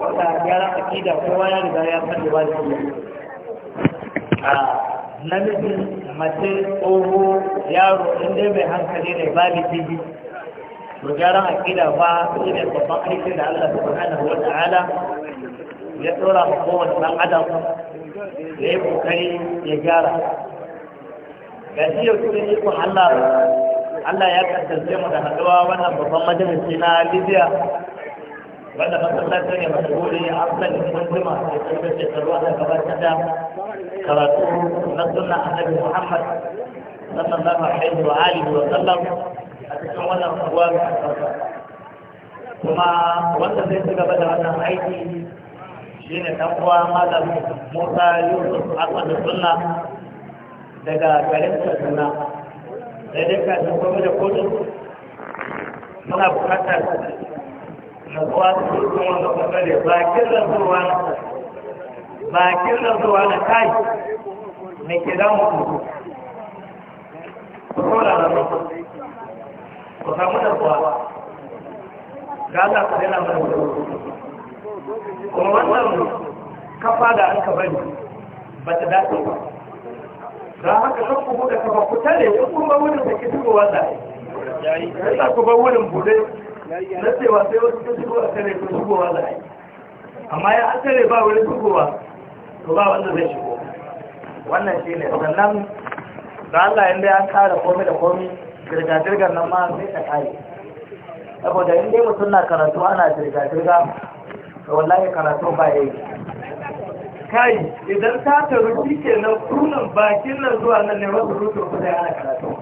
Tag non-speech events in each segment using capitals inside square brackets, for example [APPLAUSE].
wanda gyara kida kowa ya riga ya san ba da iya a namijin mace tsoho yaro inda mai hankali ne ba da jiji to a kida ba shi ne babban aikin da Allah subhanahu wa ta'ala ya tsora ma kowane ɗan adam da ya kokari ya gyara ga shi yau cikin ikon Allah Allah ya kasance mu da haɗuwa wannan babban majalisi na Libya wanda masallacin ya masu gori ya afdal mun jima da ƙarfin shekaru aka gabatar da karatu na sunna annabi muhammad sannan sallallahu alaihi wa alihi wa sallam a cikin wannan ruwa kuma wanda zai ci gaba da wannan aiki shi ne ɗan uwa malam musa yusuf asadu sunna daga garin kaduna da dai kafin gwamnati kotun muna buƙatar da kwasu sun wanda kuka da bakin rantsuwa na bakin rantsuwa na kai mai kira mutu kola na mutu ku samu da kuwa ga za ku dena mana da kuma wannan kafa da an ka bari ba ta dace ba za haka nan ku buɗe kafa ku tare in kun ba wurin da ke shigowa wanda. ya yi ku ba wurin buɗe na cewa sai wasu sun shigo a kare sun shigowa za a yi amma ya an kare ba wani shigowa to ba wanda zai shigo wannan shi ne sannan da Allah yadda an kara komai da komai girga-girgar nan ma sai ta kare saboda in dai mutum na karatu ana girga-girga to wallahi karatu ba ya yi kai idan ta taru shi ke nan kunan bakin nan zuwa nan ne wasu rutun kusa ana karatu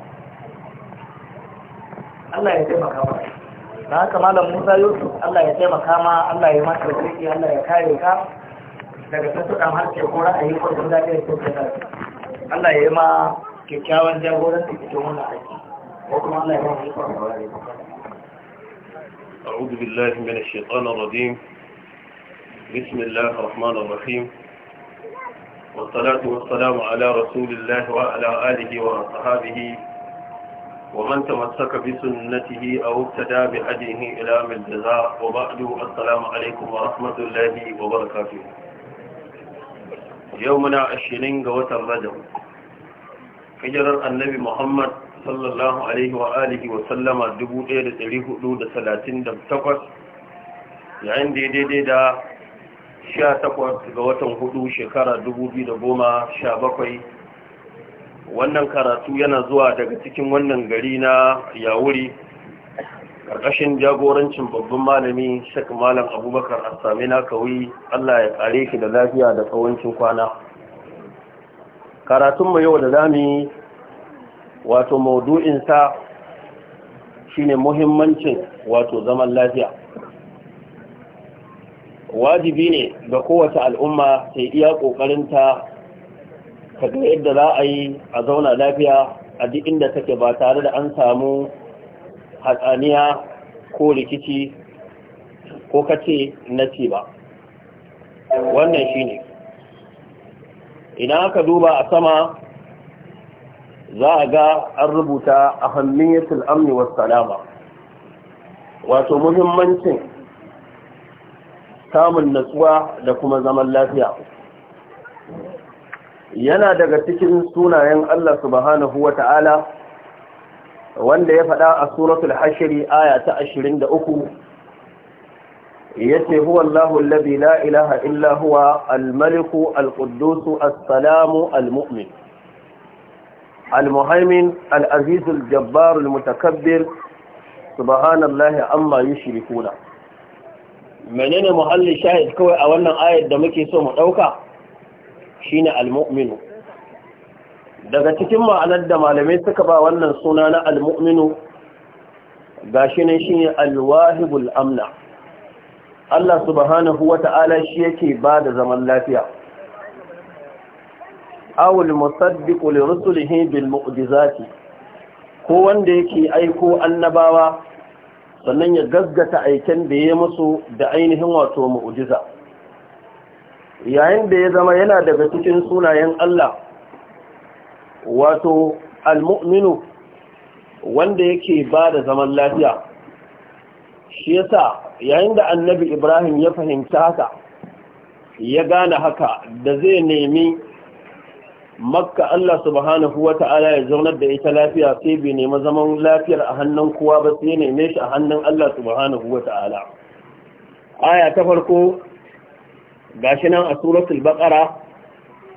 Allah ya taimaka maka da haka malam musa yusuf allah ya taimaka ma allah ya masa ciki allah ya kare ka daga tattukan harshe ko ra'ayi ko da zafi ya kuka allah ya yi ma kyakkyawan da cikin wannan aiki ko kuma allah ya ma mai kwarwarwari أعوذ بالله من الشيطان الرجيم بسم الله الرحمن الرحيم والصلاة والسلام على رسول الله وعلى آله وصحابه ومن تمسك بسنته أو ابتدى بهديه إلى من الجزاء وبعد السلام عليكم ورحمة الله وبركاته يومنا عشرين قوة الرجب hijirar annabi muhammad sallallahu alaihi wa alihi wa sallama 1438 yayin da ya daidai da 18 ga watan hudu shekara 2017 wannan karatu yana zuwa daga cikin wannan gari na yawuri ƙarƙashin jagorancin babban malami shek malam abubakar na kawai allah ya ƙare ki da lafiya da tsawancin kwana karatun mai yau da zami wato maudu'insa shine muhimmancin wato zaman lafiya wajibi ne ga kowace al'umma ta iya ƙoƙarinta kaga yadda za a yi a zauna lafiya a duk inda take ba tare da an samu hatsaniya ko rikici ko kace nace ba wannan shine idan aka duba a sama za a ga an rubuta a hannun amni wasu salama wato muhimmancin samun natsuwa da kuma zaman lafiya yana daga cikin sunayen Allah subhanahu wa ta'ala wanda ya faɗa a suratul hashiri aya ta 23 yace huwa Allahu Labi la ilaha illa huwa al-maliku al-quddus as al-mu'min al al mutakabbir subhanallahi amma yushrikuna menene muhalli shahid kawai a wannan ayar da muke so mu ɗauka? shine al-mu'minu daga cikin ma'anar da malamai suka ba wannan suna na al-mu'minu shi ne ne al-wahibul amna Allah subhanahu wata'ala shi yake ba da zaman lafiya awul musaddiqu li rusulihi bil mu'jizati ko wanda yake aiko annabawa sannan ya gaggata aiken da ya musu da ainihin wato mu'jiza yayin da ya zama yana daga cikin sunayen Allah wato Al-muminu, wanda yake ba da zaman lafiya shi yasa yayin da annabi Ibrahim ya fahimta haka ya gane haka da zai nemi makka Allah subhanahu wa ta'ala ya zaunar da ita lafiya sai bai nemi zaman lafiyar a hannun kowa ba sai ya neme shi a hannun Allah subhanahu wa ta'ala aya ta farko gashi nan a suratul baqara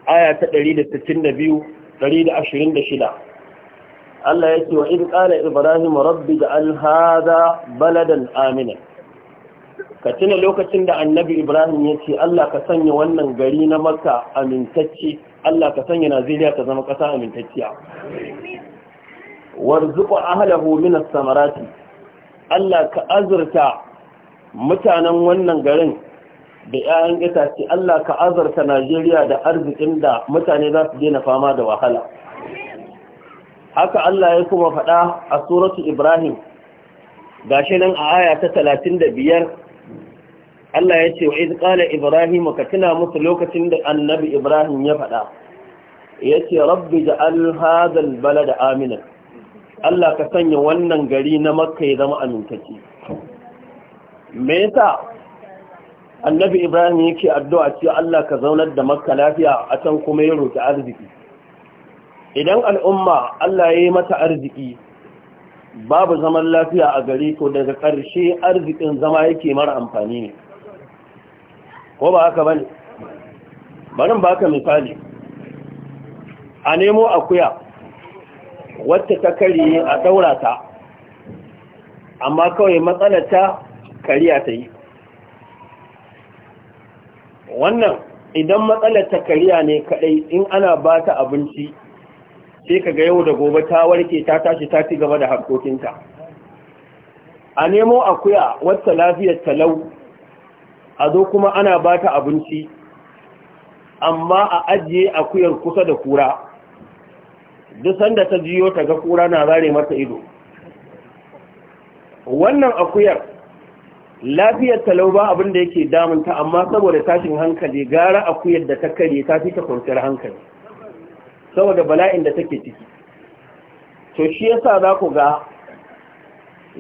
aya ta 162 126 Allah yake wa in qala ibrahim rabbi ja'al hadha baladan amina ka tuna lokacin da annabi ibrahim ya ce Allah ka sanya wannan gari na makka amintacci Allah ka sanya Najeriya ta zama ƙasa amintacciya warzuqa ahlahu min as-samarati Allah ka azurta mutanen wannan garin da 'ya'yan itace Allah ka azarta Najeriya da arzikin da mutane za su daina fama da wahala haka Allah ya kuma faɗa a suratu Ibrahim shi nan a aya ta talatin da biyar Allah ya ce wa iz ƙala Ibrahim ka tuna musu lokacin da annabi Ibrahim ya faɗa ya yace rabbi da Alhazal Bala da Amina. Allah ka sanya wannan gari na Makka ya zama amintaki. me yasa annabi ibrahim yake addu'a ce Allah ka zaunar da makka lafiya a can kuma ya roki arziki idan al'umma Allah ya yi mata arziki babu zaman lafiya a gari ko daga ƙarshe arzikin zama yake mara amfani ne ko ba haka bane barin baka misali a nemo akuya wacce ta karye a daura ta amma kawai matsalar ta kariya ta yi wannan idan matsalar ta kariya ne kadai in ana ba ta abinci sai ka ga yau da gobe ta warke ta tashi ta ci gaba da harkokinta a nemo akuya wata lafiyar talau a zo kuma ana ba ta abinci amma a ajiye akuyar kusa da kura duk sanda ta jiyo ta ga kura na zare mata ido wannan akuyar lafiyar talau ba abin da yake damunta amma saboda tashin hankali gara akuyar da ta kare ta fi ta kwanciyar hankali saboda bala'in da take ciki to shi yasa za ku ga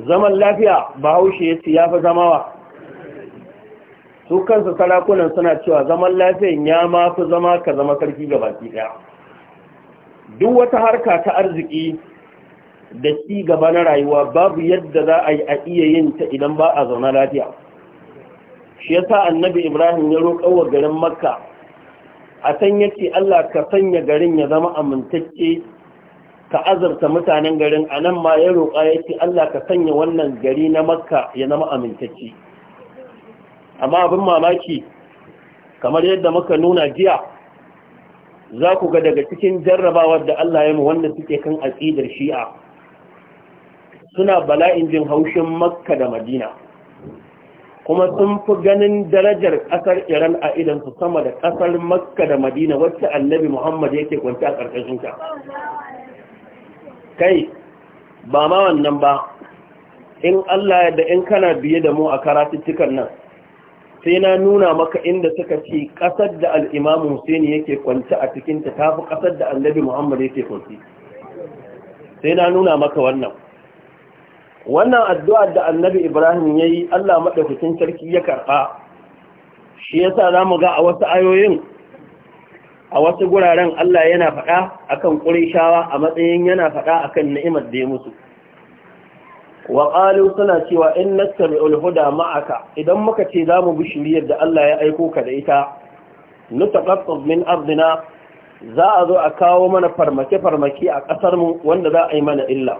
zaman lafiya bahaushe ya ya fi zamawa su kansu sarakunan suna cewa zaman lafiyan ya ma fi zama ka zama sarki ga baki duk wata harka ta arziki da ci gaba na rayuwa babu yadda za a yi a iya yin ta idan ba a zauna lafiya shi yasa annabi ibrahim ya roƙa wa garin makka a san ce Allah ka sanya garin ya zama amintacce ka azarta mutanen garin a nan ma ya roƙa ya ce Allah ka sanya wannan gari na makka ya zama amintacce amma abin mamaki kamar yadda muka nuna jiya za ku ga daga cikin jarrabawar da Allah ya mu wanda suke kan aƙidar shi'a suna bala'in jin haushin makka da madina kuma sun fi ganin darajar ƙasar iran a idansu sama da ƙasar makka da madina wacce annabi muhammad yake kwanci a ƙarƙashin ta kai ba ma wannan ba in allah da in kana biye da mu a karatuttukan nan sai na nuna maka inda suka ce ƙasar da al'imamu Hussaini yake kwanci a cikinta ta fi ƙasar da annabi Muhammad yake kwanci sai na nuna maka wannan wannan addu'ar da annabi ibrahim ya yi allah maɗaukacin sarki ya karɓa shi ya sa za mu ga a wasu ayoyin a wasu guraren allah yana faɗa akan ƙurishawa a matsayin yana faɗa akan na'imar da ya musu wa suna cewa in nassar ulhuda ma'aka idan muka ce za mu bi da allah ya aiko ka da ita nutaƙaƙƙaf min ardina za a zo a kawo mana farmake-farmake a ƙasarmu wanda za a yi mana illa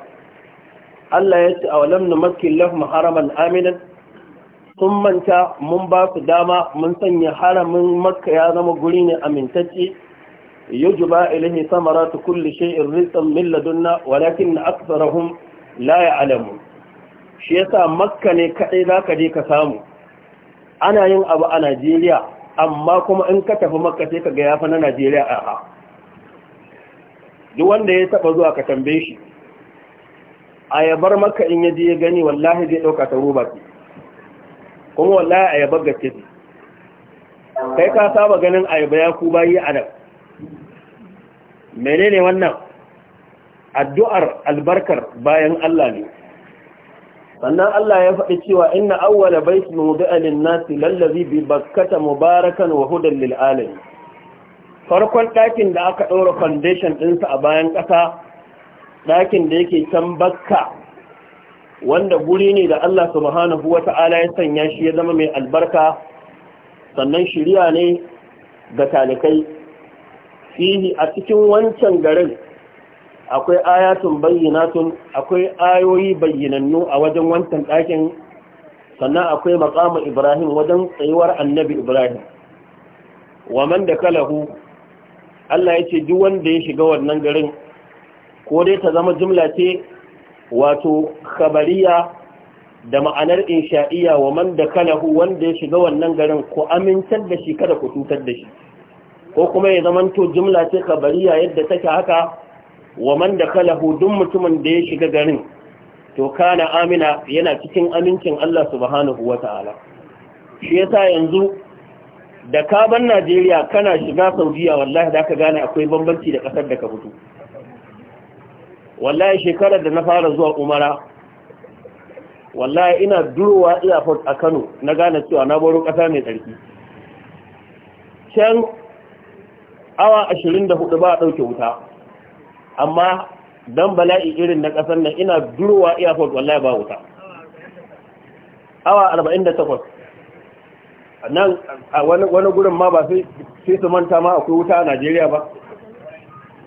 Allah ya ce awalam numakkin lahum haraman aminan sun manta mun ba su dama mun sanya haramin makka ya zama guri ne amintacce yujuba ta kulle shi in rizqan min na walakin aktharuhum la alamu shi yasa makka ne za zaka je ka samu ana yin abu a Najeriya amma kuma in ka tafi makka sai ka ga yafa na Najeriya aha duk wanda ya taɓa zuwa ka tambaye shi ayabar maka in yaje ya gani wallahi zai dauka ta roba ce kuma wallahi ayabar gaske ce kai ka saba ganin ayaba ya ku bayi a nan menene wannan addu'ar albarkar bayan Allah ne sannan Allah ya faɗi cewa inna awwala baitin wudi'a lin-nasi lallazi bi bakkata mubarakan wa hudan lil farkon ɗakin da aka ɗora foundation ɗinsa a bayan ƙasa ɗakin da yake can bakka wanda guri ne da Allah subhanahu wa ta'ala ya sanya shi ya zama mai albarka sannan shirya ne ga talikai fihi a cikin wancan garin akwai ayatun bayyanatun akwai ayoyi bayyanannu a wajen wancan ɗakin sannan akwai makamu ibrahim wajen tsayuwar annabi ibrahim wa man da kalahu Allah ya ce duk wanda ya shiga wannan garin ko dai ta zama jumla ce wato khabariya da ma'anar insha'iya wa man da kalahu wanda ya shiga wannan garin ko amintar da shi kada ku tutar da shi ko kuma ya zama to jumla ce khabariya yadda take haka wa man da kalahu duk mutumin da ya shiga garin to kana amina yana cikin amincin Allah subhanahu wata'ala shi yasa yanzu da kaban Najeriya kana shiga Saudiya wallahi da ka gane akwai bambanci da kasar da ka fito wallahi shekarar da na fara zuwa umara wallahi ina durowa airport a Kano na gane cewa na boro kasa mai tsarki can awa 24 ba a dauke wuta amma don bala'i irin na ƙasar nan ina durowa airport wallahi ba wuta awa 48 nan wani gurin ma ba sai su manta ma akwai wuta a Najeriya ba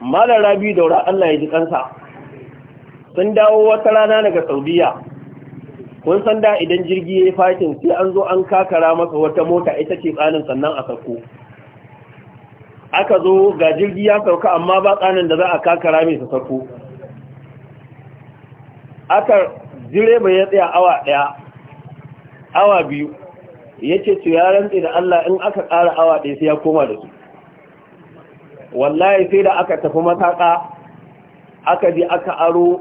malar rabi daura Allah ya ji kansa sun dawo wata rana daga saudiya kun san da idan jirgi ya yi fashin sai an zo an kakara masa wata mota ita ce tsanin sannan a sauko aka zo ga jirgi ya sauka amma ba tsanin da za a kakara mai su sauko aka ya tsaya awa ɗaya awa biyu ya ce su ya rantse da Allah in aka ƙara awa ɗaya sai ya koma da su wallahi sai da aka tafi mataka aka ji aka aro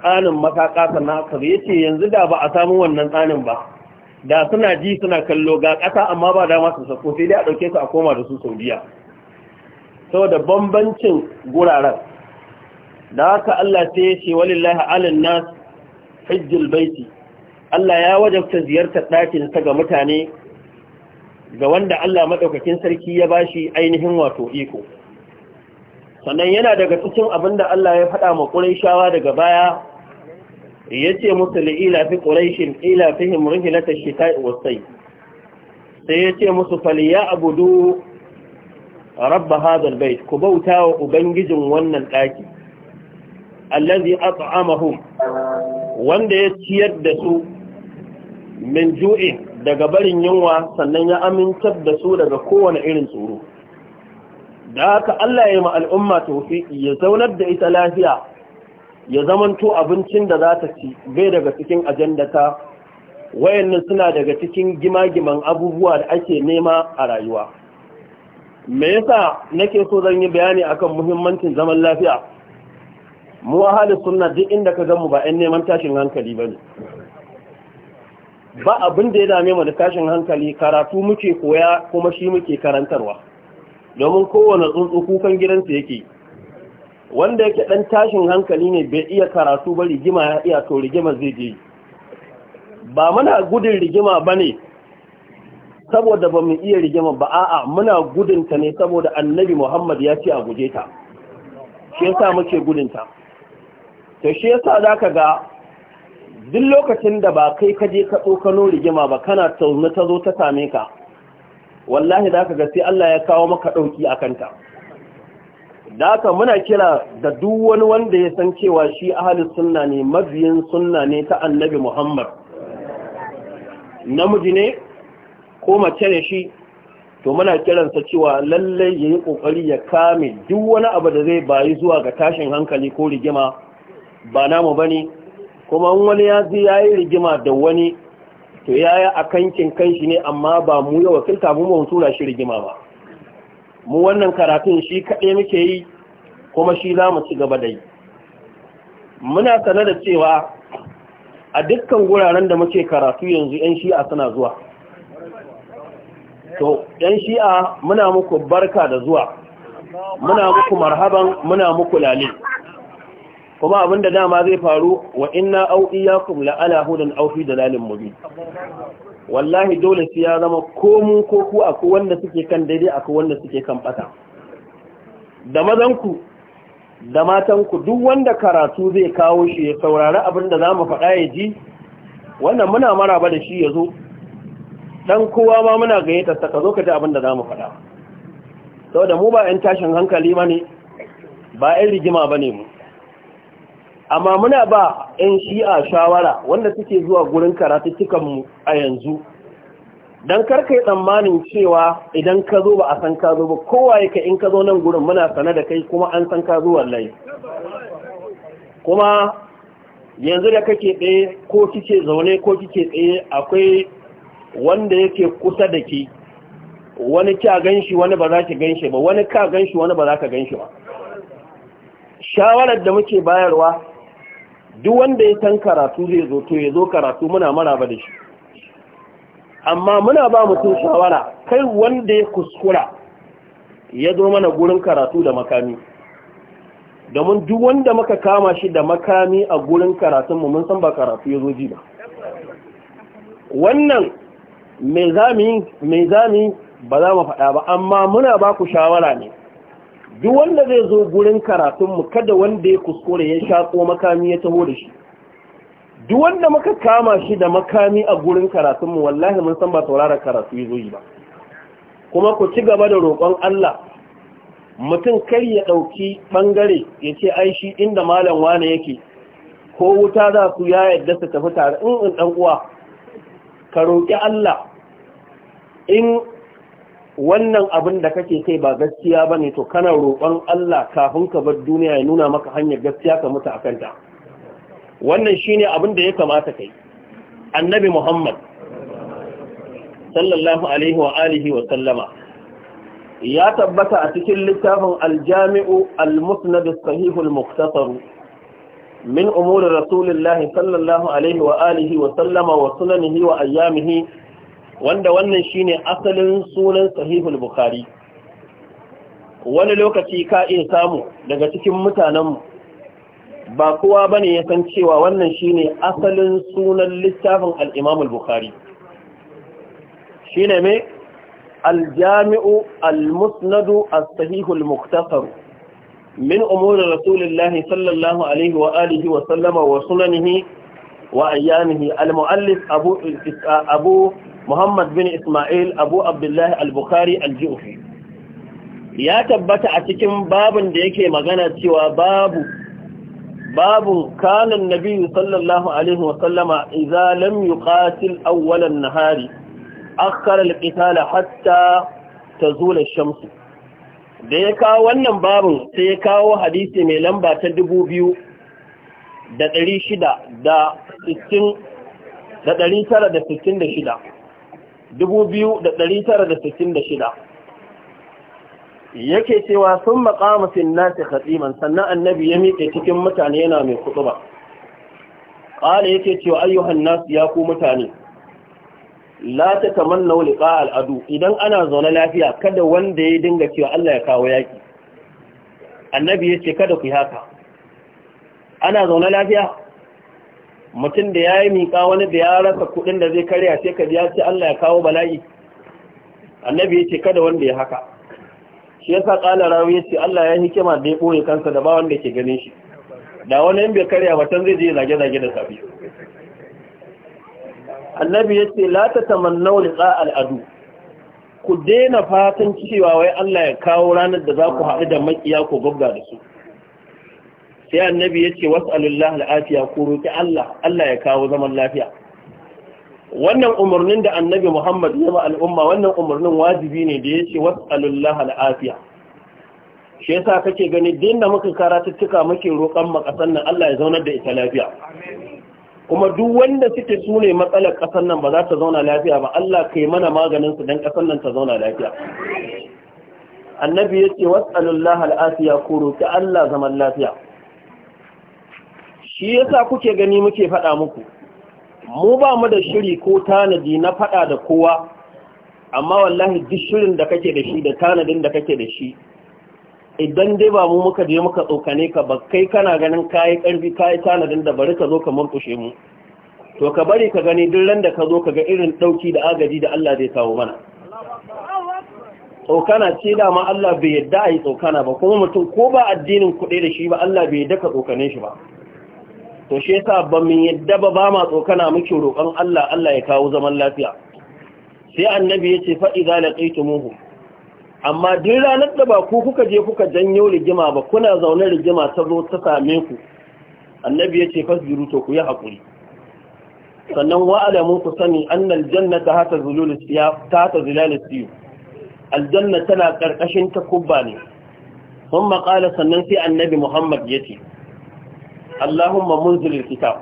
tsanin mataka sana aka ya ce yanzu da ba a samu wannan tsanin ba da suna ji suna kallo ga ƙasa amma ba dama su sako sai dai a ɗauke su a koma da su saudiya saboda bambancin guraren da haka Allah sai ya ce walillahi alin nas hajjul baiti Allah ya wajabta ziyartar ɗakin sa ga mutane ga wanda Allah maɗaukakin sarki ya bashi ainihin wato iko sannan yana daga cikin abin da Allah ya faɗa ma ƙuraishawa daga baya ya ce musu li'ila fi ƙuraishin ila fihim rihilata shita'i wasai sai ya ce musu faliya abudu rabba hadal bai ku bauta wa ubangijin wannan ɗaki allazi at'amahum wanda ya ciyar da su min ju'in daga barin yunwa sannan ya amintar da su daga kowane irin tsoro da haka Allah ya ma al'umma tawfiki ya zaunar da ita lafiya ya zamanto abincin da za ta ci bai daga cikin ajandata wayannan suna daga cikin gimagiman abubuwa da ake nema a rayuwa me yasa nake so zan yi bayani akan muhimmancin zaman lafiya mu ahalin sunna duk inda ka gamu ba 'yan neman tashin hankali ba ne ba abin da ya dame mu da tashin hankali karatu muke koya kuma shi muke karantarwa domin kowane tsuntsu kukan gidansa yake wanda yake dan tashin hankali ne bai iya karatu ba rigima ya iya to rigima zai je ba muna gudun rigima ba ne saboda ba mu iya rigima ba a'a muna gudunta ne saboda annabi muhammad ya ce a guje ta shi yasa muke gudunta to shi yasa ka ga duk lokacin da ba kai kaje ka tsokano rigima ba kana tauna ta zo ta same ka wallahi za ka ga sai Allah ya kawo maka ɗauki a kanta da haka muna kira da duk wani wanda ya san cewa shi ahalin sunna ne mabiyin sunna ne ta annabi muhammad namiji ne ko mace ne shi to muna kiransa cewa lallai ya yi ƙoƙari ya kame duk wani abu da zai bayi zuwa ga tashin hankali ko rigima ba namu ba ne kuma wani ya zai ya yi rigima da wani to yaya a kankin kanshi ne amma ba mu yawa wakilta mu mun tura shi rigima ba mu wannan karatun shi kaɗai muke yi kuma shi za mu ci gaba da yi muna sane da cewa a dukkan guraren da muke karatu yanzu 'yan shi'a suna zuwa to 'yan shi'a muna muku barka da zuwa muna muku marhaban muna muku lalai kuma da dama zai faru wa inna au ya la ala hudan au fi dalalin mubin wallahi dole sai ya zama ko mu ko ku akwai wanda suke kan daidai akwai wanda suke kan bata da mazan ku da matan ku duk wanda karatu zai kawo shi ya saurari abinda zamu faɗa ya ji wannan muna maraba da shi zo? dan kowa ma muna gayyata ta ka zo ka ji abinda zamu faɗa saboda mu ba 'yan tashin hankali ba ne ba 'yan rigima ba ne mu amma muna ba 'yan shi'a shawara wanda suke zuwa gurin karatuttukanmu a yanzu don karkai tsammanin cewa idan ka zo ba a san ka zo ba kowaye ka in ka zo nan gurin muna sane da kai kuma an san ka zo wallahi kuma yanzu da kake tsaye ko kike zaune ko kike tsaye akwai wanda yake kusa da ke wani kya ganshi wani ba za ki ganshi ba wani ka ganshi wani ba za ka ganshi ba shawarar da muke bayarwa duk wanda ya san karatu zai zo to ya zo karatu muna maraba da shi amma muna ba mutum shawara kai wanda ya kuskura ya zo mana gurin karatu da makami domin duk wanda muka kama shi da makami a gurin karatunmu mun san ba karatu ya zo ji ba wannan mai zami ba za mu faɗa ba amma muna ba ku shawara ne duk wanda zai zo gurin karatunmu kada wanda ya kuskure ya shaƙo makami ya taho da shi duk wanda muka kama shi da makami a gurin karatunmu wallahi mun san ba saurara karatu ya zo yi ba kuma ku ci gaba da roƙon Allah mutum kar ya ɗauki ɓangare ya ce ai shi inda malam wane yake ko wuta za su ya yadda su tafi tare in in ɗan uwa ka roƙi Allah in wannan abin da kake kai ba gaskiya ba ne to kana roƙon Allah kafin ka bar duniya ya nuna maka hanyar gaskiya ka mutu a kanta wannan shi ne abin da ya kamata kai annabi muhammad sallallahu alaihi wa alihi wa sallama ya tabbata a cikin littafin aljami'u al-musnad as-sahih al-mukhtasar min umuri rasulillahi sallallahu alaihi wa alihi wa sallama wa sunanihi wa ayyamihi wanda wannan shine asalin sunan sahihul bukhari wani lokaci ka iya samu daga cikin mutanenmu ba kowa bane ya san cewa wannan shine asalin sunan littafin al-imam al-bukhari shine me al-jami'u al-musnadu as-sahihul mukhtasar min umuri rasulillahi sallallahu alaihi wa alihi wa sallama wa sunanihi wa ayyamihi al-muallif abu abu muhammad bin ismail abu abdullahi al-bukhari al-ju'fi ya tabbata a cikin babin da yake magana cewa babu babu kanan nabi sallallahu alaihi wasallama idza lam yuqatil awwalan nahari akhara al hatta tazula ash-shams da ya kawo wannan babin sai ya kawo hadisi mai lamba ta biyu. da ɗari shida da sittin da ɗari tara da sittin da shida 2966 yake cewa sun maƙama nasi khatiman sannan annabi ya miƙe cikin mutane yana mai ba ƙala yake cewa ayyuhan nasu ya ku mutane la ta tamanna liqa al'adu idan ana zaune lafiya kada wanda ya dinga cewa Allah ya kawo yaƙi. annabi ya ce kada ku yi haka ana zaune lafiya mutum da ya yi miƙa wani da ya rasa kuɗin da zai karya sai ka biya ya ce Allah ya kawo bala'i annabi ya ce kada wanda ya haka shi yasa kala rawi ya ce Allah ya hikima da ya ɓoye kansa da ba wanda ke ganin shi da wani yin bai karya ba zai je zage-zage da safi annabi ya ce la ta tamannau za al'adu ku daina fatan cewa wai Allah ya kawo ranar da za ku haɗu da makiya ko gabga da su sai annabi ya ce was'alullah al'afiya ku roƙi Allah Allah ya kawo zaman lafiya wannan umarnin da annabi Muhammad ya ba al'umma wannan umarnin wajibi ne da ya ce was'alullah al'afiya shi yasa kake gani din da muka karatuttuka muke roƙon makasan nan Allah ya zaunar da ita lafiya kuma duk wanda suke su ne matsalar ƙasar nan ba za ta zauna lafiya ba Allah kai mana maganin su dan ƙasar nan ta zauna lafiya annabi yace was'alullah al'afiya ku roƙi Allah zaman lafiya shi yasa kuke gani muke faɗa muku mu ba mu da shiri ko tanadi na faɗa da kowa amma wallahi duk shirin da kake da shi da tanadin da kake da shi idan dai ba mu muka je muka tsokane ka ba kai kana ganin kayi ƙarfi kayi tanadin da bari ka zo ka murkushe mu to ka bari ka gani duk ran da ka zo ka ga irin ɗauki da agaji da Allah zai kawo mana tsokana ce da ma Allah bai yadda a tsokana ba kuma mutum ko ba addinin kuɗi da shi ba Allah bai yadda ka tsokane shi ba to shi yasa ba mu yadda ba ma tsokana muke roƙon Allah Allah ya kawo zaman lafiya sai annabi ya ce fa idza laqaytumuhu amma duk ranar da ba ku kuka je kuka janyo rigima ba kuna zaune rigima ta zo ta same ku annabi yace, ce to ku yi hakuri sannan wa'alamu ku sani annal jannata hata zulul siya ta hata zilalul siyu aljanna tana karkashin takubba ne kuma qala sannan sai annabi Muhammad yace Allahumma munzilil kitab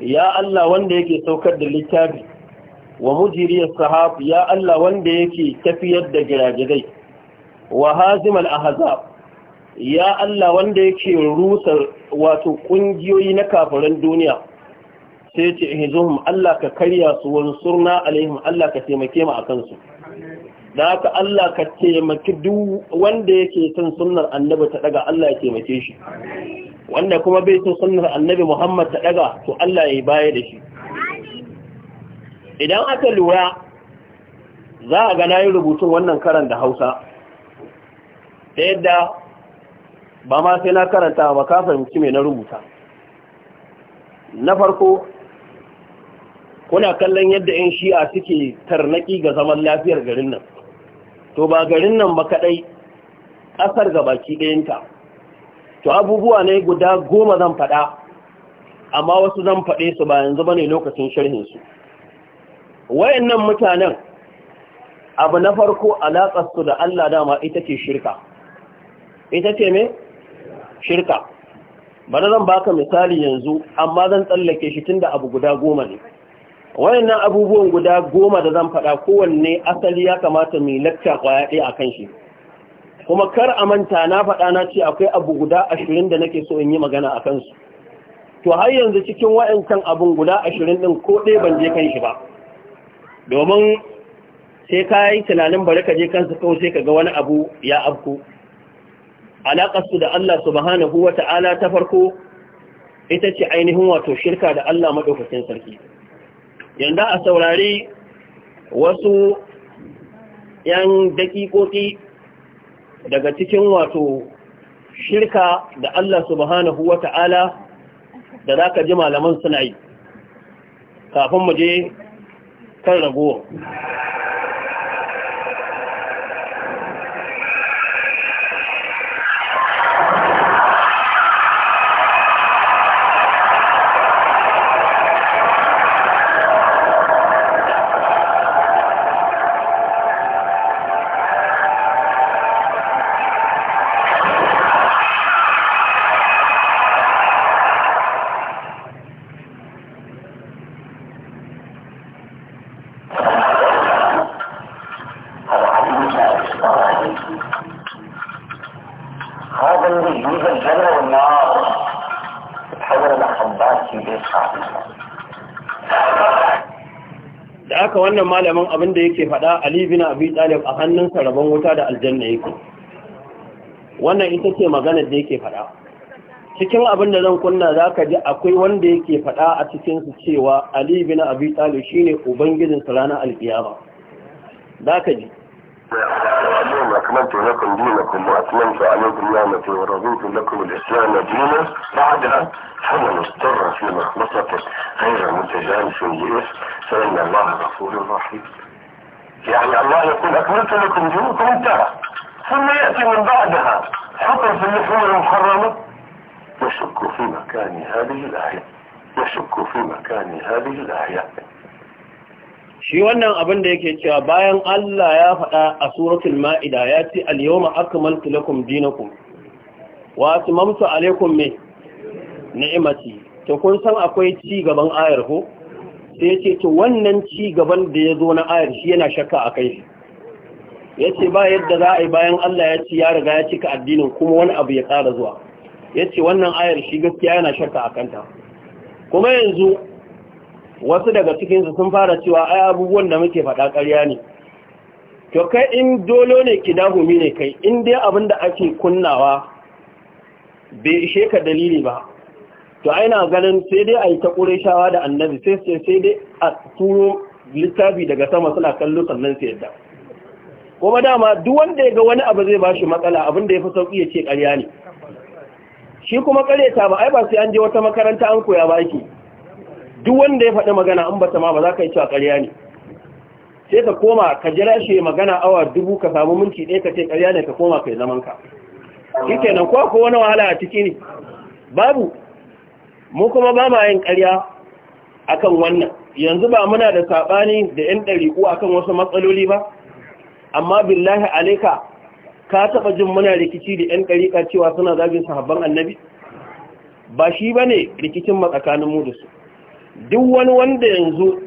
ya Allah wanda yake saukar da littafi wa mujiriyar sahab ya Allah wanda yake tafiyar da giragirai wa hazimal ahzab ya Allah wanda yake rusa wato kungiyoyi na kafiran duniya sai ce ihzuhum Allah ka karya su wansurna alaihim Allah ka taimake mu akan su da haka Allah ka taimaki duk wanda yake son sunnar annabi ta daga Allah ya taimake shi wanda kuma bai so sunnar annabi Muhammad ta daga to Allah ya yi baya da shi idan aka lura za a ga nayi rubutun wannan karan da Hausa ta yadda ba ma sai na karanta ba ka fahimci me na rubuta na farko kuna kallon yadda 'yan shi'a suke tarnaki ga zaman lafiyar garin nan to ba garin nan ba kadai ƙasar ga baki ɗayanta to abubuwa ne guda goma zan faɗa amma wasu zan faɗe su ba yanzu bane lokacin sharhin wayannan mutanen abu na farko alaƙar su da Allah dama ita ce shirka ita ce me shirka bana zan baka misali yanzu amma zan tsallake shi tunda abu guda goma ne wayannan abubuwan guda goma da zan faɗa kowanne asali ya kamata mai lakta kwaya a kan shi kuma kar a manta na faɗa na ce akwai abu guda ashirin da nake so in yi magana a kansu to har yanzu cikin wa'ancan abin guda ashirin ɗin ko ɗaya ban je kan shi ba domin sai ka yi tunanin bari ka je kansu kawai sai ka ga wani abu ya afku alaƙarsu da Allah subhanahu wa ta'ala ta farko ita ce ainihin wato shirka da Allah maɗaukacin sarki yanda a saurari wasu ‘yan daƙiƙoƙi daga cikin wato shirka da Allah subhanahu wa ta'ala da za ka ji malaman suna yi kafin mu je kan ragowa wannan malamin abin da yake faɗa Ali bin Abi Talib a hannunsa rabon wuta da aljanna yake wannan ita ce magana da yake faɗa cikin abin da zan kunna zaka ji akwai wanda yake faɗa a cikin su cewa Ali bin Abi Talib shine ubangijin sa ranar zaka ji اليوم أكملت لكم دينكم وأتممت عليكم نعمتي ورضيت لكم الإسلام دينا بعدها فمن اضطر في مخلصة غير متجانس لإثم فإن الله غفور رحيم يعني الله يقول أكملت لكم دينكم انتهى ثم يأتي من بعدها حكم في اللحوم المحرمة يشك في مكان هذه الآية يشك في مكان هذه الآية shi wannan abin da yake cewa bayan Allah ya faɗa a suratul ma'ida ya ce al-yawma akmaltu lakum dinakum wa atmamtu alaykum ni'mati to kun san akwai ci gaban ayar ko sai yace to wannan ci gaban da yazo na ayar shi yana shakka akai shi yace ba yadda za a yi bayan Allah ya ci ya riga ya cika addinin kuma wani abu ya ƙara zuwa yace wannan ayar shi gaskiya yana shakka akanta kuma yanzu wasu daga cikinsu sun fara cewa ai abubuwan da muke faɗa ƙarya ne to kai in dolo ne kidahumi ne kai in dai abin da ake kunnawa bai ishe ka dalili ba to aina ganin sai dai a yi ta ƙureshawa da annabi sai sai dai a turo littafi daga sama suna kallo sannan sai yadda kuma dama duk wanda ya ga wani abu zai bashi matsala abin da ya fi sauƙi ya ce ƙarya ne shi kuma karyata ba ai ba sai an je wata makaranta an koya ba yake duk wanda ya faɗi magana an bata ma ba za ka yi cewa ƙarya ne sai ka koma ka jira shi magana awa dubu ka samu minti ɗaya ka ce ƙarya ne ka koma kai zaman ka shi nan ko ko wani wahala a ciki ne babu mu kuma ba ma yin ƙarya akan wannan yanzu ba muna da saɓani da 'yan ɗari'u akan wasu matsaloli ba amma billahi alaika ka taɓa jin muna rikici da 'yan ɗariƙa cewa suna zagin sahabban annabi ba shi ba ne rikicin matsakanin mu da su duk wani wanda yanzu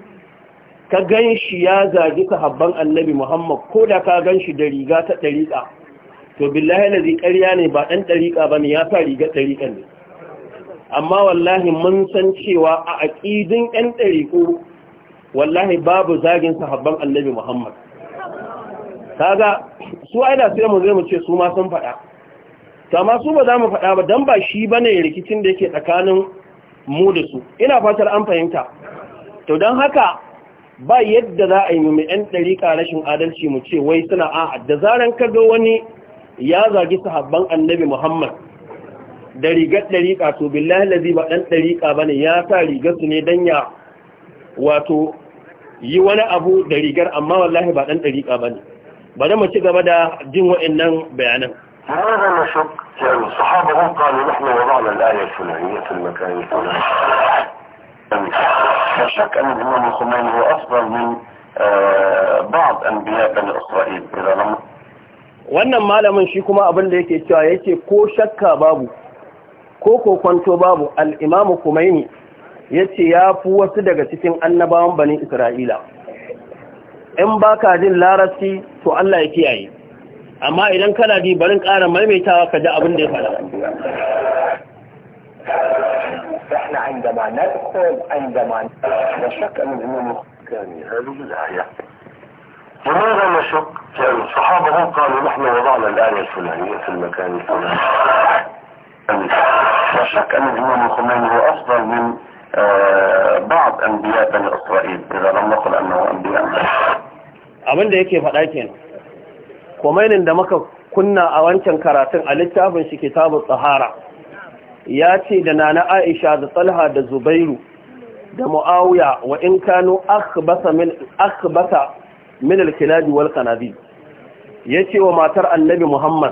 ka gan shi ya zagi sahabban annabi muhammad ko da ka gan shi da riga ta ɗariƙa to billahi na ƙarya ne ba ɗan ɗariƙa ba ne ya sa riga ɗariƙa ne amma wallahi mun san cewa a aƙidin ɗan ɗariƙo wallahi babu zagin sahaban annabi muhammad kaga su aida sai mu zai mu ce su ma sun faɗa amma su ba za mu faɗa ba don ba shi ba ne rikicin da yake tsakanin mu da su ina fatar an fahimta to don haka ba yadda za a yi mai ɗan ɗarika rashin adalci mu ce wai suna a da zaran kaga wani ya zagi sahabban annabi muhammad da rigar ɗarika to billahi lazi ba ɗan ɗarika ba ne ya sa rigar su ne don ya wato yi wani abu da rigar amma wallahi ba ɗan ɗarika ba ne ba da mu ci gaba da jin waɗannan bayanan لماذا نشك يعني الصحابة هم قالوا نحن وضعنا الآية الفلانية في المكان الفلاني لا شك أن الإمام الخميني هو أفضل من بعض أنبياء بني إسرائيل إذا لم wannan malamin shi kuma abin da yake cewa yake ko shakka babu ko kokonto babu al'imamu kumaini ya ce ya fi wasu daga cikin annabawan bani isra'ila in ba ka jin larabci to allah ya kiyaye amma idan kana ji barin ƙara maimaitawa ka ji abin da ya faɗa فإحنا عندما ندخل عندما لا شك أن الإمام الثاني هذه الآية لماذا نشك؟ يعني الصحابة هم قالوا نحن وضعنا الآية الفلانية في المكان الفلاني لا شك أن الإمام الخميني هو أفضل من آه، بعض أنبياء بني إسرائيل إذا لم نقل أنه أنبياء abin da yake faɗa kenan kwamainin da muka kunna a wancan karatun a littafin shi kitabun tsahara ya ce da nana aisha da tsalha da zubairu da mu'awuya wa in kano akbasa min alkilabi wal kanabi ya ce wa matar annabi muhammad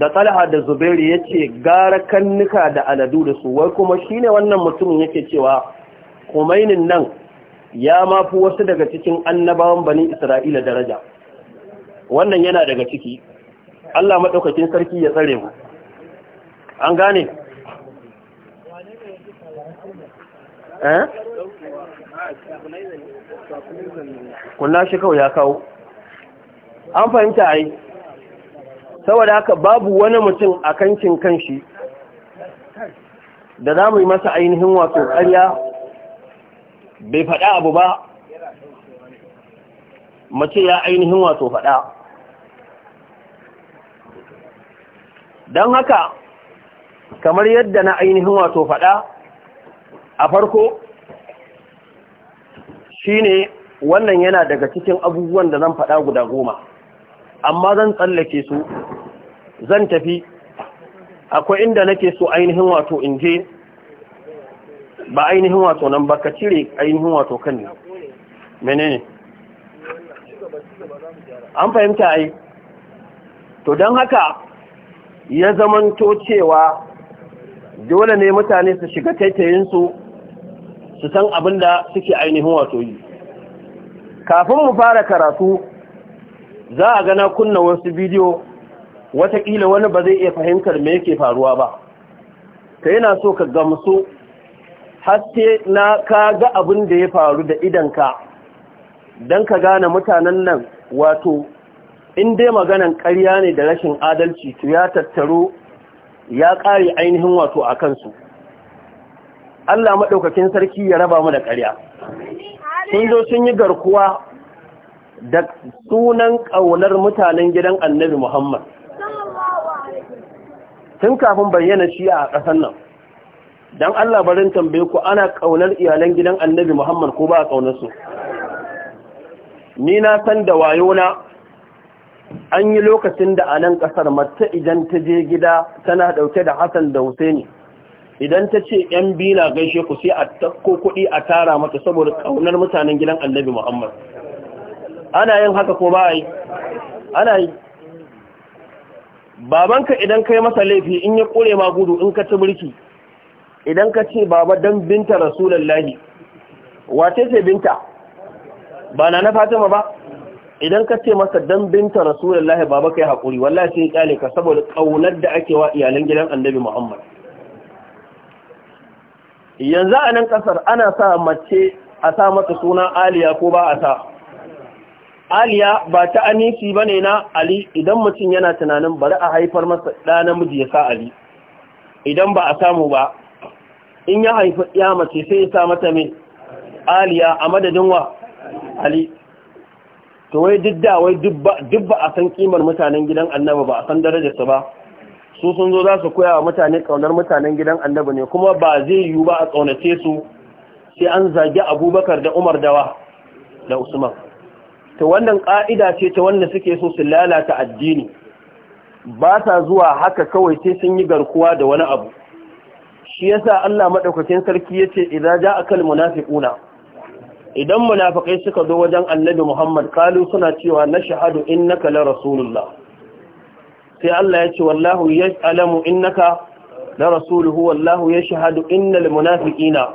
da tsalha da zubairu ya ce gara kannuka da aladu da su wai kuma ne wannan mutumin yake cewa kumainin nan ya mafi wasu daga cikin annabawan bani isra'ila daraja wannan yana daga ciki Allah maɗaukakin sarki ya tsare mu an gane eh? kunna shi kawai ya kawo an fahimta ai saboda haka babu wani mutum a kankin kanshi da za mu yi masa ainihin wato ƙarya bai faɗa abu ba mace ya ainihin wato faɗa don haka kamar yadda na ainihin wato faɗa a farko shine wannan yana daga cikin abubuwan da zan faɗa guda goma amma zan tsallake su zan tafi akwai inda nake so ainihin wato in je ba ainihin wato nan ba ka cire ainihin wato kan ne menene an fahimta ai to don haka ya zamanto cewa dole ne mutane su shiga taitayinsu su san abin da suke ainihin wato yi kafin mu fara karatu za a gana kunna wasu bidiyo watakila wani ba zai iya fahimtar me yake faruwa ba ka yana so ka gamsu haske na ka ga abin da ya faru da idanka don ka gane mutanen nan wato in dai maganan ƙarya ne da rashin adalci to ya tattaro ya ƙare ainihin wato a kansu Allah maɗaukakin sarki ya raba mu da ƙarya sun zo sun yi garkuwa da sunan ƙaunar mutanen gidan annabi Muhammad tun kafin bayyana shi a ƙasar nan don Allah barin tambaye ku ana ƙaunar iyalan gidan annabi Muhammad ko ba a ƙaunarsu ni na san da wayona an yi lokacin da a nan ƙasar mace idan ta je gida tana ɗauke da hassan da husaini idan ta ce ‘yan biyu na gaishe ku sai a takko kuɗi a tara mata saboda ƙaunar mutanen gidan annabi muhammad ana yin haka ko ba yi ana yi babanka idan ka yi masa laifi in ya ƙure ma gudu in ka ci birki idan ka ce baba don binta rasulallahi wace ce binta ba na na fatima ba idan ka ce masa dan binta rasulullahi baba kai hakuri wallahi sai kale ka saboda kaunar da ake wa iyalan gidan annabi Muhammad yanzu a nan kasar ana sa mace a sa mata suna Aliya ko ba a sa Aliya ba ta anisi bane na Ali idan mutum yana tunanin bari a haifar masa ɗa namiji ya sa Ali idan ba a samu ba in ya haifi ya mace sai ya sa mata mai aliya a madadin wa ali to wai duk da wai duk ba a san kimar mutanen gidan annaba ba a san darajarsa ba su sun zo za su koya wa mutane kaunar mutanen gidan annaba ne kuma ba zai yiwu ba a kaunace su sai an zagi abubakar da umar dawa da usman Ta wannan ƙa'ida ce ta wanda suke so su lalata addini ba sa zuwa haka kawai sai sun yi garkuwa da wani abu shi yasa Allah madaukakin sarki ya ce yace idza ja'akal munafiquna idan munafikai suka zo wajen annabi Muhammad kalu suna cewa na shahadu innaka la rasulullah sai Allah ya ce wallahu ya'lamu innaka la rasuluhu wallahu yashhadu innal munafiqina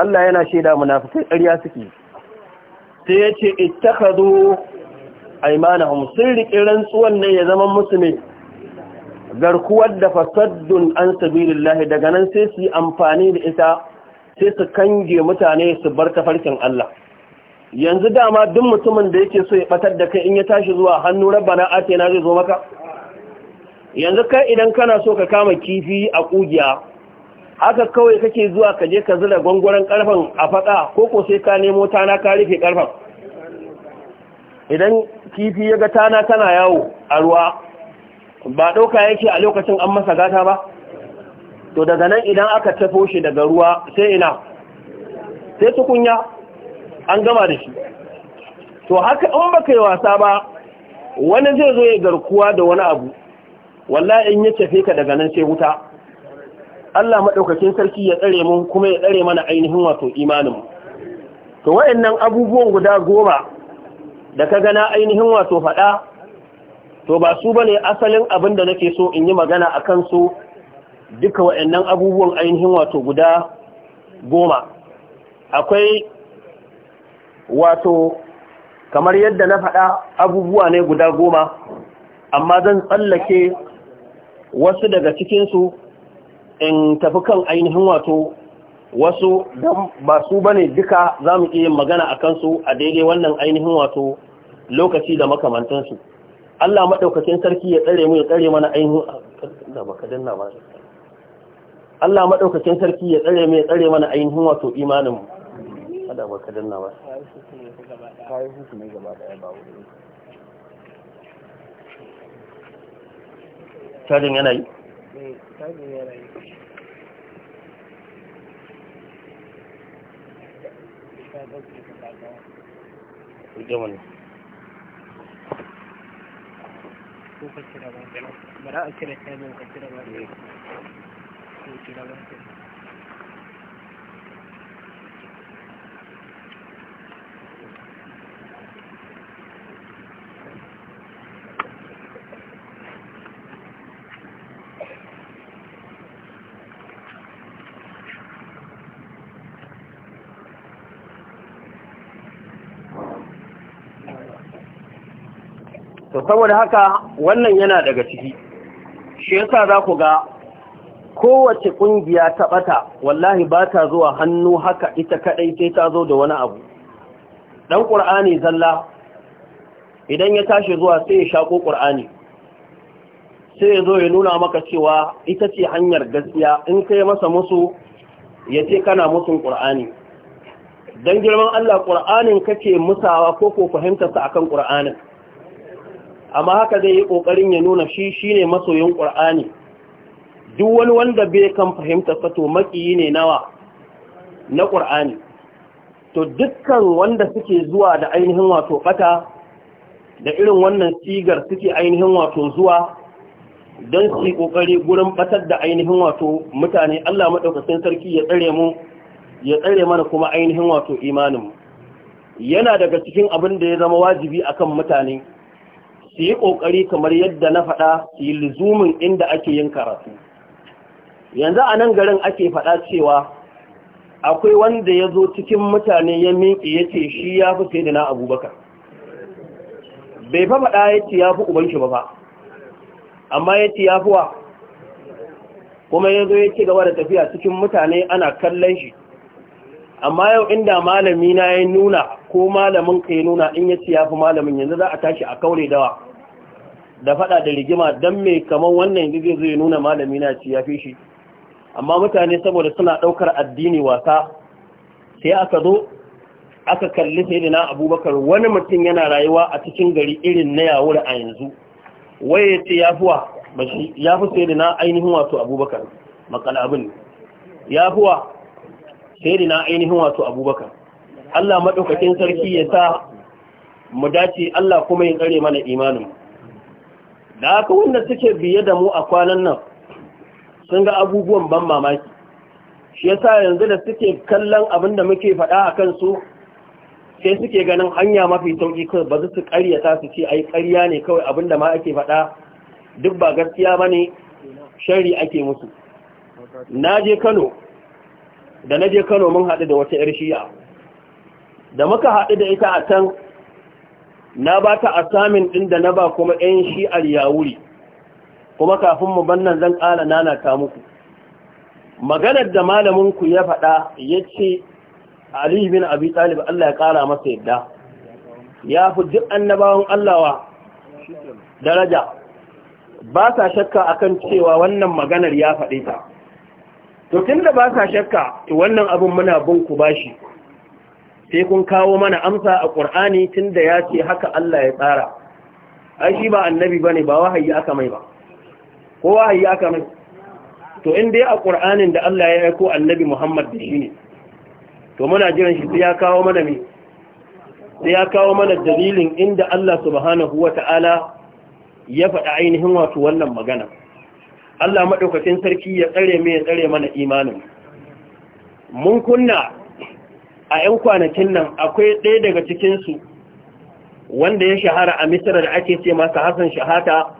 Allah yana shaida munafikai ƙarya suke sai ya ce ittakhadhu aymanahum Sirri riƙe rantsuwan ne ya zama musulmi garkuwar da fasaddun an sabilillah daga nan sai su yi amfani da ita sai su kange mutane su bar tafarkin Allah yanzu dama duk mutumin da yake so ya batar da kai in ya tashi zuwa hannu rabbana atina zai zo maka yanzu kai idan kana so ka kama kifi a kugiya haka kawai kake zuwa ka je ka zura gwangwaren karfan a fada ko ko sai ka nemo tana ka rufe karfan idan kifi ya ga tana tana yawo a ruwa ba ɗauka yake a lokacin an masa gata ba to daga nan idan aka tafo shi daga ruwa sai ina sai tukunya an gama da shi to haka in baka yi wasa ba wani zai zo ya garkuwa da wani abu wallahi in ya tafe ka daga nan sai wuta Allah maɗaukakin sarki ya tsare mu kuma ya tsare mana ainihin wato imaninmu to wayannan abubuwan guda goma da ka gana ainihin wato faɗa to ba su bane asalin abin da nake so in yi magana a su. duka waɗannan abubuwan ainihin wato guda goma akwai wato kamar yadda na faɗa abubuwa ne guda goma amma zan tsallake wasu daga cikinsu in tafi kan ainihin wato wasu don ba su ba ne duka za mu iya magana a kansu a daidai wannan ainihin wato lokaci da makamantansu Allah maɗaukacin sarki ya tsare mu ya tsare mana ainihin da baka danna ba Allah maɗaukakin sarki ya tsare mai tsare mana ainihin wato imaninmu. Kada ba ka danna ba. Cajin yana yi? yi. ka kira ba, ba a kira cajin ka kira ba. Eh. to saboda haka wannan yana daga ciki shi yasa za ku ga kowace ƙungiya ta ɓata wallahi ba ta zuwa hannu haka ita kaɗai sai ta zo da wani abu Dan ƙur'ani zalla idan ya tashi zuwa sai ya shaƙo ƙur'ani sai ya zo ya nuna maka cewa ita ce hanyar gaskiya in kai masa musu ya ce kana musun ƙur'ani dan girman Allah qur'anin kake musawa ko ko fahimtarsa akan ƙur'anin amma haka zai yi ƙoƙarin ya nuna shi shine masoyin ƙur'ani duk wani wanda bai kan fahimta to makiyi ne nawa na ƙur'ani to dukkan wanda suke zuwa da ainihin wato ɓata da irin wannan sigar suke ainihin wato zuwa don su ƙoƙari gurin ɓatar da ainihin wato mutane Allah maɗaukacin sarki ya tsare mu ya tsare mana kuma ainihin wato imaninmu yana daga cikin abin da ya zama wajibi akan mutane su yi ƙoƙari kamar yadda na faɗa su yi lizumin inda ake yin karatu yanzu a nan garin ake faɗa cewa akwai wanda ya zo cikin mutane ya miƙe ya ce shi ya fi sai da na abubakar bai fa faɗa ya ce ya fi uban shi ba fa amma ya ce ya fi wa kuma ya zo ya ce gaba da tafiya cikin mutane ana kallon shi amma yau inda malami na ya nuna ko malamin ka ya nuna in ya ce ya fi malamin yanzu za a tashi a kaure dawa da faɗa da rigima don mai kamar wannan yanzu zai nuna malami na ce ya fi shi amma mutane saboda suna ɗaukar addini wasa sai aka zo aka kalli sai da na abubakar wani mutum yana rayuwa a cikin gari irin na yawura a yanzu waye ce ya fi wa ya fi sai da na ainihin wato abubakar abin ya fi wa sai na ainihin wato abubakar Allah maɗaukakin sarki ya sa mu dace Allah kuma ya tsare mana imanin da aka wanda suke biye da mu a kwanan nan sun ga abubuwan ban mamaki shi ya sa yanzu da suke kallon abin da muke faɗa a kansu sai suke ganin hanya mafi sauƙi kawai ba su ƙaryata su ce ai ƙarya ne kawai abin da ma ake faɗa duk ba gaskiya ba ne shari ake musu na je kano da na je kano mun haɗu da wata 'yar shiya da muka haɗu da ita a can na ba ta asamin ɗin da na ba kuma 'yan shi'ar yawuri kuma kafin mu bannan zan ƙara nana ta muku maganar da malaminku ya faɗa ya ce Ali bin Abi Talib Allah ya ƙara masa yadda ya fi duk annabawan Allahwa daraja ba sa shakka akan cewa wannan maganar ya faɗe ta to tunda ba sa shakka wannan abin muna bin ku bashi sai kun kawo mana amsa a Qur'ani tunda ya ce haka Allah ya tsara ai shi ba annabi bane ba wahayi aka mai ba Kowa wahayi aka mai to in dai a ƙur'anin da Allah ya aiko annabi Muhammad da shi ne to muna jiran shi sai ya kawo mana sai ya kawo mana dalilin inda Allah subhanahu Ta'ala ya faɗa ainihin wato wannan magana Allah madaukakin sarki ya tsare mai ya tsare mana imanin mun kunna a 'yan kwanakin nan akwai ɗaya daga cikinsu wanda ya shahara a misira da ake ce masa Hassan Shahata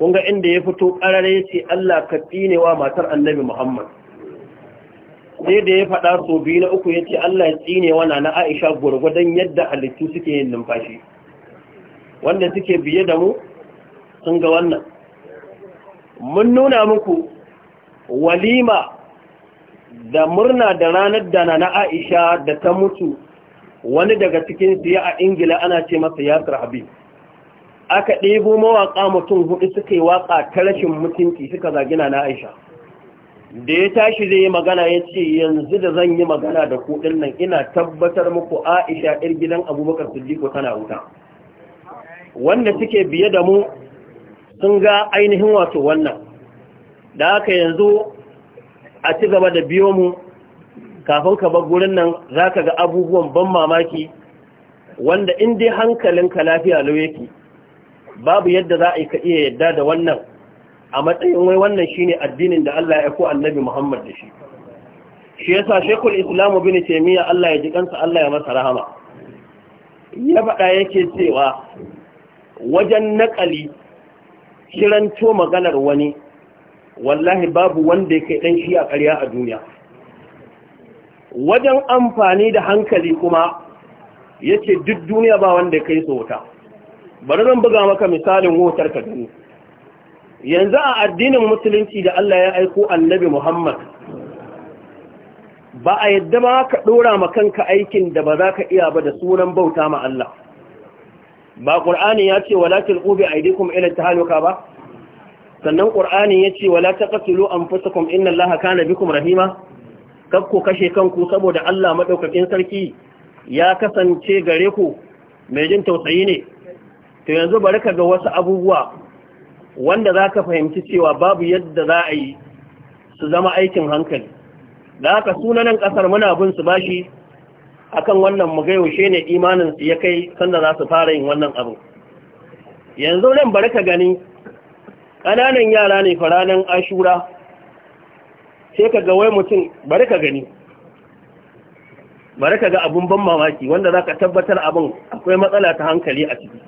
Kunga inda ya fito ƙarare ce Allah ka tsine wa matar annabi Muhammad sai da ya faɗa so biyu na uku ya ce Allah ya tsine wa Nana Aisha gwargwadon yadda halittu suke yin numfashi wanda suke biye da mu sun ga wannan mun nuna muku walima da murna da ranar da na Aisha da ta mutu wani daga cikin siya a Ingila ana ce masa Yasir Habib aka ɗebo mawaƙa mutum hudu suka yi waƙa ta rashin mutunci suka zagina na aisha da ya tashi zai yi magana ya ce yanzu da zan yi magana da kuɗin nan ina tabbatar muku aisha ɗin gidan abubakar siddiqu tana wuta wanda suke biye da mu sun ga ainihin wato wannan da aka yanzu a ci gaba da biyo mu kafin ka bar gurin nan za ka ga abubuwan ban mamaki wanda in dai hankalinka lafiya lau yake babu yadda za a iya yadda da wannan a matsayin wai wannan shine addinin da Allah ya aiko annabi Muhammad da shi shi yasa Sheikhul Islam Ibn Taymiyyah Allah ya ji kansa Allah ya masa rahama ya faɗa yake cewa wajen naƙali to maganar wani wallahi babu wanda ya kai ɗan shi a ƙarya a duniya wajen amfani da hankali kuma yace duk duniya ba wanda ya kai wuta. bari zan buga maka misalin wutar ka gani yanzu a addinin musulunci da Allah ya aiko annabi Muhammad ba a yadda ba ka ɗora ma kanka aikin da ba za ka iya ba da sunan bauta ma Allah ba ƙur'ani ya ce wala tilqu bi aydikum ila tahaluka ba sannan ƙur'ani ya ce wala taqtulu anfusakum inna Allaha kana bikum rahima kakku kashe kanku saboda Allah madaukakin sarki ya kasance gare ku mai jin tausayi ne to yanzu bari ka ga wasu abubuwa wanda za ka fahimci cewa babu yadda za a yi su zama aikin hankali da haka sunanan kasar muna bin su bashi akan wannan magayaushe ne imanin ya kai sanda za su fara yin wannan abu yanzu nan bari ka gani ƙananan yara ne faranan ashura sai ka ga wai mutum bari ka gani bari ka ga abun ban mamaki wanda za ka tabbatar abin akwai matsala ta hankali a ciki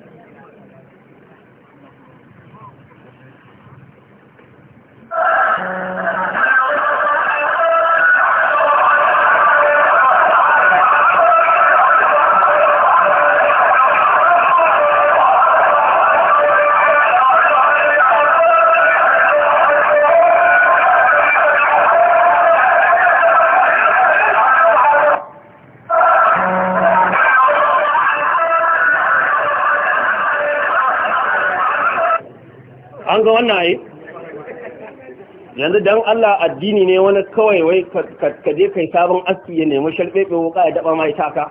ga wannan ai yanzu dan Allah addini ne wani kawai wai ka je kai sabon aski ya nemi sharbebe wuka ya daba mai taka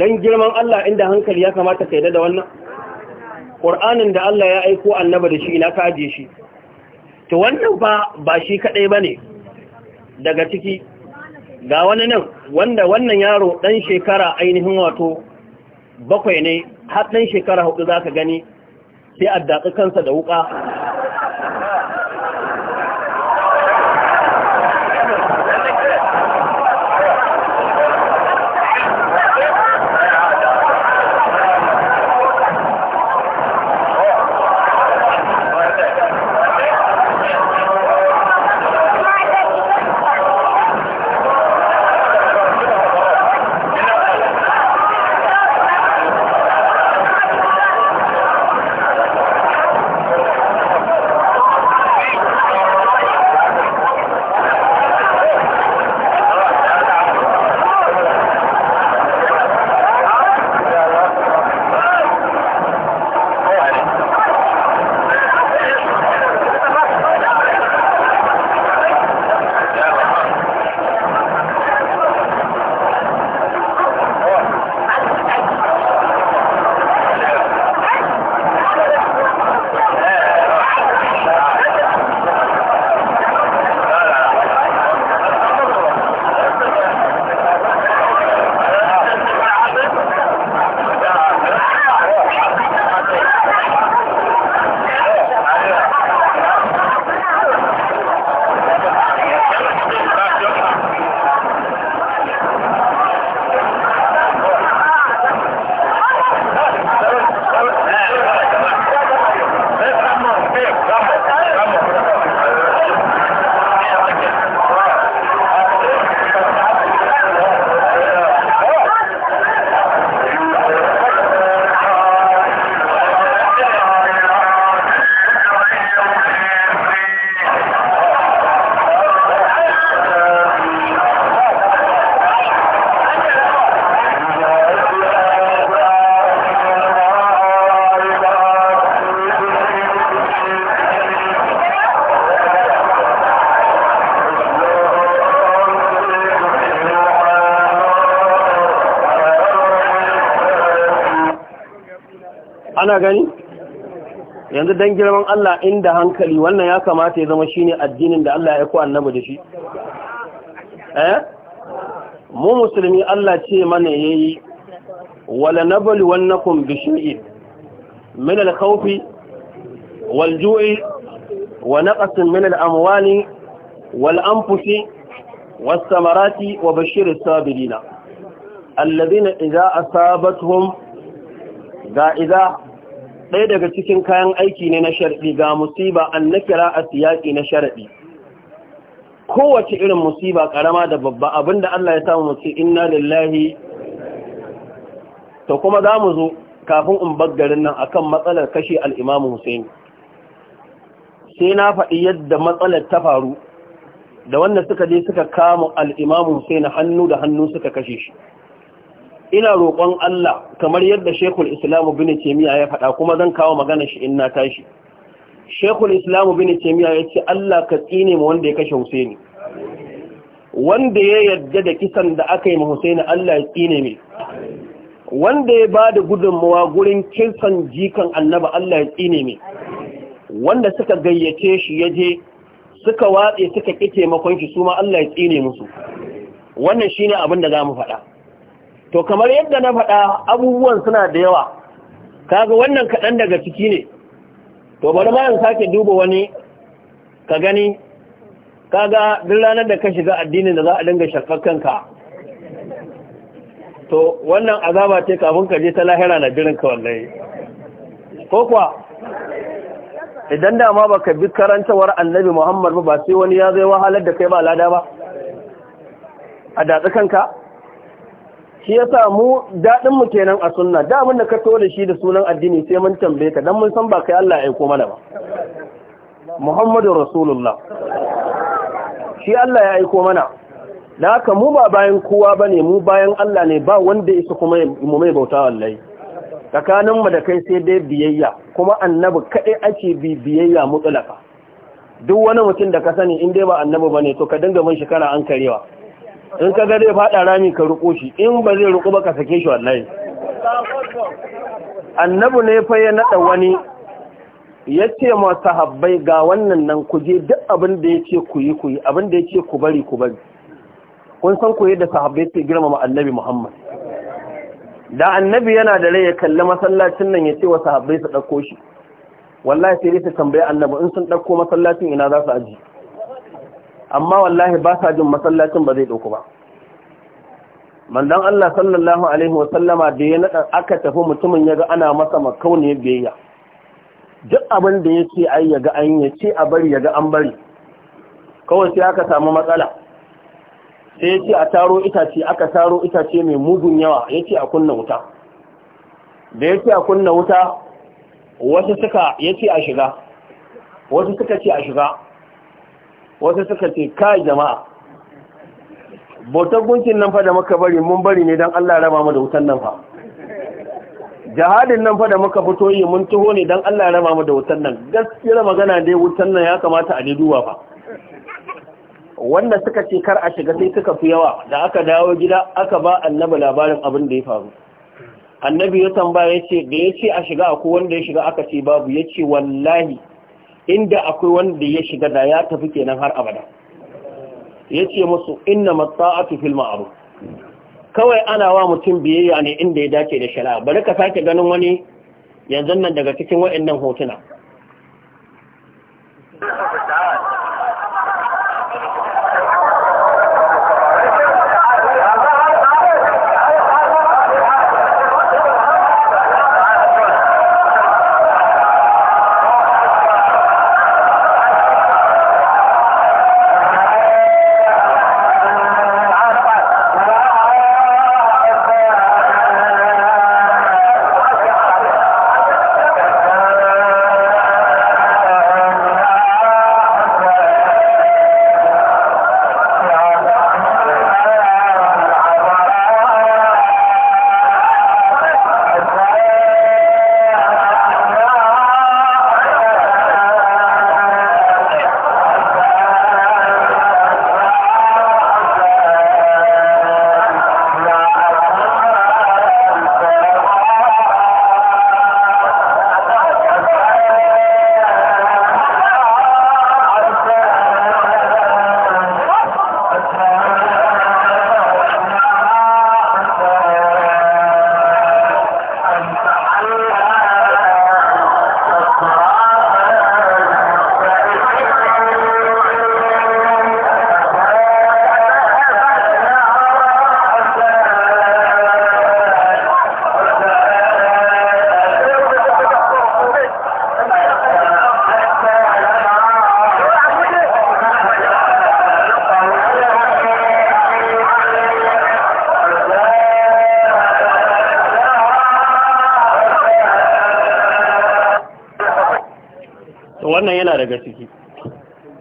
dan girman Allah inda hankali ya kamata ka da wannan Qur'anin da Allah ya aiko annaba da shi ina ka aje shi to wannan ba ba shi kadai bane daga ciki ga wani nan wanda wannan yaro dan shekara ainihin wato bakwai ne har dan shekara hudu zaka gani sai a datsi kansa da wuƙa. ana gani yanzu dan girman Allah inda hankali wannan ya kamata ya zama shine addinin da Allah ya ku annabi da shi eh mu musulmi Allah ce mana yayi wala nablu wannakum bi shay'in min al-khawfi wal-ju'i wa naqsin min al-amwali wal-anfusi was-samarati wa bashshir as-sabirina alladhina idza asabatuhum da idza ɗaya daga cikin kayan aiki ne na sharɗi ga musiba an na kira a siyaƙi na sharɗi kowace irin musiba ƙarama da babba abinda Allah ya samu mace inna lillahi Ta kuma za mu zo kafin in baggarin nan akan matsalar kashe al'imamu Hussein sai na faɗi yadda matsalar ta faru da wanda suka je suka kama al'imamu Hussein hannu da hannu suka kashe shi ina roƙon Allah kamar yadda Sheikhul Islam bin Taymiyyah ya faɗa kuma zan kawo magana shi in na tashi Sheikhul Islam bin Taymiyyah ya ce Allah ka tsine mu wanda ya kashe Hussaini. wanda ya yarda da kisan da aka yi ma Husaini Allah ya tsine mai wanda ya ba bada gudunmawa gurin kisan jikan Annabi Allah ya tsine mai wanda suka gayyace shi ya je suka watse suka ƙi taimakon shi su ma Allah ya tsine musu wannan shine abin da za mu faɗa to kamar yadda na faɗa abubuwan suna da yawa kaga wannan kaɗan daga ciki ne to bari ma yin sake duba wani ka gani kaga duk ranar da ka shiga addinin da za a dinga shakkar kanka to wannan azaba ce kafin ka je ta lahira na jirin ka wallahi ko kuwa idan dama baka bi karantawar annabi Muhammad ba sai wani ya zai wahalar da kai ba lada ba a datsi kanka shi ya sa mu daɗin mu kenan a sunna da mun da ka tole shi da sunan addini sai mun tambaye ka dan mun san ba kai Allah ya aiko mana ba Muhammadu Rasulullah shi Allah ya aiko mana da haka mu ba bayan kowa bane mu bayan Allah ne ba wanda isa kuma mu mai bauta wallahi tsakanin mu da kai sai dai biyayya kuma annabi kaɗai ake bi biyayya mutlaka duk wani mutum da ka sani in dai ba annabi bane to ka dinga mun shekara an karewa in ka ga zai fada rami ka ruko shi in ba zai ruko ba ka sake shi wallahi annabi ne fa ya nada wani yace ma sahabbai ga wannan nan ku je duk abin da ya ku yi ku yi abin da ya ku bari ku bari kun san ku da sahabbai ke girmama annabi muhammad da annabi yana da rai ya kalli masallacin nan ya ce wa sahabbai su ɗauko shi wallahi sai dai su tambayi annabi in sun ɗauko masallacin ina za su aji amma wallahi ba sa jin masallacin ba zai ɗauku ba mandan Allah sallallahu alaihi wa sallama da ya naɗa aka tafi mutumin ya ga ana masa ya biyayya duk abin da ya ce ai ya ga an ya ce a bari ya ga an bari kawai sai aka samu matsala sai ya ce a taro itace aka taro itace mai mugun yawa ya ce a kunna wuta da ya ce a kunna wuta wasu suka ya ce a shiga wasu suka ce a shiga wasu suka ce kai jama'a bautar gunkin nan fa da muka bari mun bari ne don Allah raba mu da wutan nan fa jihadin nan fa da muka fito yi mun tuho ne don Allah raba mu da wutan nan gaskiyar magana dai wutan nan ya kamata a ne duwa fa wanda suka ce kar a shiga sai suka fi yawa da aka dawo gida aka ba annabi labarin abin da ya faru annabi ya tambaya ya ce da ya ce a shiga ko wanda ya shiga aka ce babu ya ce wallahi inda akwai wanda ya shiga da ya tafi kenan har abada ya ce musu inna matsa'atu fil ma'ruf kawai ana wa mutum biyayya ne inda ya dace da shari'a bari ka sake ganin wani yanzu nan daga cikin waɗannan hotuna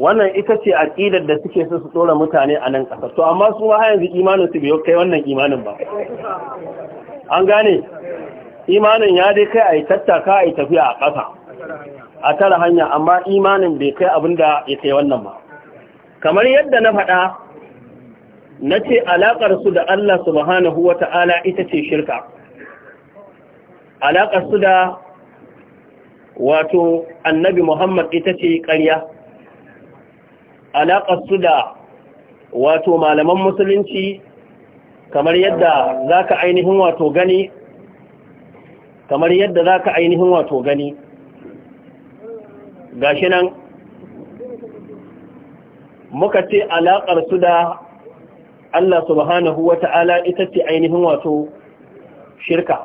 wannan ita ce aƙidar da suke su tsora mutane a nan ƙasa to amma su ma yanzu imanin su bai kai wannan imanin ba an gane imanin ya dai kai a yi tattaka a yi tafiya a ƙasa a tara hanya amma imanin bai kai abin da ya kai wannan ba kamar yadda na faɗa na ce alaƙar da Allah subhanahu wa ta'ala ita ce shirka alaƙar da wato annabi Muhammad ita ce ƙarya alaƙar su da wato malaman musulunci kamar yadda za ka ainihin wato gani kamar yadda za ka ainihin wato gani gashi nan muka ce alaƙar su da Allah subhanahu wa ta'ala ita ce ainihin wato shirka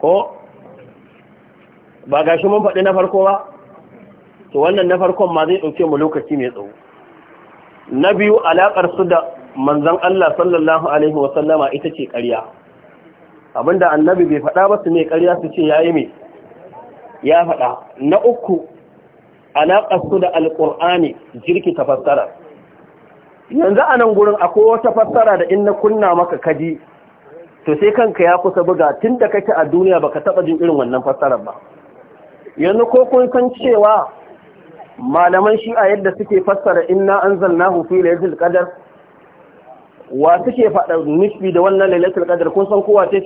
ko ba gashi mun faɗi na farko ba to wannan na farkon ma zai ɗauke mu lokaci mai tsawo na biyu alaƙar su da manzan Allah sallallahu alaihi wasallama ita ce ƙarya abinda annabi bai faɗa ba su ne ƙarya su ce yayi me ya faɗa na uku alaƙar su da alƙur'ani jirki ta fassara yanzu a nan gurin akwai wata fassara da in na kunna maka kaji to sai kanka ya kusa buga tun da kake a duniya baka taɓa jin irin wannan fassarar ba yanzu ko kun san cewa malaman shi'a yadda suke fassara inna anzalnahu fi lailatul qadar wa suke fada nisbi da wannan lailatul qadar kun san kowa ce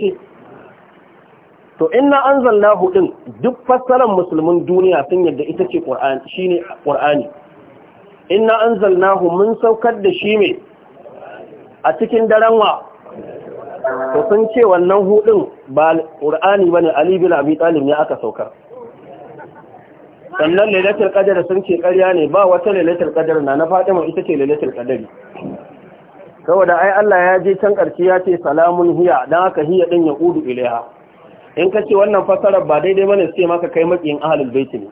to inna anzalnahu din duk fassarar musulmin duniya sun yadda ita ce qur'ani shine qur'ani inna anzalnahu mun saukar da shi ne a cikin daren wa to sun ce wannan hudin ba qur'ani bane ali bin abi talib ne aka saukar sannan lalatar kadar sun ce karya ne ba wata lalatar kadar na na Fatima ita ce lailatul kadari saboda ai Allah ya je can karshe ya ce salamun hiya dan aka hiya din ya udu ilaiha in ka ce wannan fasarar ba daidai bane sai maka kai matsayin ahalin bait ne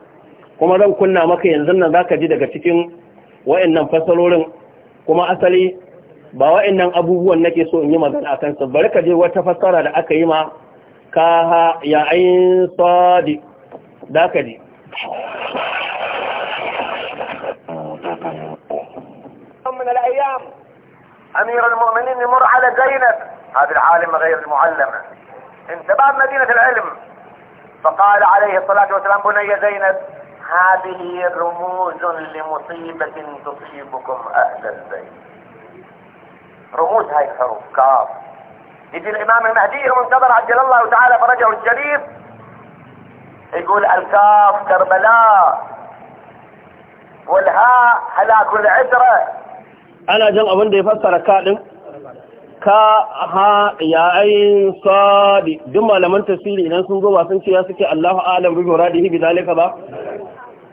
kuma zan kunna maka yanzu nan zaka ji daga cikin wayannan fasarorin kuma asali ba wayannan abubuwan nake so in yi magana akan su bari ka je wata fasara da aka yi ma ka ya ayin sadi da ka ji من الايام امير المؤمنين يمر على زينب هذه العالمة غير المعلمة باب مدينة العلم فقال عليه الصلاة والسلام بني زينب هذه رموز لمصيبة تصيبكم اهل البيت رموز هاي الحروف كاف يجي الامام المهدي المنتظر عجل الله تعالى فرجه الشريف يقول الكاف كربلاء والهاء هلاك العترة أنا جل أبن دي كالم ka ha yayin sadi duk malaman tafsiri idan sun zo ba sun ce ya suke Allahu a'lam bi muradihi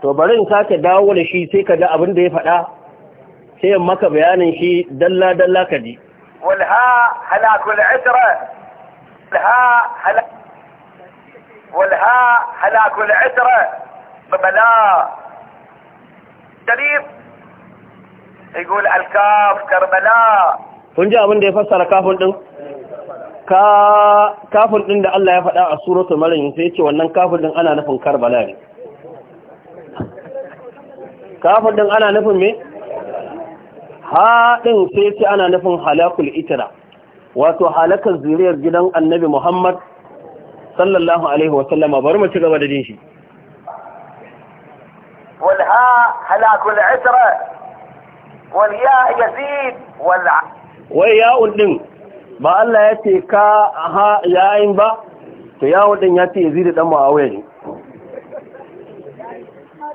to bari in sake dawo da shi sai ka ga abin da ya faɗa sai in maka bayanin shi dalla dalla ka ji wal ha halakul والها هلاك العسرة ببلاء دليل يقول الكاف كربلاء kun ji abin da ya fassara kafin ɗin? da Allah ya faɗa a suratul maryam sai ce wannan kafin ɗin ana nufin karbala ne kafin ɗin ana nufin me haɗin sai wato halakar zuriyar gidan annabi muhammad sallallahu alaihi wa sallama bari mu ci gaba da jin shi isra wal ya yazid wal والع ya الدين ba Allah ya ce ka ha yayin ba to ya din ya ce yazid dan muawiya ne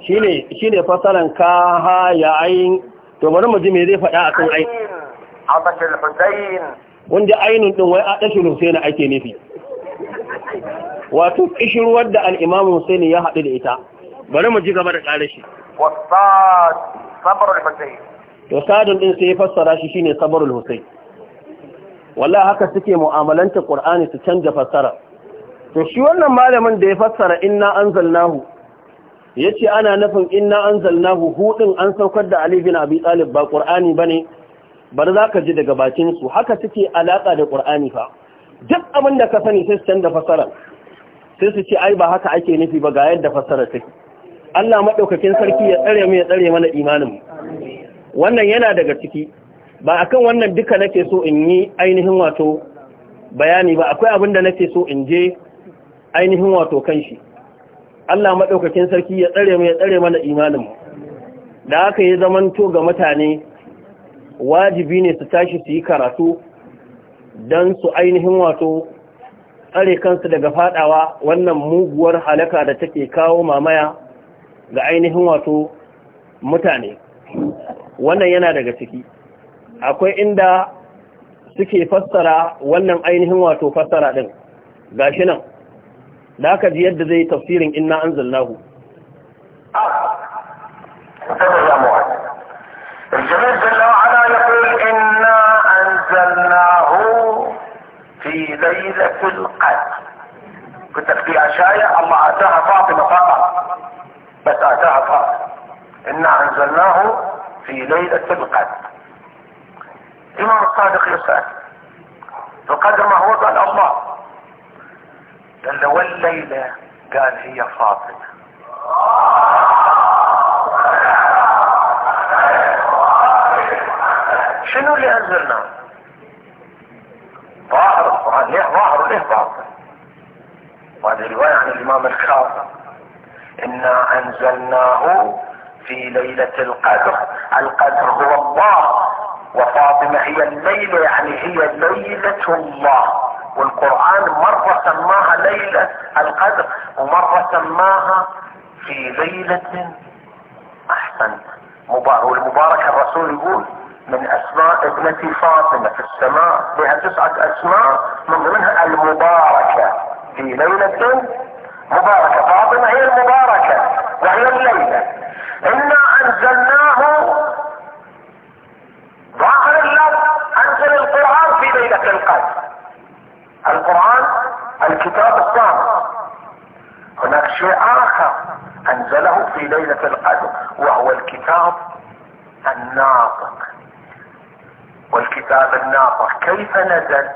shine shine fasalan ka ha yayin to bari mu ji me zai faɗa akan ai al Husayn wanda ainun din wai a dashi Husaini ake nufi wato kishirwar da al'imamu Hussein ya haɗu da ita bari mu ji gaba da ƙare shi to sadun ɗin sai ya fassara shi shine sabarul Hussein wallahi haka suke mu'amalanta ƙur'ani su canja fassara to shi wannan malamin da ya fassara inna anzalnahu yace ana nufin inna anzalnahu hudin an saukar da Ali bin Abi Talib ba ƙur'ani bane bar ka ji daga bakin su haka suke alaka da ƙur'ani fa duk abin da ka sani sai su canza fasara sai su ce ai ba haka ake nufi ba ga yadda fasara take Allah madaukakin sarki ya tsare mu ya tsare mana imanin mu wannan yana daga ciki ba akan wannan duka nake so in yi ainihin wato bayani ba akwai abin da nake so in je ainihin wato kan shi Allah madaukakin sarki ya tsare mu ya tsare mana imanin mu da haka ya zamanto ga mutane wajibi ne su tashi su yi karatu don su ainihin wato tsare kansu daga fadawa wannan muguwar halaka da take kawo mamaya ga ainihin wato mutane wannan yana daga ciki akwai inda suke fassara wannan ainihin wato fassara din gashi nan da aka ji yadda zai tafsirin inna anzalnahu الجميل أنه في ليلة القدر كنت في عشاية الله آتاها فاطمة فقط بس آتاها فاطمة إنا أنزلناه في ليلة القدر إمام الصادق يسأل القدر ما هو قال الله قال له والليلة قال هي فاطمة شنو اللي أنزلناه ظاهر القرآن ليه ظاهر ليه باطن وهذه رواية عن الإمام الخاطئ إنا أنزلناه في ليلة القدر القدر هو الله وفاطمة هي الليلة يعني هي ليلة الله والقرآن مرة سماها ليلة القدر ومرة سماها في ليلة أحسن مبارك والمبارك الرسول يقول من اسماء ابنتي فاطمة في السماء بها تسعة اسماء من ضمنها المباركة في ليلة مباركة فاطمة هي المباركة وهي الليلة انا انزلناه ظاهر اللفظ انزل القرآن في ليلة القدر القرآن الكتاب الصامت هناك شيء اخر انزله في ليلة القدر وهو الكتاب الناطق والكتاب الناطق كيف نزل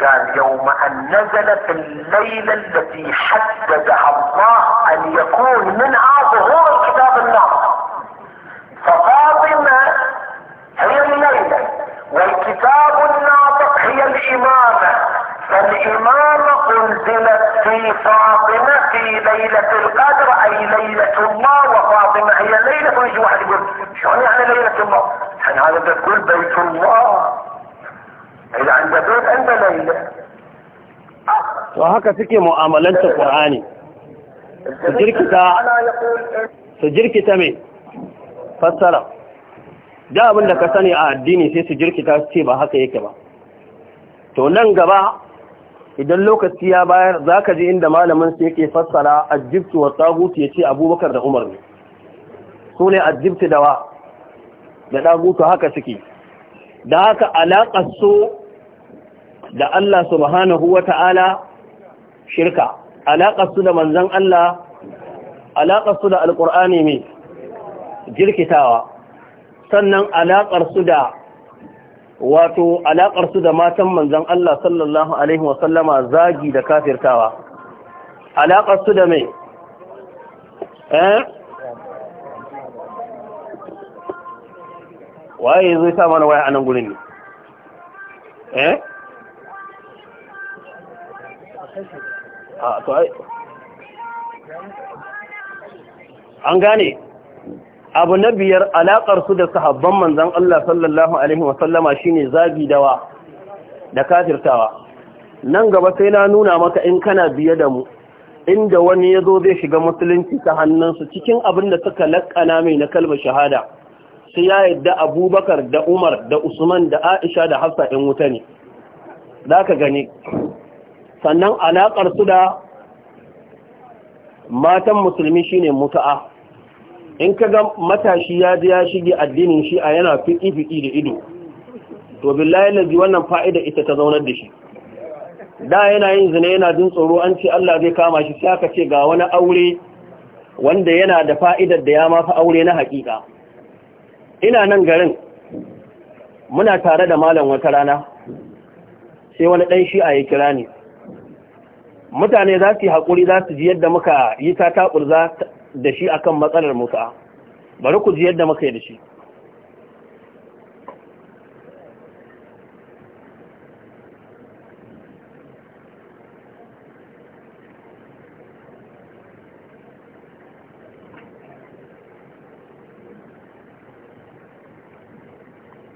قال يوم ان نزل في الليلة التي حددها الله ان يكون منها ظهور الكتاب الناطق ففاطمة هي الليلة والكتاب الناطق هي الامامة الامامة انزلت في فاطمة في ليلة القدر اي ليلة الله وفاطمة هي ليلة ويجي واحد يقول شلون يعني ليلة الله؟ يعني هذا تقول بيت الله اذا عنده بيت عنده ليلة وهكا تكي معاملات القرآني سجركتا سجركتا مين fassara da abin da ka sani a addini sai su jirkita su ce ba haka yake ba to idan lokaci ya bayar za ka ji inda malamin su yake fassara ajibtu wa tagutu ya ce abubakar da umar ne su ne ajibtu da wa da tagutu haka suke da haka alaƙar so da Allah subhanahu wa ta'ala shirka alaƙar su da manzan Allah alaƙar su da alƙur'ani mai jirkitawa sannan alaƙar su da wato alaƙarsu su da matan manzan Allah sallallahu alaihi wasallama zagi da kafirtawa Alaƙarsu su da mai eh waye zai sa mana waya a nan gurin ne eh to ai an gane abu na biyar alaƙar su da sahabban manzan Allah sallallahu alaihi wasallama shine zagi dawa da kafirtawa nan gaba sai na nuna maka in kana biye da mu inda wani ya zo zai shiga musulunci ta hannunsu cikin abin da suka laƙana mai na kalmar shahada sai ya yadda abubakar da umar da usman da aisha da hafsa in wuta ne za ka gani sannan alaƙar su da matan musulmi shine mutu'a in ka ga matashi ya ya shige addinin shi a yana fiƙi-fiƙi da ido to billahi lalzi wannan fa'ida ita ta zaunar da shi da yana yin zina yana jin tsoro an ce Allah zai kama shi sai aka ce ga wani aure wanda yana da fa'idar da ya mafi aure na haƙiƙa ina nan garin muna tare da malam wata rana sai wani ɗan shi a yi kira ne mutane za su yi haƙuri za su ji yadda muka yi ta taƙurza da shi akan matsalar musa bari ku ji yadda muka yi da shi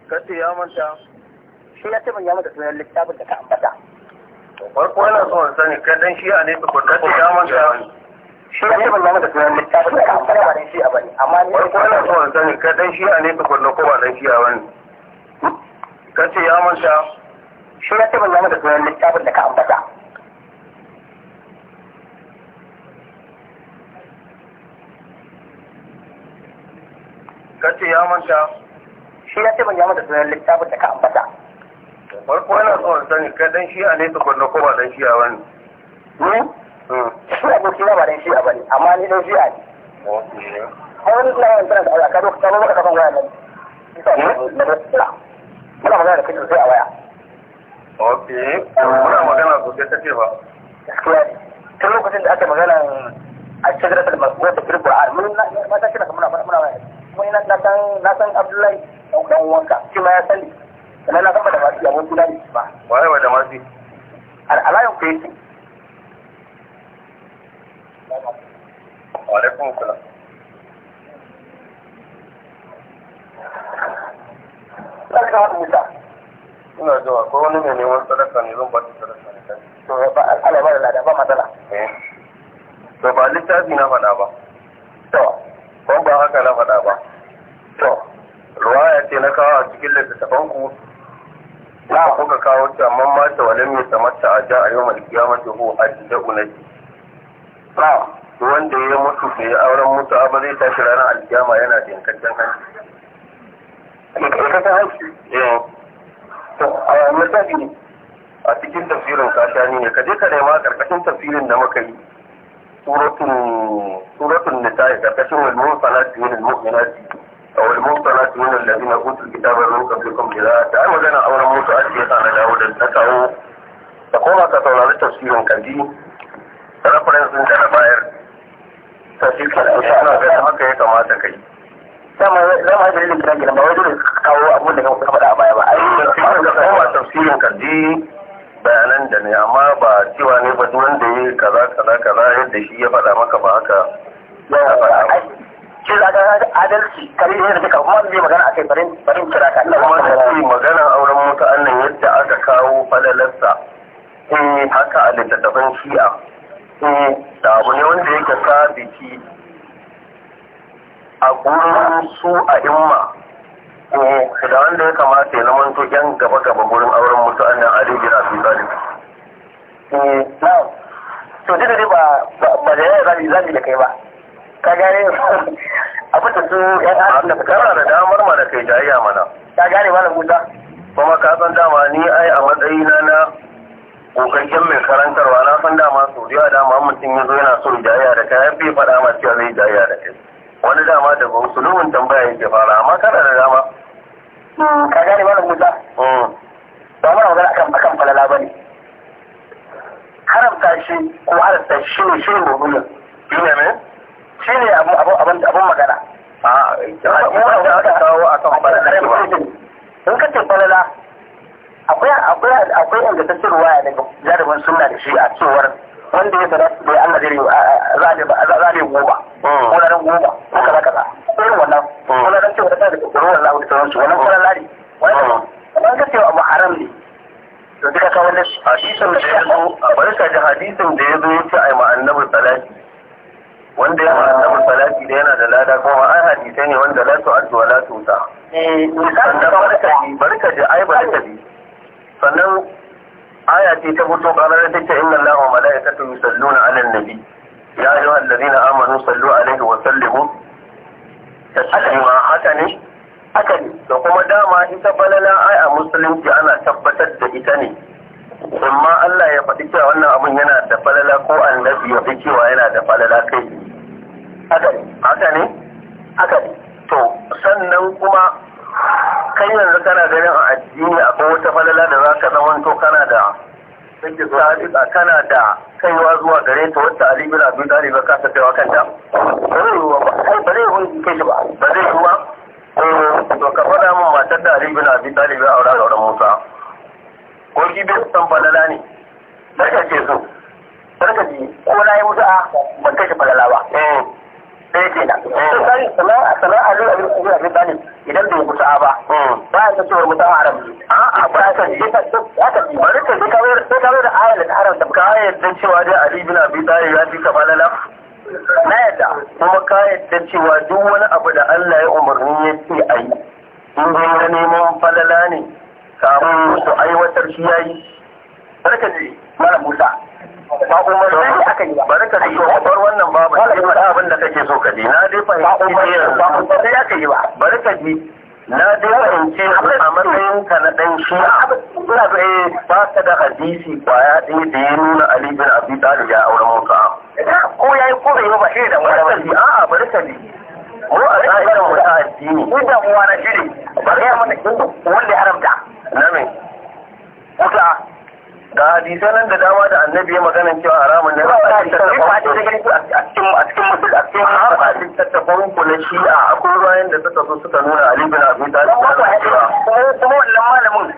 kace ya manta shi na taɓa ya manta sunan littafin da ka ambata farko yana so sani kadan shi a ne ko ya manta shi ne ban nama da sunan littafi da kan fara ne shi a bane amma ni ko ina so in sani ka dan shi a ne tukunna ko ba dan shi a bane kace ya manta shi ne ban nama da sunan littafin da ka ambata kace ya manta shi ne ban nama da sunan littafin da ka ambata farko ina so in sani ka dan shi a ne tukunna ko ba dan shi a wani. Hmm. shi abokin na ba shi a bane amma ni dai shi a ne wani na yawan tana da waya ka zo ka maka kafan waya nan hmm? da kai sosai a waya ok muna magana sosai ta ce ba tun lokacin da aka magana a shigar da masu da firgo a mun mata shi na muna muna waya kuma ina na san na san abdullahi dan uwanka shi ma ya sani sannan na san da masu yawon tunani ba waye ba da masu al'alayan ku Ina zuwa, ko wani sadaka ne ba sadaka ne To ba da eh. ba littafi na faɗa ba. To, ko ba haka na faɗa ba. To, ruwaya ce na kawo a cikin littattafan ku na kuka kawo ta amma mata walin mai samatta a ja a yau mai kiyamata ko a da unaji. ba wanda ya mutu ya auren mutu ba zai tashi ranar aljama yana da yankaccen hanci a a cikin tafsirin kashani ne kaje ka nema karkashin tafsirin da muka yi suratun yi karkashin yi salati wani mu'minati a walmun salati wani lalazina utul kitabar rukar kuma bila ta yi magana auren mutu a cikin sa na dawo da ta kawo ta koma ka saurari tafsirin kaji referensin da na bayar haka ya kamata ba wajen da suka kawo da faɗa a baya ba tafsirin bayanan da amma ba cewa ne ba kaza kaza kaza yadda shi ya faɗa maka ba haka magana a kai auren mutu yadda aka kawo falalarsa eh haka a littattafan shi'a to eh, da abu ne wanda yake sabiki a gurin su a imma to eh, da wanda ya kamata ya zama to yan gaba gaba gurin auren musu annan ali bin abi eh, to duk da ba ba da yawa zabi zabi da kai ba ka gane [LAUGHS] su da da damar mana kai jayya mana ka gane malam Musa kuma ka san dama ni ai a matsayina na kokancin mai karantarwa na san dama sau da dama mutum ya zo yana so jayya da kai bai faɗa ma cewa zai jayya da kai wani dama daga wasu nuhun tambaya yake fara amma kana da dama ka gane malam musa hmm. ba ma magana akan akan falala ba ne haramta shi ko haramta shi ne shi ne mummunan shi ne mai. shi ne abin magana a kawo akan falala in ka ce falala akwai akwai akwai ingantaccen ruwaya daga jarumin sunna da shi a cewar wanda ya fara da Allah zai zale goma ko hmm. na goma ko kaza kaza irin wannan ko hmm. ran cewa da da ruwan Allah da sauransu wannan fara lari wannan hmm. ka cewa abu haram ne to duka ka wannan hadisin da ya zo a barka da hadisin da ya zo ya ce ai ma annabi salati wanda ya ma annabi salati da yana da lada kuma ai hadisai ne wanda la tu'addu wa la tuta eh barka da ai barka da sannan aya ce ta fito ƙarar da take inna Allahu wa mala'ikatu yusalluna 'alan nabi ya ayyuhal ladina amanu sallu alaihi wa sallimu taslima haka ne haka ne da kuma dama ita balala ai a musulunci ana tabbatar da ita ne amma Allah ya faɗi cewa wannan abun yana da falala ko annabi ya fi cewa yana da falala kai haka ne haka ne haka ne to sannan kuma kai yanzu kana ganin a addini akwai wata falala da za ka zama to kana da sadiqa kana da kaiwa zuwa gare ta wata Ali bin Abi Talib ba ka ta kaiwa kanta ba zai yiwu ba ai ba zai kai ba ba zai yiwu to ka faɗa min matar da Ali bin Abi Talib ba aura da Musa ko shi bai san falala ne barka ce so barka ji ko na yi mutu a ban kashe falala ba eh sai kenan sai eh. sai sana sana Ali bin Abi Talib idan bai kusa ba hmm. ba ya kace rubuta haram a'a ba ka je ka haka bari ka je ka wayar sai ka wayar ta da haram da ka yadda cewa dai Ali bin Abi Talib ya fi kamalala na yadda kuma ka yadda cewa duk wani abu da Allah ya umarni ya ce a yi in dai na neman falala ne kamun su aiwatar shi yayi barka ji mala Musa ba umarni aka yi ba bari ka ji bar wannan babu sai faɗa abin da kake so ka ji na dai fahimci ne ba umarni aka yi ba bari ka ji na dai fahimci a matsayin ka na dan shi ina tsaye ba ka da hadisi kwaya ɗaya da ya nuna Ali bin Abi Talib ya auren muka ko yayi ko bai ba shi da wani a'a bari ka ji mu a tsayin mu ta addini Ku da mu wani shiri bari ya mana wanda ya haramta na me wuta ga hadisa nan da dama da annabi ya magana cewa haramun ne ba a cikin a cikin musul a cikin har a cikin tattafan ku na shi'a akwai ruwayen da suka zo suka nuna ali bin abu ta kuma wannan malamin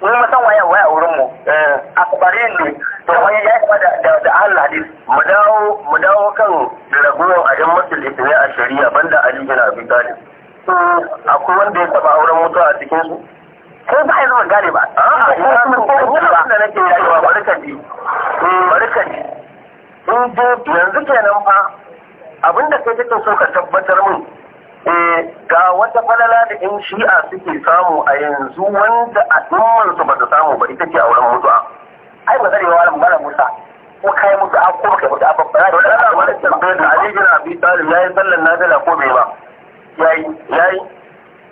mun musan waya waya a wurin mu eh. a kabarin ne to wani ya yi da da ahlul hadis mu dawo mu dawo kan ragowar a jammatul ismi a shari'a banda ali bin abi talib hmm. akwai wanda ya taba auren mutuwa a cikin su ko ba a zama gane ba a'a ina kuma ko ba da nake rayuwa bari hmm. ji in dai yanzu kenan fa abinda kai take so ka tabbatar min eh, ga wata falala da in shi'a suke samu a yanzu wanda a ɗumman su ba ta samu ba ita ce a wurin mutuwa ai ba zai yawa mara musa ko kai musu a ko kai musu a babbara da wani tambayar da Ali bin Abi Talib yayi sallan nafila ko bai ba yayi yayi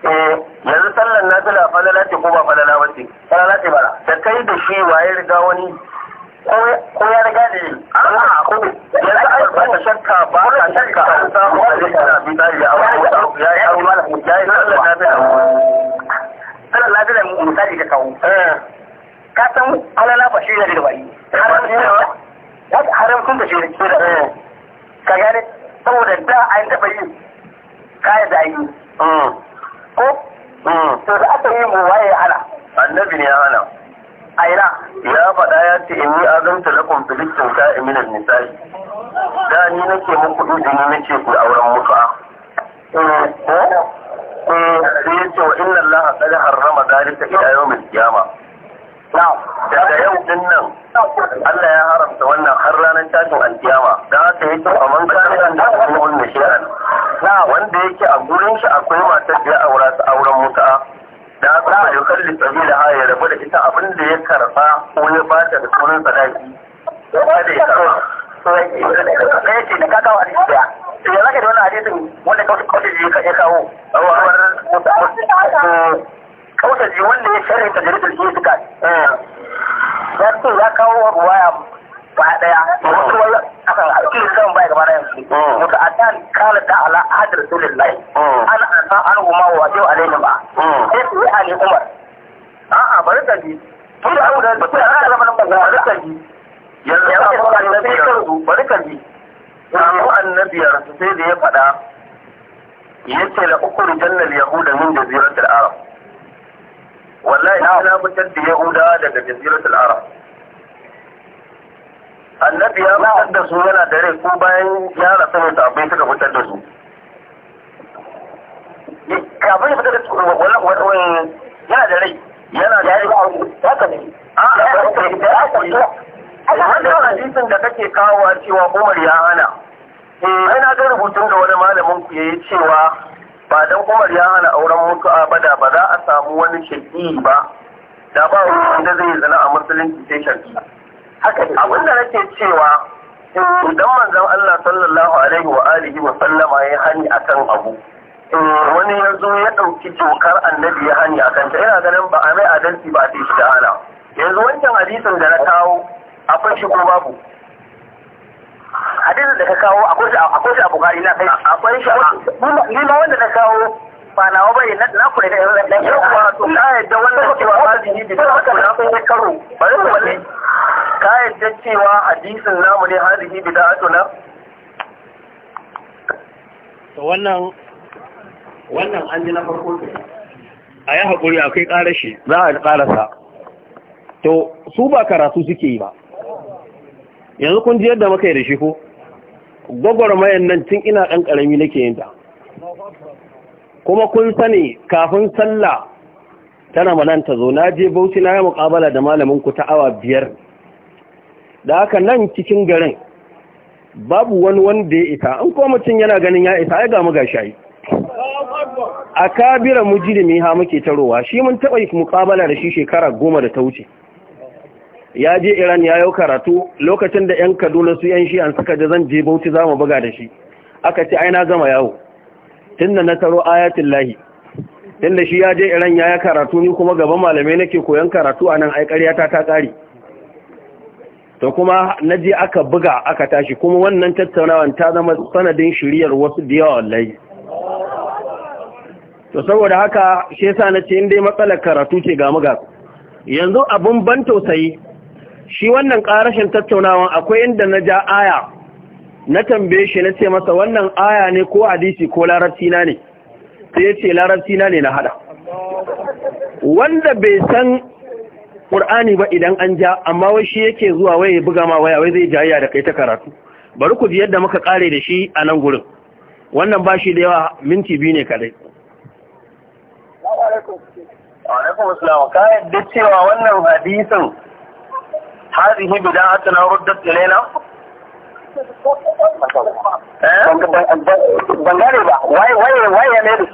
eh yanzu sallar nafila falala ce ko ba falala ba ce falala ce bara da kai da shi waye riga wani ko ya riga ne. a ko yanzu ai ba shakka ba ka shakka an samu a jikin abin da ya abu ya yi abu mana ya yi sallar nafila sallar nafila misali ka kawo eh. ka san falala ba shi ne da bai haram sun da shi ne eh. ka gane saboda da an taɓa yi kayan da yi ko mm. to da aka yi mu waye ana annabi ne ana aina ya faɗa ya ce in yi azanta lakum fil kyauta min da ni nake muku izini nake ku auren mutu'a eh ko eh. eh sai ce wa inna allaha qad harrama dhalika ila yawm al-qiyamah daga yau din nan Allah ya haramta wannan har ranar tashin alkiyama da haka yake a man kayan da su wanda shi wanda yake a gurin shi akwai matar da ya aura su auren mutu'a da haka ba kalli tsari da haya rabu da ita abin da ya karba ko ya bata da sunan sadaki kada ya karba sai ce da kakawa a cikin daya ya zaka da wannan hadisin wanda kawai kawai ya kawo kausaji wanda ya sharri da jaridar jessica eh, ya ce ya kawo ruwaya ba daya wasu wani akan alƙin zan bai gaba da yanzu mm. mutu a dan kala ta ala adar lai mm. ana an san an huma wa yau alaihi ba mm. sai su yi ali umar a'a bari da ji tun da abu da su da ana zama nan ba da ji yanzu ya ce ba da ji bari da ji samu annabiyar sai da ya faɗa yace la ukhrijanna al-yahuda min jaziratil arab wallahi na na fitar da yahuda daga jaziratul arab annabi ya fitar da su yana da rai ko bayan ya rasu ne abin suka fitar da su kafin fitar da su wallahi yana da rai yana da rai haka ne a a wannan hadisin da kake kawo cewa Umar ya hana eh ina ga rubutun da wani malamin ku yayi cewa ba dan Umar ya hana auren mutu'a ba da ba za a samu wani shaki ba da ba wanda zai zana a musulunci sai shaki haka abin da nake cewa idan manzon Allah sallallahu alaihi wa alihi wa sallama ya hani akan abu wani ya zo ya ɗauki tokar annabi ya hani akan ta ina ganin ba a mai adalci ba sai shi da hana yanzu wancan hadisin da na kawo akwai shi ko babu hadisin da ka kawo akwai shi a bukari na kai akwai shi ni ma wanda na kawo ba nawa bane na na kure da da yawa to ka yadda wannan cewa hadisi bi da ka na kai karo bari mu ne ka yadda cewa hadisin namu ne hadisi bi da to na to wannan wannan an ji na farko a yi haƙuri a kai ƙarashi za a ƙarasa to su ba karatu suke yi ba yanzu kun ji yadda muka yi da shi ko gwagwarmayan nan tun ina ɗan ƙarami nake yin ta kuma kun sani kafin sallah ta ramadan ta zo na je bauchi na yi muƙabala da malamin ku ta awa biyar da haka nan cikin garin babu wani wanda ya isa an kuma mutum yana ganin ya isa ai ga shayi gashayi a kabira mujrimi ha muke tarowa shi mun taɓa yi muƙabala da shi shekara goma da ta wuce ya je Iran ya yi karatu lokacin da 'yan Kaduna su 'yan shi'an suka da zan je Bauchi za mu buga da shi aka ci aina zama gama yawo tun da na taro ayatin lahi tun da shi ya je Iran ya yi karatu ni kuma gaban malamai nake koyon karatu a nan aikariya ta ta ƙari to kuma na je aka buga aka tashi kuma wannan tattaunawan ta zama sanadin shiriyar wasu da yawa wallahi to saboda haka shi yasa na ce in dai matsalar karatu ce ga muga yanzu abun ban tausayi shi wannan ƙarashin tattaunawa akwai inda na ja aya na tambaye shi na ce masa wannan aya ne ko hadisi ko larabci na ne sai ya ce larabci na ne na hada wanda bai san ƙur'ani ba idan an ja amma wai shi yake zuwa wai ya buga ma waya wai zai jayya da kai ta karatu bari ku ji yadda muka kare da shi a nan gurin wannan ba shi da yawa minti biyu ne kadai alaikum cewa wannan hadisin هذه بداعتنا ردت إلينا ها ها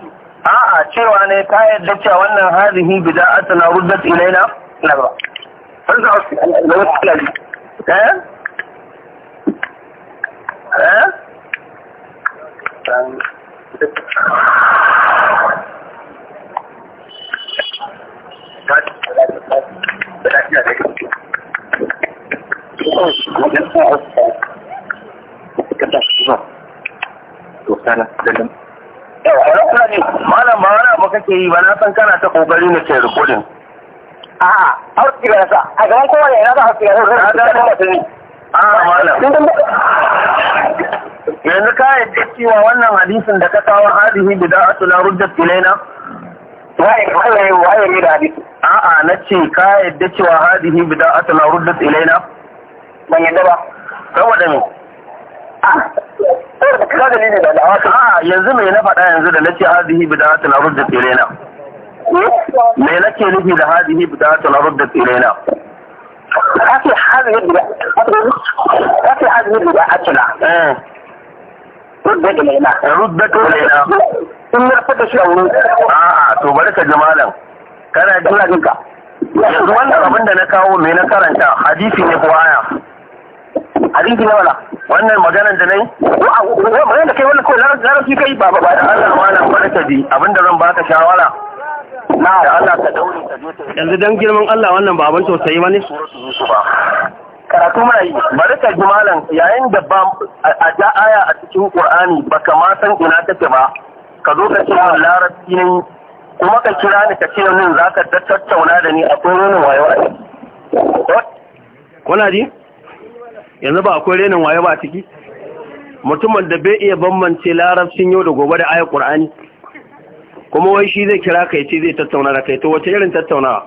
آه، آه، شو انا تايد لك وانا هذه بداعتنا ردت الينا Thank you. malam ba yi ba na san kana ta kokari na ce rikodin a'a nasa a na a yanzu ka yadda cewa wannan hadisin da ka kawo hadihi da la rujjat ilaina waye waye waye ne da hadisi a'a na ce ka yadda cewa hadihi bida'atu na ruddat ilaina ban yadda ba ka da a'a yanzu na faɗa yanzu da hadihi na ilaina me nufi da hadihi na ilaina hadihi hadihi na eh. ilaina ilaina in shi a wurin a'a to bari ka ji malam kana da ina wannan abin da na kawo mai na karanta hadisi ne ko aya hadisi ne wala wannan magana da nayi magana da kai wannan kawai shi kai ba ba da Allah wala wala ta bi da zan baka shawara na da Allah ka daure ka je ta yanzu dan girman Allah wannan ba abin tausayi bane karatu mana yi bari ka ji malam yayin da ba a ja aya a cikin Qur'ani baka ma san ina take ba ka zo ka ce larabci ne kuma ka kira ni ka ce min za ka tattauna da ni a waye wayo Ko kuna ji yanzu ba akwai renin wayo ba ciki mutumin da bai iya bambance larabcin yau da gobe da ayat qur'ani kuma wai shi zai kira kai ce zai tattauna da kai to wace irin tattaunawa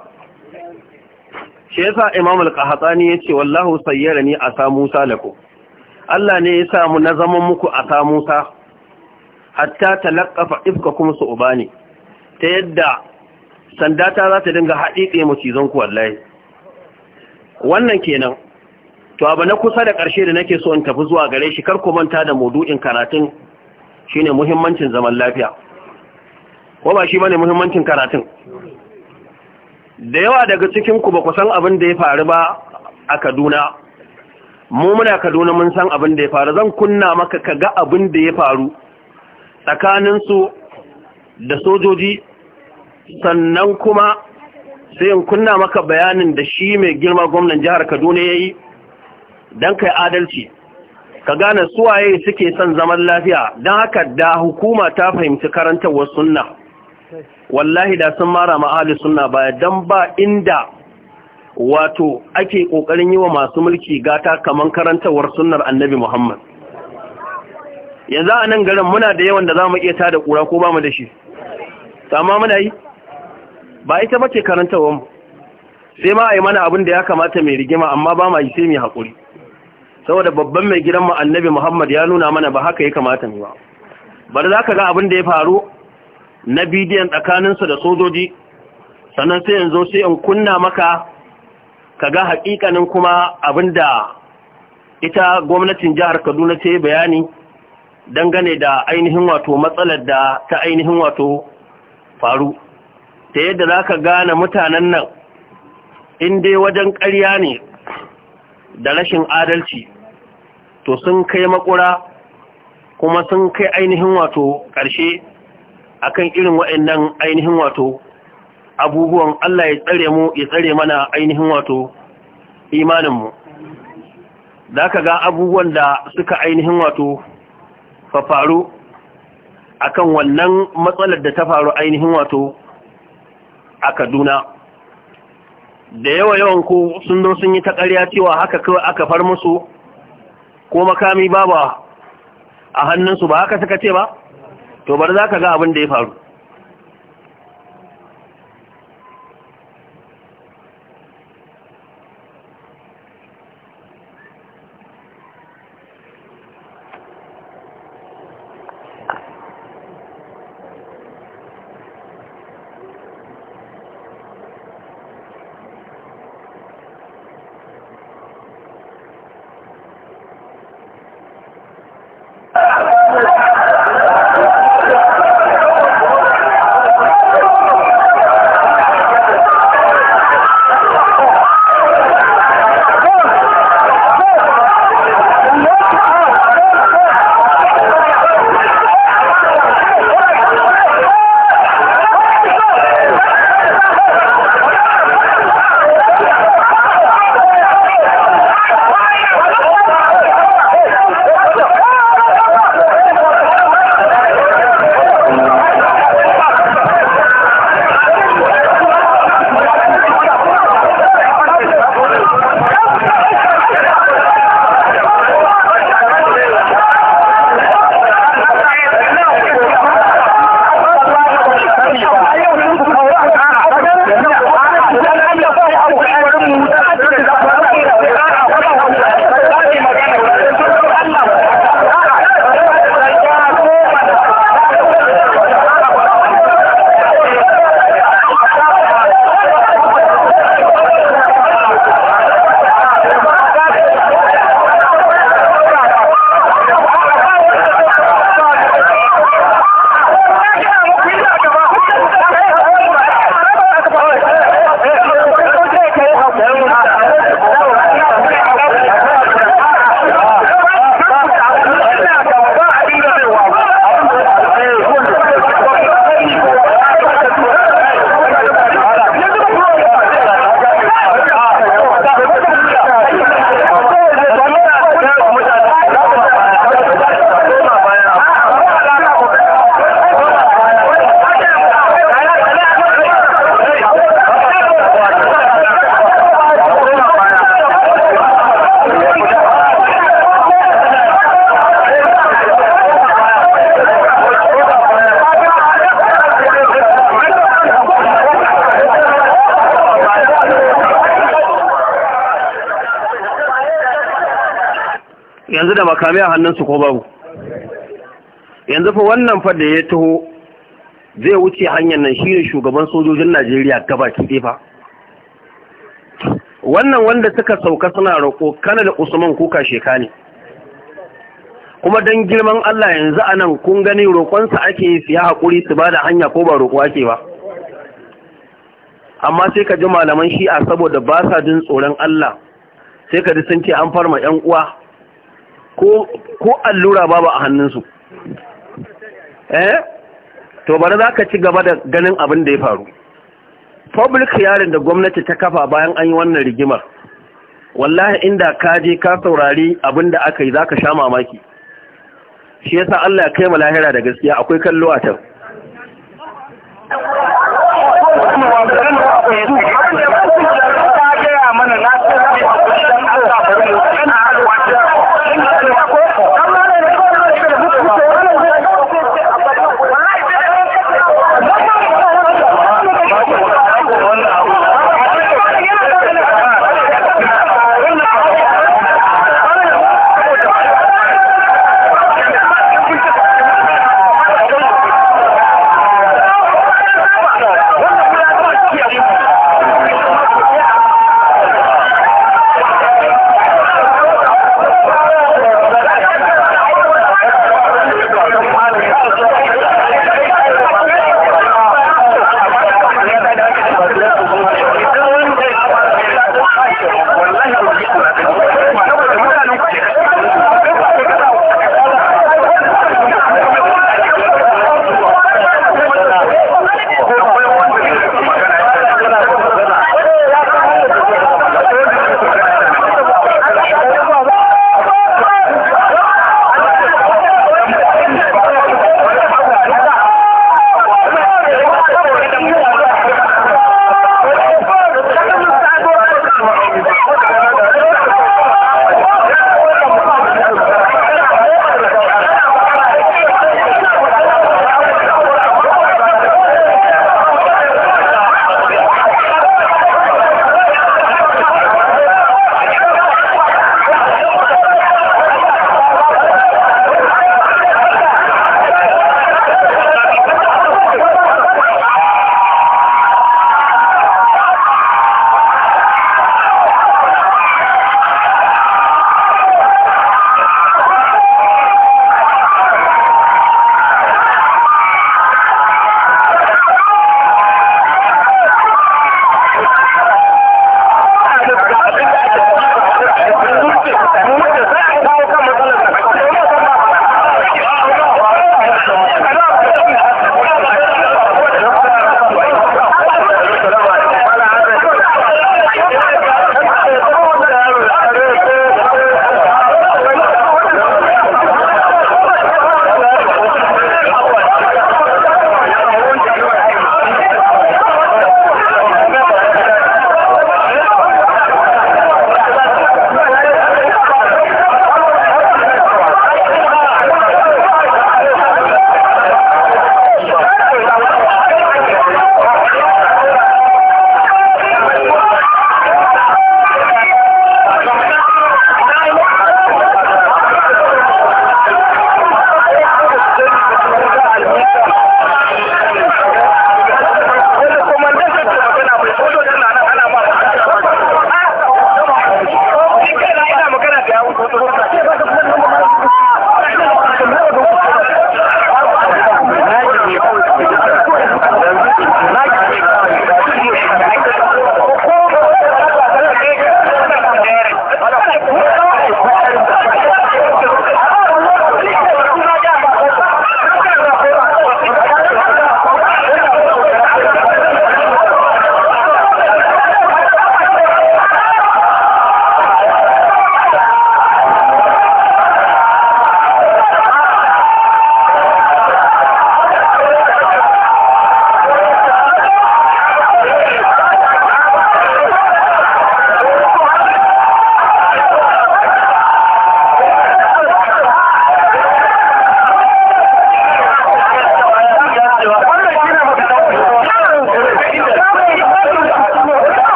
shi yasa imam al-qahtani yace wallahu sayyarani sa musa lako. Allah ne ya samu na zaman muku a sa musa hatta talaqafa ifkakum su'bani ta yadda sanda ta za ta dinga haɗiɗe macizon ku wallahi wannan kenan to abu na kusa da ƙarshe da nake so in tafi zuwa gare shi kar ku manta da mudu'in karatun shine muhimmancin zaman lafiya ko ba shi bane muhimmancin karatun da yawa daga cikin ku ba ku san abin da ya faru ba a Kaduna mu muna Kaduna mun san abin da ya faru zan kunna maka kaga abin da ya faru tsakanin su da sojoji sannan kuma sai in kunna maka bayanin da shi mai girma gwamnan jihar Kaduna yayi dan kai adalci ka gane suwaye suke son zaman lafiya dan haka da hukuma ta fahimci karantawar sunna wallahi da sun mara ma'ali sunna baya dan ba inda wato ake kokarin yi wa masu mulki gata kamar karantawar sunnar annabi Muhammad yanzu a nan garin muna da yawan da za mu iya tada kura ko ba mu da shi amma muna yi ba ita ba ce karantawan mu sai ma a yi mana abin da ya kamata mai rigima amma ba ma yi sai mai haƙuri. saboda babban mai gidan mu annabi Muhammad ya nuna mana ba haka ya kamata mai ba bari ka ga abin da ya faru na bidiyon tsakanin da sojoji sannan sai yanzu sai in kunna maka ka ga haƙiƙanin kuma abin da ita gwamnatin jihar Kaduna ce bayani dangane da ainihin wato matsalar da ta ainihin wato faru ta yadda za ka gane mutanen nan in dai wajen ƙarya ne da rashin adalci to sun kai makura kuma sun kai ainihin wato ƙarshe akan irin waɗannan ainihin wato abubuwan Allah ya tsare mu ya tsare mana ainihin wato imaninmu za ka ga abubuwan da suka ainihin wato fafaru kan wannan matsalar da ta faru ainihin wato a kaduna da yawa yawan ku sun zo sun yi ta ƙarya cewa haka kawai aka far musu ko makami babu a hannunsu ba haka suka ce ba to bari za ka ga abin da ya faru makamai a hannunsu ko babu yanzu fa wannan fa da ya taho zai wuce hanyar nan shine shugaban sojojin Najeriya gabaki ɗaya fa wannan wanda suka sauka suna roƙo kana da Usman kuka sheka ne kuma don girman Allah yanzu a nan kun gani roƙonsa ake yi siya haƙuri su bada hanya ko ba roƙo ake ba amma sai ka ji malaman shi'a saboda ba sa jin tsoron Allah sai ka ji sun ce an farma 'yan uwa ko allura babu a hannunsu eh to bari za ka ci gaba da ganin abin da ya faru public hearing da gwamnati ta kafa bayan an yi wannan rigimar wallahi inda ka je ka saurari abin da aka yi za ka sha mamaki shi yasa Allah ya kai mu lahira da gaskiya akwai kallo a can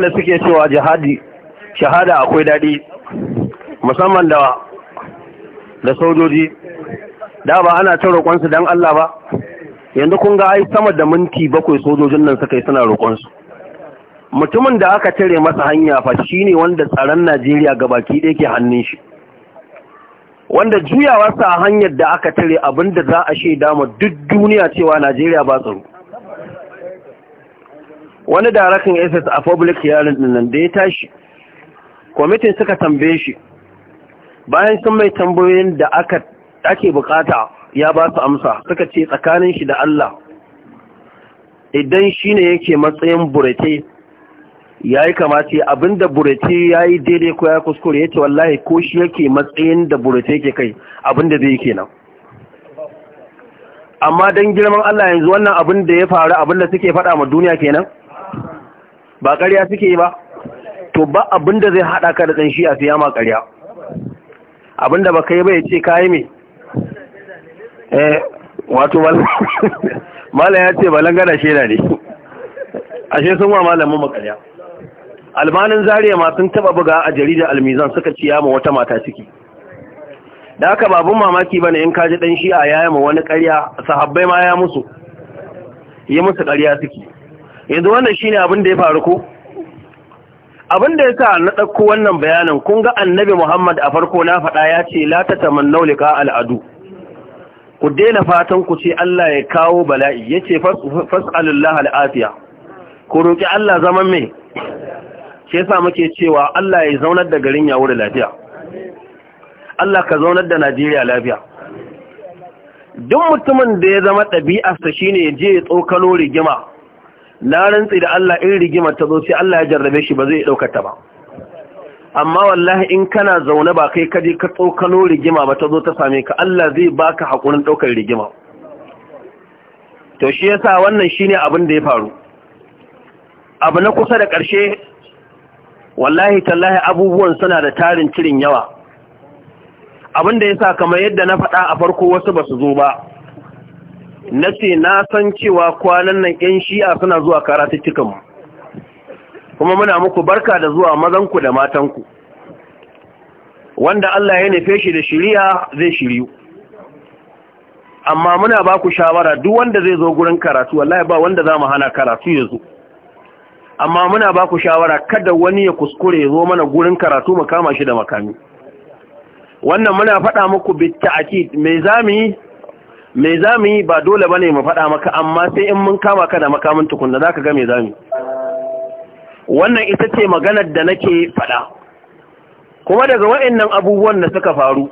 waɗanda suke cewa jihadi shahada akwai daɗi musamman da da sojoji da ba ana ta roƙonsu don Allah ba yanzu kun ga ai sama da minti bakwai sojojin nan suka yi suna roƙonsu mutumin da aka tare masa hanya fa shi ne wanda tsaron Najeriya baki ɗaya ke hannun shi wanda juyawarsa a hanyar da aka tare da za a shaida mu duk duniya cewa Najeriya ba tsaro wani darakan ss a public hearing din nan da ya tashi kwamitin suka tambaye shi bayan sun mai tambayoyin da aka ake bukata ya ba su amsa suka ce tsakanin shi da Allah idan shi ne yake matsayin burete ya yi kamata abinda burete ya yi daidai ko ya kuskure ya ce wallahi ko shi yake matsayin da burete yake kai abinda zai yake nan amma don girman Allah yanzu wannan abin ya faru abinda suke faɗa ma duniya kenan ba ƙarya suke yi ba to ba abinda da zai haɗa ka da ƙanshi a siya ma ƙarya Abinda da ba kai ba ya ce kayi me eh wato [LAUGHS] mala ya ce balangana shaida ne ashe sun wa malamin makarya albanin zariya ma sun taba buga a jaridar almizan suka ciya ma wata mata ciki da aka babun mamaki bane in kaji dan shi a ma wani ƙarya sahabbai ma ya musu yi musu ƙarya suke yanzu wannan shine abin da ya faru ko abin da sa na ɗauko wannan bayanin kun ga annabi Muhammad a farko na faɗa ya ce "Latata tatamannu lika al'adu ku daina fatan ku ce Allah ya kawo bala'i yace fas'alullah al'afiya ku roki Allah zaman me shi yasa muke cewa Allah ya zaunar da garin yawo da lafiya Allah ka zaunar da Najeriya lafiya duk mutumin da ya zama ɗabi'arsa shine ya je ya tsokano rigima na rantse da Allah in rigima ta zo sai Allah ya jarrabe shi ba zai dauka ta ba amma wallahi in kana zaune ba kai kaje ka tsokano rigima ba ta zo ta same ka Allah zai baka hakurin ɗaukar rigima to shi yasa wannan shine abin da ya faru abu na kusa da karshe wallahi tallahi abubuwan suna da tarin cirin yawa abin da yasa kamar yadda na faɗa a farko wasu basu zo ba na ce na san cewa kwanan nan ƴan shi'a suna zuwa karatuttukanmu kuma muna muku barka da zuwa mazanku da matanku wanda Allah ya nufe shi da shiriya zai shiryu amma muna ba ku shawara duk wanda zai zo gurin karatu wallahi ba wanda za mu hana karatu ya zo amma muna ba ku shawara kada wani ya kuskure ya zo mana gurin karatu mu kama shi da makami wannan muna faɗa muku bitta za mu yi. me za mu yi ba dole ba ne mu faɗa maka amma sai in mun kama ka da makamin tukunna za ka ga me za mu wannan ita ce maganar da nake faɗa kuma daga waɗannan abubuwan da suka faru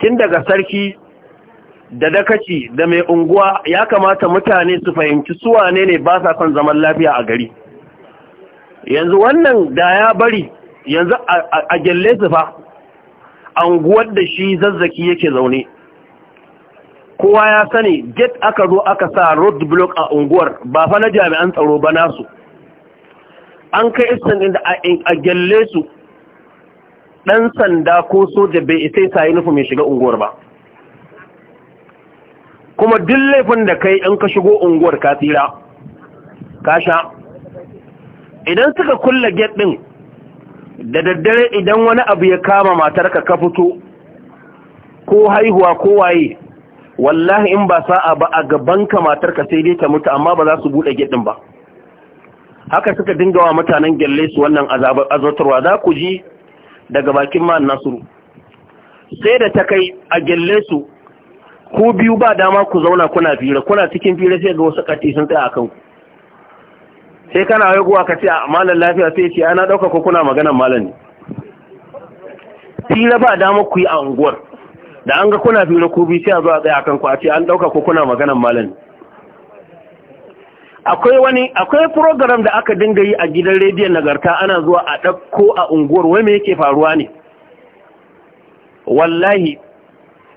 tun daga sarki da dakaci da mai unguwa ya kamata mutane su fahimci su ne ne ba sa son zaman lafiya a gari yanzu wannan da ya bari yanzu a gyalle su fa anguwar da shi zazzaki yake zaune kowa ya sani get aka zo aka sa road block a unguwar ba fa na jami'an tsaro ba nasu an kai istan inda a gyalle su ɗan sanda ko soja bai isa sa nufin mai shiga unguwar ba kuma duk laifin da kai in ka shigo unguwar ka tsira kasha idan suka kulle get din da daddare idan wani abu ya kama matarka ka fito ko haihuwa ko waye wallahi in ba sa'a ba a gaban ka matar ka sai dai ta mutu amma ba za su bude gidin ba haka suka dinga wa mutanen gelle su wannan azotarwa, za ku ji daga bakin ma nasiru sai da ta kai a gelle su ku biyu ba dama ku zauna kuna fira kuna cikin fira sai ga wasu kati sun tsaya a ku. sai kana haihuwa ka ce a malar lafiya sai ce ana ɗauka ko kuna magana malar ne fira ba dama ku yi a unguwar da an ga kuna fira ko biyu sai a zo a tsaya akan ku a ce an dauka ko kuna maganan malami akwai wani akwai program da aka dinga yi a gidan rediyon nagarta ana zuwa a ɗauko a unguwar wai me yake faruwa ne wallahi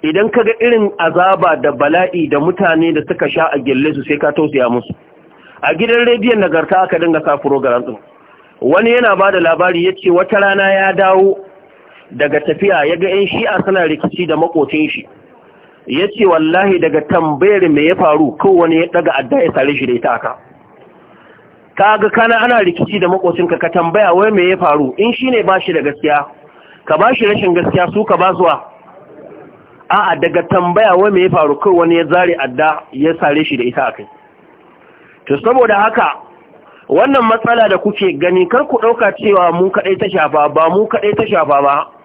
idan ka ga irin azaba da bala'i da mutane da suka sha a gelle su sai ka tausaya musu a gidan rediyon nagarta aka dinga sa program din wani yana ba da labari yace wata rana ya dawo daga tafiya ya ga ‘yan shi'a suna rikici da makocin shi, ya ce wallahi daga tambayar mai ya faru kowane ya daga adda ya sare shi da ita aka. Ka ga kana ana rikici da makocinka ka tambaya wai mai ya faru in shi ne ba shi da gaskiya, ka ba shi rashin gaskiya su ka ba zuwa. A'a daga tambaya wai mai ya faru kowane ya zare adda ya sare shi da ita aka To saboda haka wannan matsala da kuke gani kar ku ɗauka cewa mu kaɗai ta shafa ba mu kaɗai ta shafa ba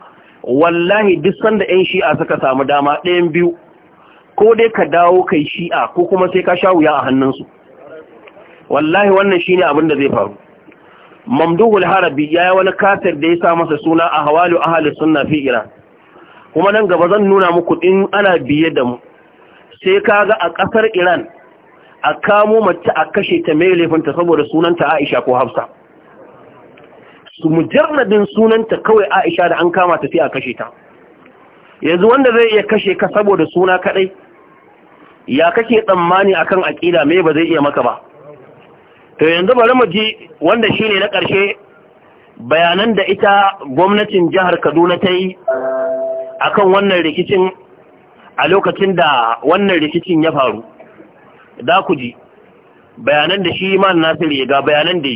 wallahi duk sanda 'yan shi'a suka samu dama ɗayan biyu ko dai ka dawo kai shi'a ko kuma sai ka sha wuya a hannunsu wallahi wannan shi ne abin da zai faru mamduhul harabi ya yi wani katar da ya sa masa suna a hawalu ahali suna fi iran kuma nan gaba zan nuna muku in ana biye da mu sai ka ga a ƙasar iran a kamo mace a kashe ta mai laifinta saboda sunanta aisha ko hafsa su mujarradin sunanta kawai Aisha da an kama ta sai a kashe ta yanzu wanda zai iya kashe ka saboda suna kadai ya kake tsammani akan aqida me ba zai iya maka ba to yanzu bari mu ji wanda shine na karshe bayanan da ita gwamnatin jihar Kaduna ta yi akan wannan rikicin a lokacin da wannan rikicin ya faru da ku ji bayanan da shi Imam Nasir ya ga bayanan da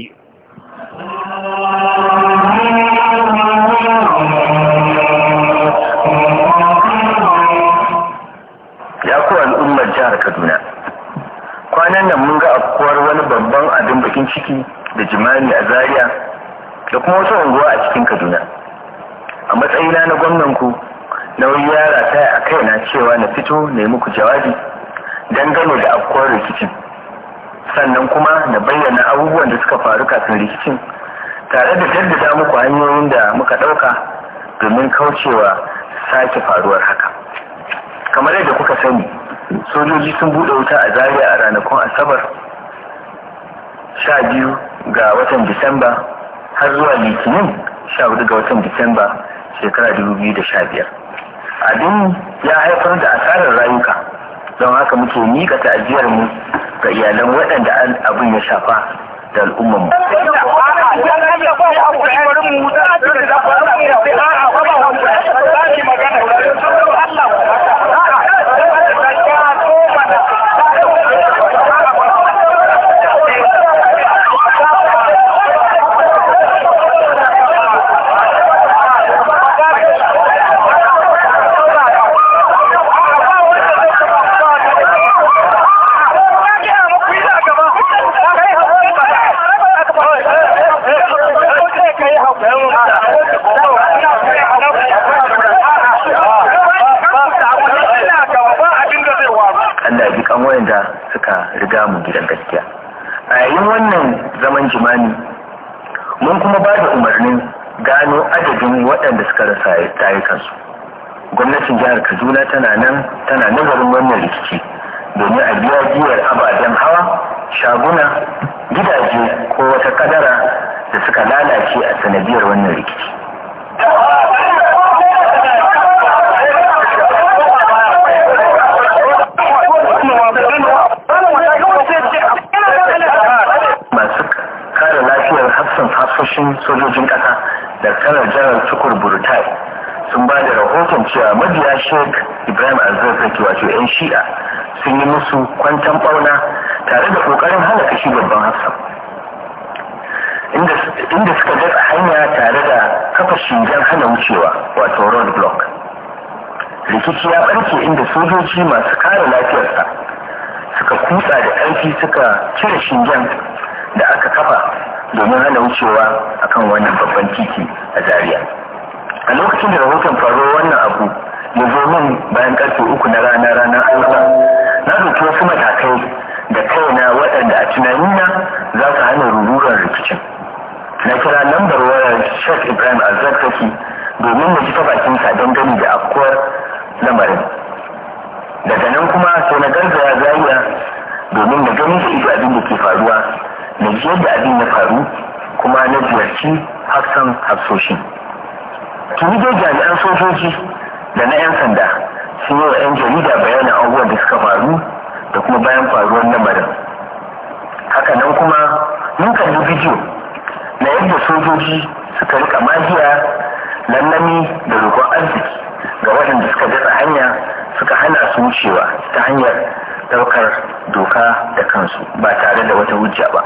kaduna kwanan nan mun ga afkuwar wani babban abin bakin ciki da jimani a zaria da kuma wasu unguwa a cikin kaduna a matsayina na gwamnan ku nauyi ya rataya a kaina cewa na fito na yi muku jawabi gano da afkuwar rikicin sannan kuma na bayyana abubuwan da suka faru kafin rikicin tare da jaddada muku hanyoyin da muka ɗauka domin kaucewa sake faruwar haka kamar yadda kuka sani sojoji sun buɗe wuta a Zariya a ranakun asabar sha biyu ga watan disamba har zuwa litinin sha hudu ga watan disamba shekara dubu biyu da sha biyar abin ya haifar da asarar rayuka don haka muke miƙa ta'ajiyar mu ga iyalan waɗanda abin ya shafa da al'ummar mu. Allah zaman jimani mun kuma ba da umarnin gano adadin waɗanda suka rasa rayukansu gwamnatin jihar kaduna tana nan tana nazarin wannan rikici domin a biya jiyar ababen hawa shaguna gidaje ko wata kadara da suka lalace a sanadiyar wannan rikici kasashen sojojin ƙasa da kanar jarar tukur burtai sun ba da rahoton cewa mabiya sheik ibrahim alzazzaki wato 'yan shi'a sun yi musu kwantan ɓauna tare da ƙoƙarin hana kashi babban hafsan inda suka a hanya tare da kafa shingen hana wucewa wato road block rikici ya ɓarke inda sojoji masu kare lafiyarsa suka kutsa da ƙarfi suka cire shingen da aka kafa domin hana wucewa akan wannan babban titi a Zariya. a lokacin da rahoton faruwar wannan abu ya zo min bayan karfe uku na rana ranar alba na ɗauki wasu matakai da kai na waɗanda a tunanina za su hana ruruwar rikicin na kira lambar wayar shek ibrahim azzakaki domin na ji ta bakin don gani da afkuwar lamarin daga nan kuma sai na garzaya zariya domin na gani da ido abin da ke faruwa da abin ya faru kuma na ziyarci hafsan hafsoshin tuni dai jami'an sojoji da na 'yan sanda sun yi wa 'yan jarida bayanin abubuwan da suka faru da kuma bayan faruwar lamarin haka nan kuma mun kalli bidiyo na yadda sojoji suka rika magiya lallami da roƙon arziki ga waɗanda suka datsa hanya suka hana su wucewa ta hanyar ɗaukar doka da kansu ba tare da wata hujja ba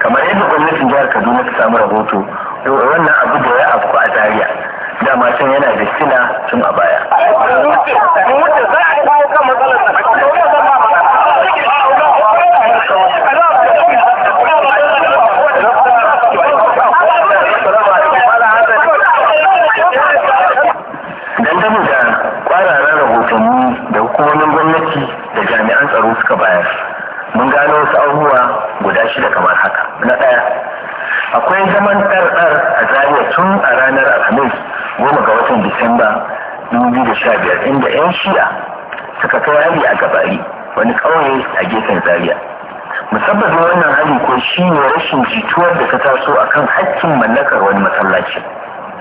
kamar yadda gwamnatin jihar kaduna ta samu rahoto wannan abu da ya afku a zaria dama can yana da sila tun a baya. akwai zaman ɗarɗar a zariya tun a ranar alhamis goma ga watan disamba 2015 inda 'yan shi'a suka kai hali a gabari wani ƙauye a gefen zariya musabbabi wannan hali ko shi ne rashin jituwar da ta taso a kan hakkin mallakar wani masallaci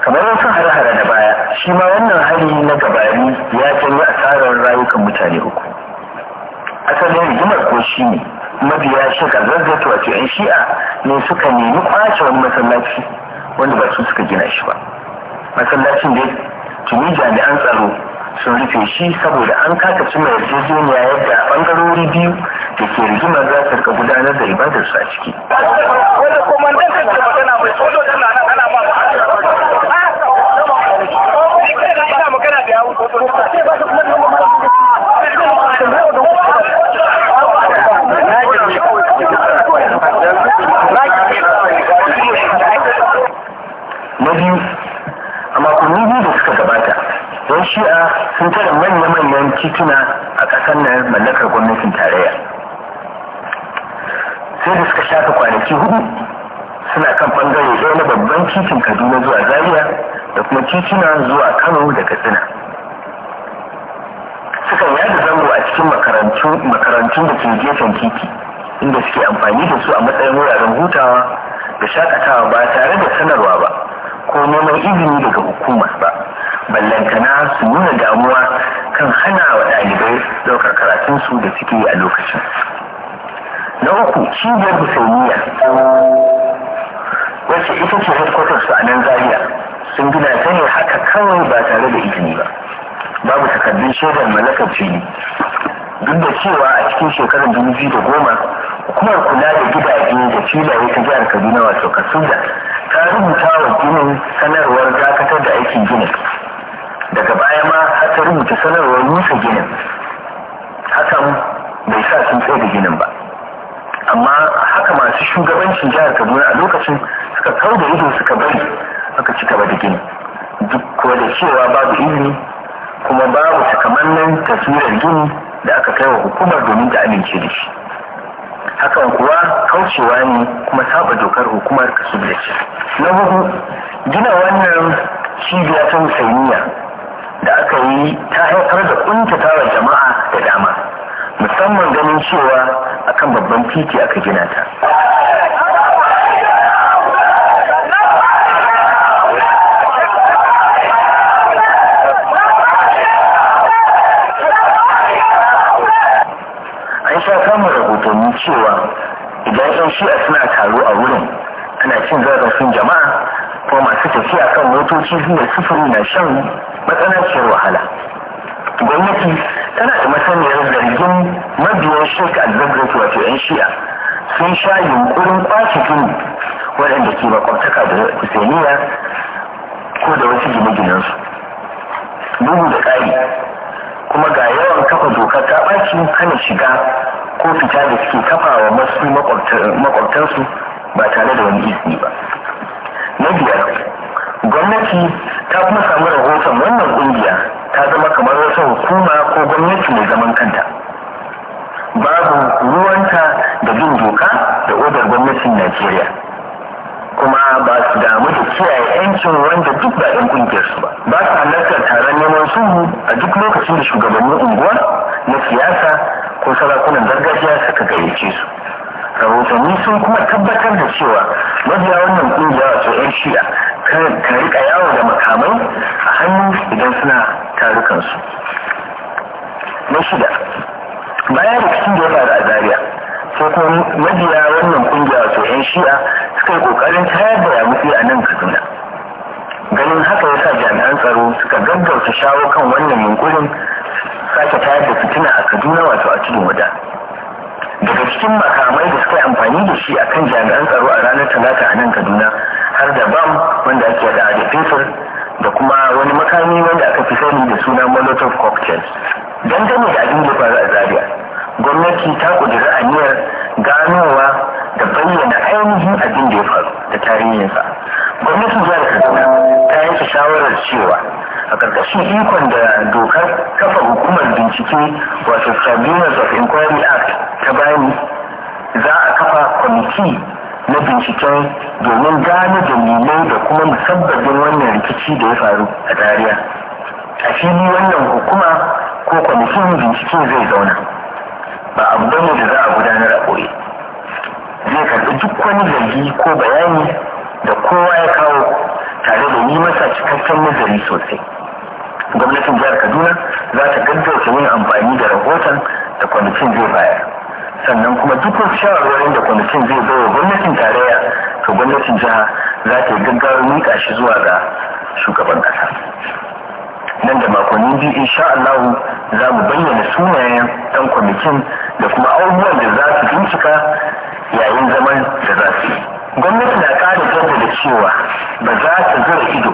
kamar wasu hare-hare na baya shi ma wannan hali na gabari ya janyo asarar rayukan mutane uku asalin rigimar ko shi ne mabiya shekar ta wato yan shi'a ne suka nemi kwace wani masallaci wanda ba su suka gina shi ba masallacin da tuni jami'an tsaro sun rufe shi saboda an kaka mai yarjejeniya yadda bangarori biyu da ke rigimar za su gudanar da ibadarsu a ciki. sun tara manya-manyan tituna a ƙasar nan mallakar gwamnatin tarayya sai da suka shafe kwanaki hudu suna kan bangare ɗaya na babban titin kaduna zuwa zaria da kuma tituna zuwa kano da katsina sukan yada zango a cikin makarantun da ke gefen titi inda suke amfani da su a matsayin wuraren hutawa da shakatawa ba tare da sanarwa ba ko neman izini daga hukumar ba ballantana su nuna damuwa kan hana wa ɗalibai ɗaukar su da suke a lokacin na uku cibiyar husainiya wacce ita ce headquarters su a nan zaria sun gina ta ne haka kawai ba tare da izini ba babu takardun shaidar mallakar fili duk da cewa a cikin shekarar dubu biyu da goma hukumar kula da gidaje da filaye ta jihar kaduna wato kasuda ta rubuta wa ginin sanarwar dakatar da aikin ginin daga baya ma har rubuta sanarwar rusa ginin hakan bai sa sun tsaye da ginin ba amma haka masu shugabancin jihar kaduna a lokacin suka kau da ido suka bari aka ci gaba da gini duk kuwa da cewa babu izini kuma babu sakamannin taswirar gini da aka kai wa hukumar domin ta amince da shi hakan kuwa kaucewa ne kuma saba dokar hukumar kasu da ce na hudu gina wannan cibiya ta musaimiya da aka yi ta haifar da kuntatawa jama'a da dama musamman ganin cewa akan babban titi aka gina ta an sha samun rahotanni cewa idan yan shi'a suna taro a wurin ana cin zarafin jama'a ko masu tafiya kan motoci biyar sufuri na shan matsanancin wahala gwamnati tana da masaniyar zargin mabiyan shirk al-zabrat wato yan shi'a sun sha yunkurin kwace gini waɗanda ke makwabtaka da husainiya ko da wasu gine-ginensu bugu da ƙari kuma ga yawan kafa dokar ta ɓaci hana shiga ko fita da suke kafa wa masu makwabtansu ba tare da wani izini ba na biyar gwamnati ta kuma samu rahoton wannan kungiya ta zama kamar wasu hukuma ko gwamnati mai zaman kanta babu ruwanta da bin doka da odar gwamnatin najeriya kuma ba su damu da kiyaye yancin wanda duk ba 'yan kungiyar su ba ba su halartar taron neman sulhu a duk lokacin da shugabannin unguwa na siyasa ko sarakunan gargajiya suka gayyace su rahotanni sun kuma tabbatar da cewa mabiya wannan kungiya wato yan shi'a ka rika yawo da makamai a hannu idan suna tarukansu na shida bayan rikicin da ya faru a Zariya, sai kuma mabiya wannan kungiya wato yan shi'a suka yi kokarin tayar da yamusi a nan kaduna ganin haka ya sa jami'an tsaro suka gaggauta shawo kan wannan yunkurin sake tayar da fitina a kaduna wato a tudun wada daga cikin makamai da suka yi amfani da shi akan jami'an tsaro a ranar talata a nan kaduna har da bam wanda ake da da da kuma wani makami wanda aka fi sani da suna molotov don dangane da abin da faru a zaria gwamnati ta kudura aniyar ganowa da bayyana ainihin abin da ya faru da tarihinsa gwamnatin jihar kaduna ta yanke shawarar cewa a ƙarƙashin ikon da dokar kafa hukumar bincike wato tribunals of inquiry act ta bani za a kafa kwamiti na binciken domin da dalilai da kuma musabbabin wannan rikici da ya faru a dariya a fili wannan hukuma ko kwamishin bincike zai zauna ba abu bane da za a gudanar a ɓoye zai karɓi duk wani zargi ko bayani da kowa ya kawo tare da yi masa cikakken nazari sosai gwamnatin jihar kaduna za ta gaggauta yin amfani da rahoton da kwamishin zai bayar sannan kuma duk wasu shawarwarin da kwamitin zai bai gwamnatin tarayya to gwamnatin jiha za ta yi gaggawar miƙa shi zuwa ga shugaban ƙasa nan da makonni biyu insha Allah za mu bayyana sunayen ɗan kwamitin da kuma abubuwan da za su bincika yayin zaman da za su yi gwamnati na ƙara jaddada cewa ba za ta zura ido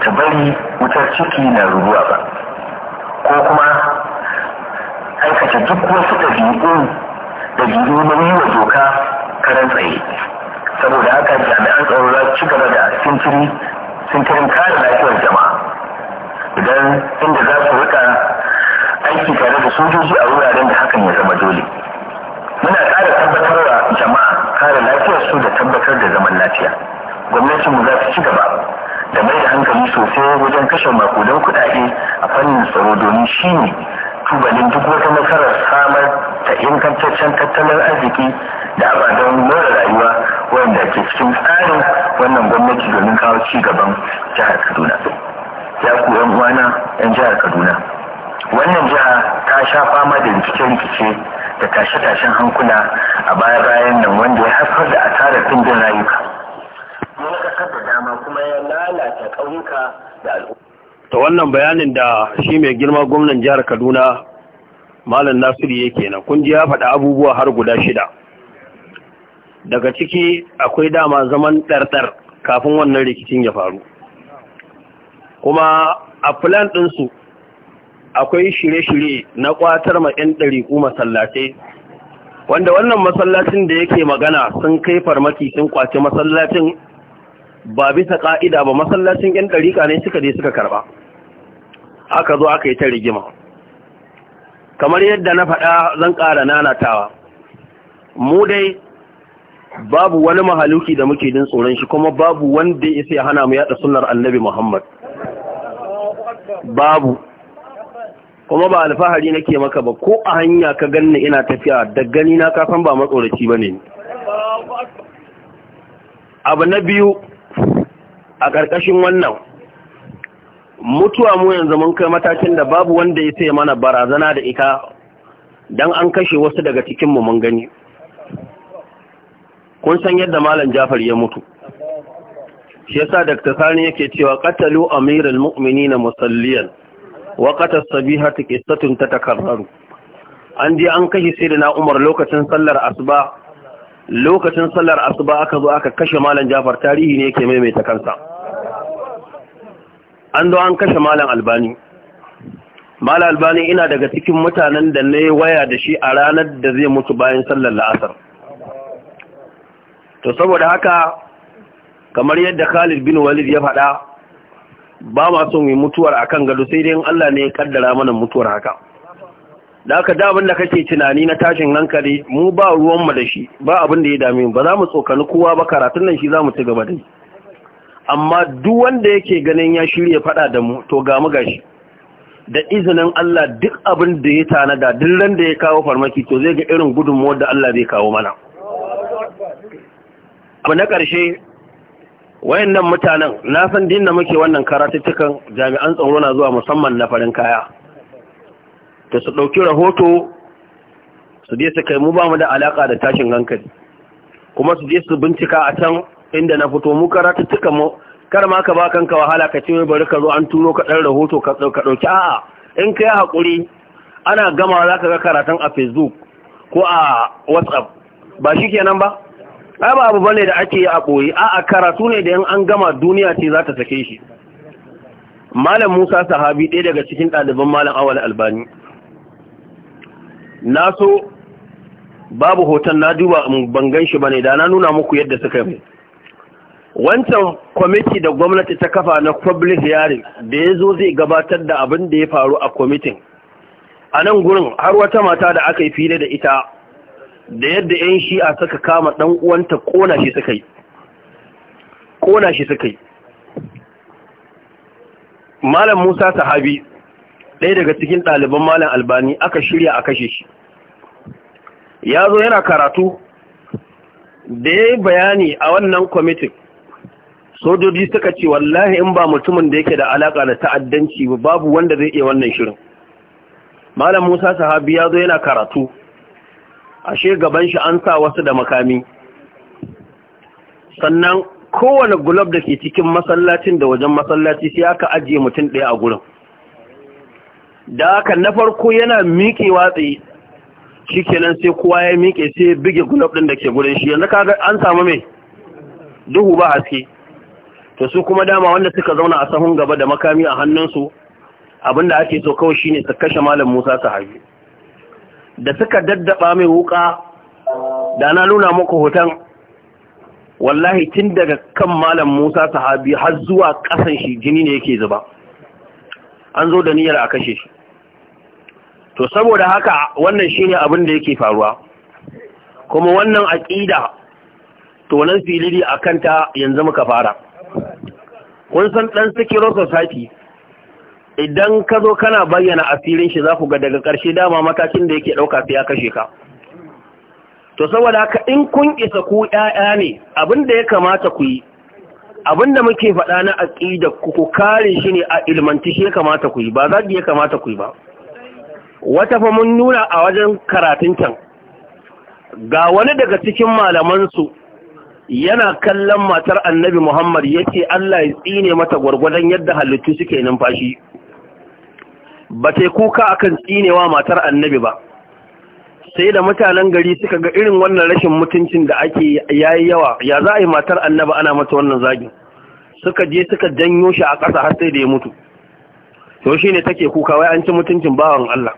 ta bari wutar ciki na rubuwa ba ko kuma aikata duk wasu ɗabi'u da na yi wa doka karan tsaye saboda haka jami'an tsaro za ci gaba da sintiri sintirin kare lafiyar jama'a idan inda za su rika aiki tare da sojoji a wuraren da hakan ya zama dole muna ƙara tabbatarwa jama'a kare lafiyar su da tabbatar da zaman lafiya gwamnatin mu za su ci gaba da mai da hankali sosai wajen kashe makudan kuɗaɗe a fannin tsaro domin shi ne tubalin duk wata nasarar samar ta ingantaccen tattalin arziki da abadan more rayuwa wanda ke cikin tsarin wannan gwamnati domin kawo ci gaban jihar kaduna ya ku yan uwana yan jihar kaduna wannan jiha ta sha fama da rikice-rikice da tashe-tashen hankula a baya-bayan nan wanda ya haifar da asarar kundin rayuka. Mun kasar da dama kuma ya lalata ƙauyuka da al'umma. ta wannan bayanin da shi mai girma gwamnan jihar kaduna malam nasiru ya kenan kun ji ya faɗa abubuwa har guda shida daga ciki akwai dama zaman ɗarɗar kafin wannan rikicin ya faru kuma a filan ɗinsu akwai shirye-shirye na ƙwatar ma ɗari ku masallatai wanda wannan masallacin da yake magana sun kai farmaki sun kwace masallacin ba bisa ƙa'ida ba masallacin 'yan ɗarika ne suka je suka karɓa aka zo aka yi ta rigima kamar yadda na faɗa zan ƙara nanatawa mu dai babu wani mahaluki da muke din tsoron shi kuma babu wanda ya sai hana mu yada sunnar annabi Muhammad babu kuma ba alfahari nake maka ba ko a hanya ka ganni ina tafiya da gani na ka san ba matsoraci bane abu na biyu a ƙarƙashin wannan mutuwa mu yanzu mun kai matakin da babu wanda ya sai mana barazana da ita dan an kashe wasu daga cikin mu mun gani kun san yadda malam Jafar ya mutu shi yasa Dr. Sani yake cewa qatalu amiral mu'minina musalliyan wa qatas sabihatu qissatun tatakarraru an je an kashe sayyidina Umar lokacin sallar asuba lokacin sallar asuba aka zo aka kashe malam Jafar tarihi ne yake maimaita kansa an zo an kashe malam albani malam albani ina daga cikin mutanen da na waya da shi a ranar da zai mutu bayan sallar la'asar to saboda haka kamar yadda khalid bin walid ya faɗa ba ma son yi mutuwar a kan gado sai dai allah ne ya kaddara mana mutuwar haka da aka damin da kake tunani na tashin hankali mu ba ruwanmu da shi ba abin da ya dame ba za mu tsokani kowa ba karatun nan shi za mu ci gaba da shi amma duk wanda yake ganin ya shirya fada da mu to ga mu gashi da izinin Allah duk abin da ya tanada duk ran da ya kawo farmaki to zai ga irin gudunmuwar da Allah zai kawo mana abu na ƙarshe wayannan mutanen na san din muke wannan karatuttukan jami'an tsaro na zuwa musamman na farin kaya ta su ɗauki rahoto su je su kai mu ba mu da alaƙa da tashin hankali kuma su je su bincika a can inda na fito mu tuka mu kar ma ka ba kanka wahala ka ce bari ka zo an turo ka dan rahoto ka dauki a'a in kai hakuri ana gama za ka ga karatun a Facebook ko a WhatsApp ba shi kenan ba ai ba abu bane da ake a boye a'a karatu ne da 'yan an gama duniya ce za ta sake shi malam Musa sahabi ɗaya daga cikin ɗaliban malam awal albani na so babu hoton na duba ban gan shi bane da na nuna muku yadda suka yi wancan kwamiti da gwamnati ta kafa na public hearing da ya zo zai gabatar da abin da ya faru a kwamitin a nan gurin har wata mata da aka yi fili da ita da yadda 'yan shi'a suka kama ɗan uwanta kona shi suka yi kona shi suka yi malam musa sahabi ɗaya daga cikin ɗaliban malam albani aka shirya a kashe shi ya zo yana karatu da ya yi bayani a wannan kwamitin sojoji suka ce wallahi in ba mutumin da yake da alaka da ta'addanci ba babu wanda zai iya wannan shirin malam musa sahabi ya zo yana karatu ashe gaban shi an sa wasu da makami sannan kowane gulab da ke cikin masallacin da wajen masallaci sai aka ajiye mutum ɗaya a gurin da aka na farko yana miƙe watsi shikenan sai kowa ya miƙe sai buge gulab ɗin da ke gurin shi yanzu kaga an samu mai duhu ba haske to su kuma dama wanda suka zauna a sahun gaba da makami a hannunsu abinda ake so kawai shine su kashe malam Musa sahabi da suka daddaba mai wuka da na nuna muku hoton wallahi tun daga kan malam Musa sahabi har zuwa kasan shi jini ne yake zuba an zo da niyyar a kashe shi to saboda haka wannan shine abin da yake faruwa kuma wannan aƙida to nan filili kanta yanzu muka fara kun san ɗan sikiro society idan ka zo kana bayyana asirin shi za ku ga daga ƙarshe dama matakin da yake ɗauka sai ya kashe ka to saboda haka in kun isa ku ƴaƴa ne abin da ya kamata ku yi abin muke faɗa na aƙida ku kare shi ne a ilmanti shi ya kamata ku yi ba za ya kamata ku yi ba wata fa mun nuna a wajen karatun can ga wani daga cikin malaman su yana kallon matar annabi Muhammad ya ce Allah ya tsine mata gwargwadon yadda halittu suke numfashi ba ta kuka akan tsinewa matar annabi ba sai da mutanen gari suka ga irin wannan rashin mutuncin da ake yayi yawa ya za a yi matar annabi ana mata wannan zagi suka je suka janyo shi a ƙasa har sai da ya mutu to shi ne take kuka wai an ci mutuncin bawan Allah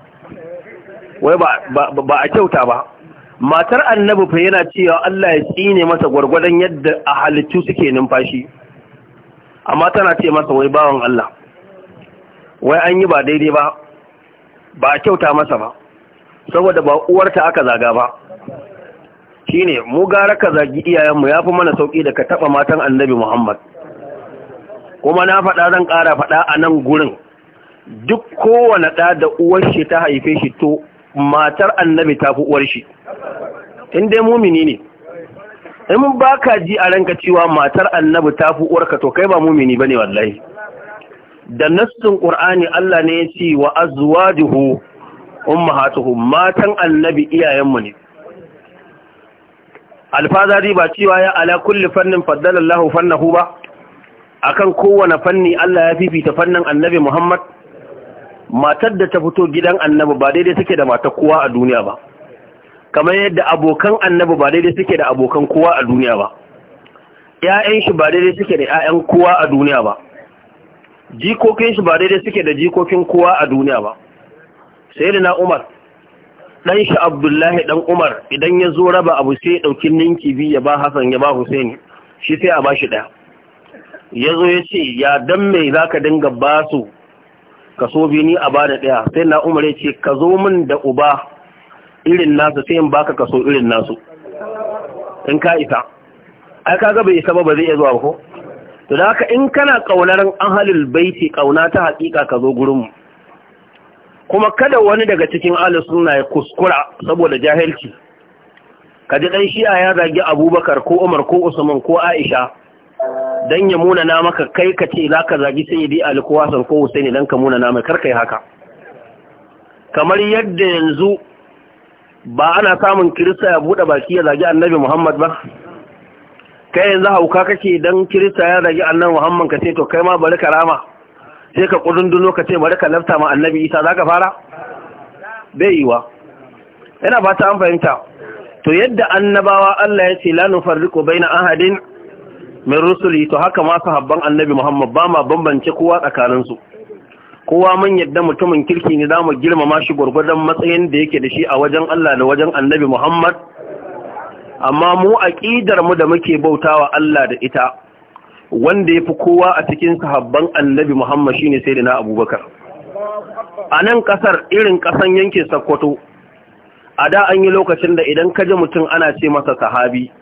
wai ba a kyauta ba matar annabi fa yana cewa Allah ya tsine masa gwargwadon yadda a halittu suke numfashi amma tana ce masa wai bawan Allah wai an yi ba daidai ba ba a kyauta masa ba saboda ba uwarta aka zaga ba shine mu gara ka zagi iyayenmu ya fi mana sauki daga ka taba matan annabi Muhammad kuma na faɗa zan ƙara faɗa a nan gurin duk kowane ɗa da uwar shi ta haife shi to matar annabi ta fi uwar shi in dai mumini ne in ba ka ji a ranka cewa matar annabi ta fi uwarka to kai ba mumini ba ne wallahi da nassun ƙur'ani Allah ne ya ce wa azwajuhu ummahatuhum matan annabi iyayenmu ne alfazari ba cewa ya ala kulli fannin faddala Allahu fannahu ba akan kowane fanni Allah ya fifita fannin annabi Muhammad matar da ta fito gidan annabi ba daidai suke da matar kowa a duniya ba kamar yadda abokan annabi ba daidai suke da abokan kowa a duniya ba ‘ya'yan shi ba daidai suke da ‘ya'yan kowa a duniya ba jikokin shi ba daidai suke da jikokin kowa a duniya ba sai da na umar ɗan shi abdullahi ɗan umar idan ya zo raba abu sai ɗaukin ninki biyu ya ba hassan ya ba husaini shi sai a ba shi ɗaya ya zo ya ce ya dan mai za ka dinga ba su ka so bi ni a ba da ɗaya sai na umar ya ce ka zo min da uba irin nasu sai in baka kaso irin nasu in ka isa ai ka ga bai isa ba zai iya zuwa ko to da haka in kana kaunar ahlul baiti kauna ta hakika ka zo gurin mu kuma kada wani daga cikin ahli sunna ya kuskura saboda jahilci kaji dan shi'a ya zagi Abubakar ko Umar ko Usman ko Aisha dan ya muna na maka kai ka ce za ka zagi sayyidi Ali ko Hassan ko ne dan ka muna na mai yi haka kamar yadda yanzu ba ana samun kirista ya bude baki ya zagi Annabi Muhammad ba kai yanzu hauka kake dan kirista ya zagi Annabi Muhammad ka ce to kai ma bari karama sai ka kudunduno ka ce bari ka lafta ma Annabi Isa zaka fara bai yiwa ina ba ta an fahimta to yadda annabawa Allah ya ce la nufarriqu baina ahadin min rusuli to haka ma sahabban annabi Muhammad ba ma bambance kowa tsakaninsu kowa mun yadda mutumin kirki ne zamu girmama shi gurgurdan matsayin da yake da shi a wajen Allah da wajen annabi Muhammad amma mu aqidar mu da muke bautawa Allah da ita wanda yafi kowa a cikin sahabban annabi Muhammad shine sayyidina Abubakar a nan kasar irin kasan yanke Sokoto a da an yi lokacin da idan ka ji mutum ana ce masa sahabi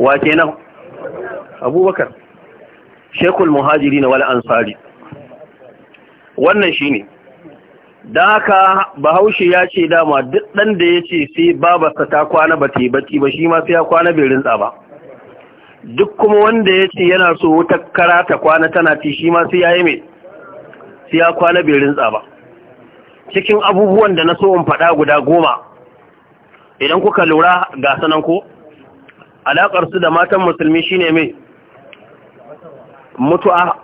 wa kenan abubakar shekul muhajiri na wani ansari wannan shi ne haka bahaushe ya ce dama duk ɗan da ya ce sai babarsa ta kwana ba baki ba shi ma sai ya kwana bai tsaba. ba duk kuma wanda ya ce yana so wata kara ta kwana tana ci shi ma sai ya yi mai sai ya kwana bai tsaba. ba cikin abubuwan da na so in faɗa guda goma idan kuka lura ga sanan ko alaƙarsu da matan musulmi shine mai mutu'a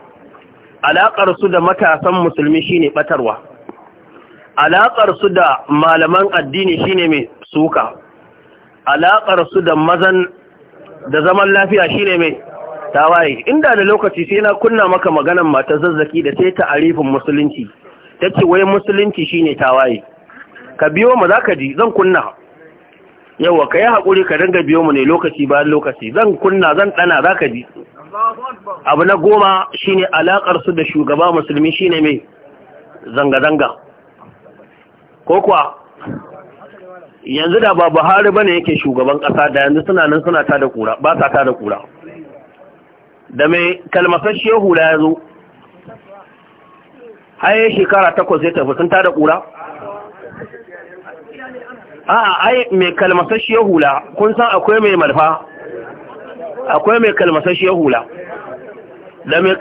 alaƙar su da matasan musulmi shine batarwa alaƙar su da malaman addini shine mai suka alaƙar su da mazan da zaman lafiya shine mai tawaye inda da lokaci sai na kunna maka maganan matar zazzaki da sai ta arifin musulunci ce wai musulunci shine tawaye ka biyo mu ka ji zan kunna yawa yi haƙuri ka dinga biyo mu ne lokaci bayan lokaci zan kunna zan za ka ji abu na goma shine alakar su da shugaba musulmi shine mai zanga-zanga ko kuwa yanzu da ba Buhari bane yake shugaban kasa da yanzu suna nan suna tada kura ba sa tada kura da mai kalmasar shehu ya yazo haye shekara takwas zai tafi sun tada kura a'a ai mai kalmasar shehu hula kun san akwai mai malfa akwai mai ya hula da mai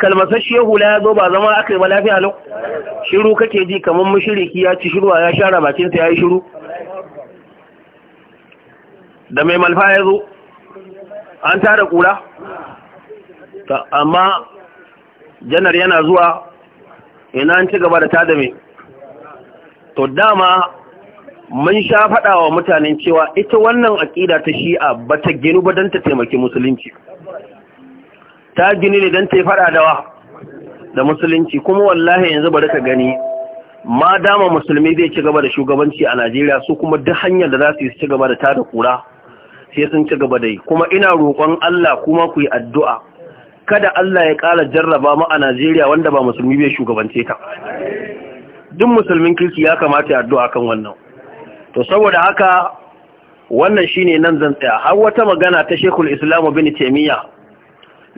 ya hula ya zo ba zama aka yi ba lafiya lau shiru kake ji kamar mushiriki ya ci shiruwa ya share bakinsa ya yi shiru da mai malfa ya zo an tara kura amma janar yana zuwa ina an ci gaba da ta dame to dama mun sha faɗa wa mutanen cewa ita wannan aƙida ta shi'a ba ta ginu ba don ta taimaki musulunci ta gini ne don ta yi faɗa da wa da musulunci kuma wallahi yanzu bari ka gani ma dama musulmi zai ci gaba da shugabanci a najeriya su kuma duk hanyar da za su yi ci gaba da ta da kura sai sun ci gaba da yi kuma ina roƙon allah kuma ku yi addu'a kada allah ya ƙara jarraba mu a najeriya wanda ba musulmi bai shugabance ta duk musulmin kirki ya kamata ya addu'a kan wannan to saboda haka wannan shine nan zan tsaya har wata magana ta Sheikhul Islam bin Taymiyyah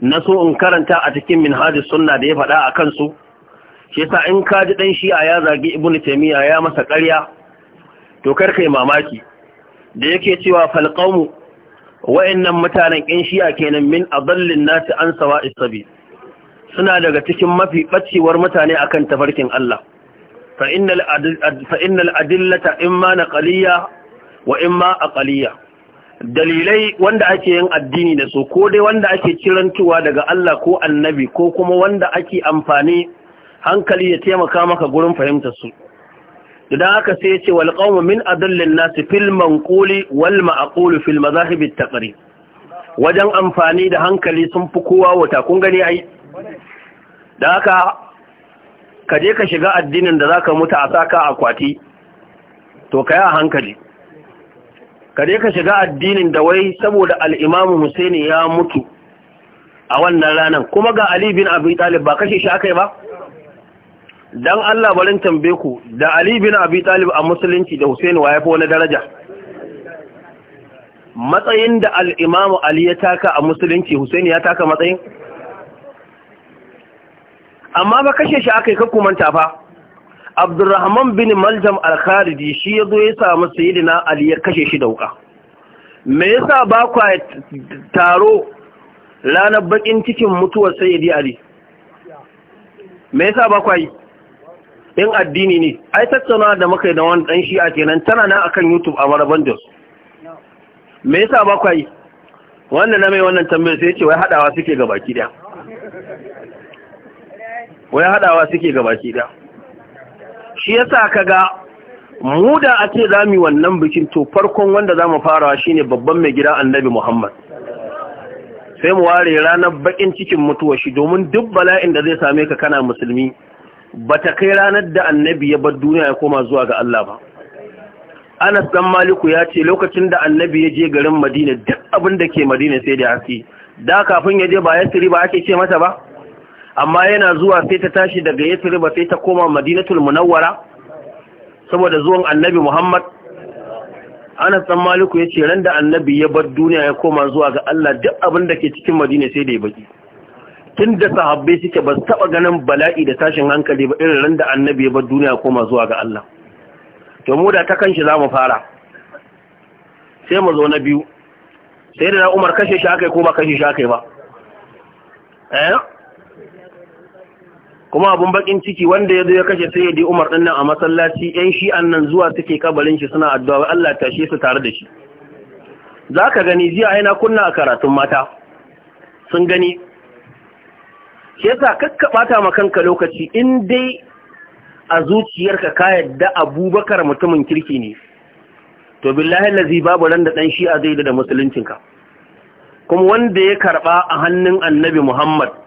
na so in karanta a cikin Minhajus Sunna da ya faɗa a kansu shi yasa in ka ji dan shi'a ya zagi Ibn Taymiyyah ya masa ƙarya to kar kai mamaki da yake cewa fal qawmu wa'annan mutanen kin shi'a kenan min adallin nasi an sawa'is sabi suna daga cikin mafi bacewar mutane akan tafarkin Allah fa innal adillata imma naqaliyya wa imma aqaliyya dalilai wanda ake yin addini da su ko dai wanda ake kirantuwa daga Allah ko annabi ko kuma wanda ake amfani hankali ya taimaka maka gurin fahimta su idan aka sai yace wal qawmu min adallin nas fil manquli wal ma'qulu fil madahib at taqri wajen amfani da hankali sun fi kowa wata kun gani ai da haka ka je ka shiga addinin da zaka mutu a saka akwati to ka yi a hankali ka je ka shiga addinin da wai saboda al'imamu Husaini ya mutu a wannan ranar kuma ga Ali bin Abi Talib ba kashe shi aka ba? Don Allah barin tambe ku da Ali bin Abi Talib a musulunci da Husaini wa ya fi wani daraja. Matsayin da al'imamu Ali ya taka a musulunci Husaini ya taka matsayin? amma ba kashe shi aka yi manta fa abdurrahman bin maljam al shi ya zo ya samu sayidina ali ya kashe shi da wuka me yasa ba kwa taro ranar bakin cikin mutuwar sayidi ali me yasa ba kwa yi in addini ne ai tattauna da muka yi da wani dan a kenan tana nan akan youtube a mara jos me yasa ba kwa yi wannan na mai wannan tambayar sai ce wai hadawa suke gabaki daya wai haɗawa suke gabaki da shi yasa kaga mu da a ce za mu yi wannan bikin to farkon wanda za mu farawa shine babban mai gida annabi Muhammad sai mu ware ranar bakin cikin mutuwa shi domin duk bala'in da zai same ka kana musulmi bata kai ranar da annabi ya bar duniya ya koma zuwa ga Allah ba Anas dan Maliku ya ce lokacin da annabi ya je garin Madina duk abin da ke Madina sai da haske da kafin ya je ba ya siri ba ake ce mata ba amma yana zuwa sai ta tashi daga Yathriba sai ta koma Madinatul Munawwara saboda zuwan Annabi Muhammad ana san Maliku ce ran da Annabi ya bar duniya ya koma zuwa ga Allah duk abin da ke cikin Madina sai da ya baki tunda sahabbai suke ba su taba ganin bala'i da tashin hankali ba irin ran da Annabi ya bar duniya ya koma zuwa ga Allah to mu da ta kanshi mu fara sai mu zo na biyu sai da Umar kashe shi akai ko ba kashe shi akai ba eh kuma abun bakin ciki wanda ya zo ya kashe sai ya umar ɗin nan a masallaci yan shi'an nan zuwa suke kabarin shi suna addu'a Allah tashe su tare da shi zaka gani jiya aina kunna a karatun mata sun gani shi yasa bata ma kanka lokaci in dai a zuciyarka ka yadda abubakar mutumin kirki ne to billahi lazi babu randa dan ɗan shi'a zai da musuluncinka kuma wanda ya karɓa a hannun annabi muhammad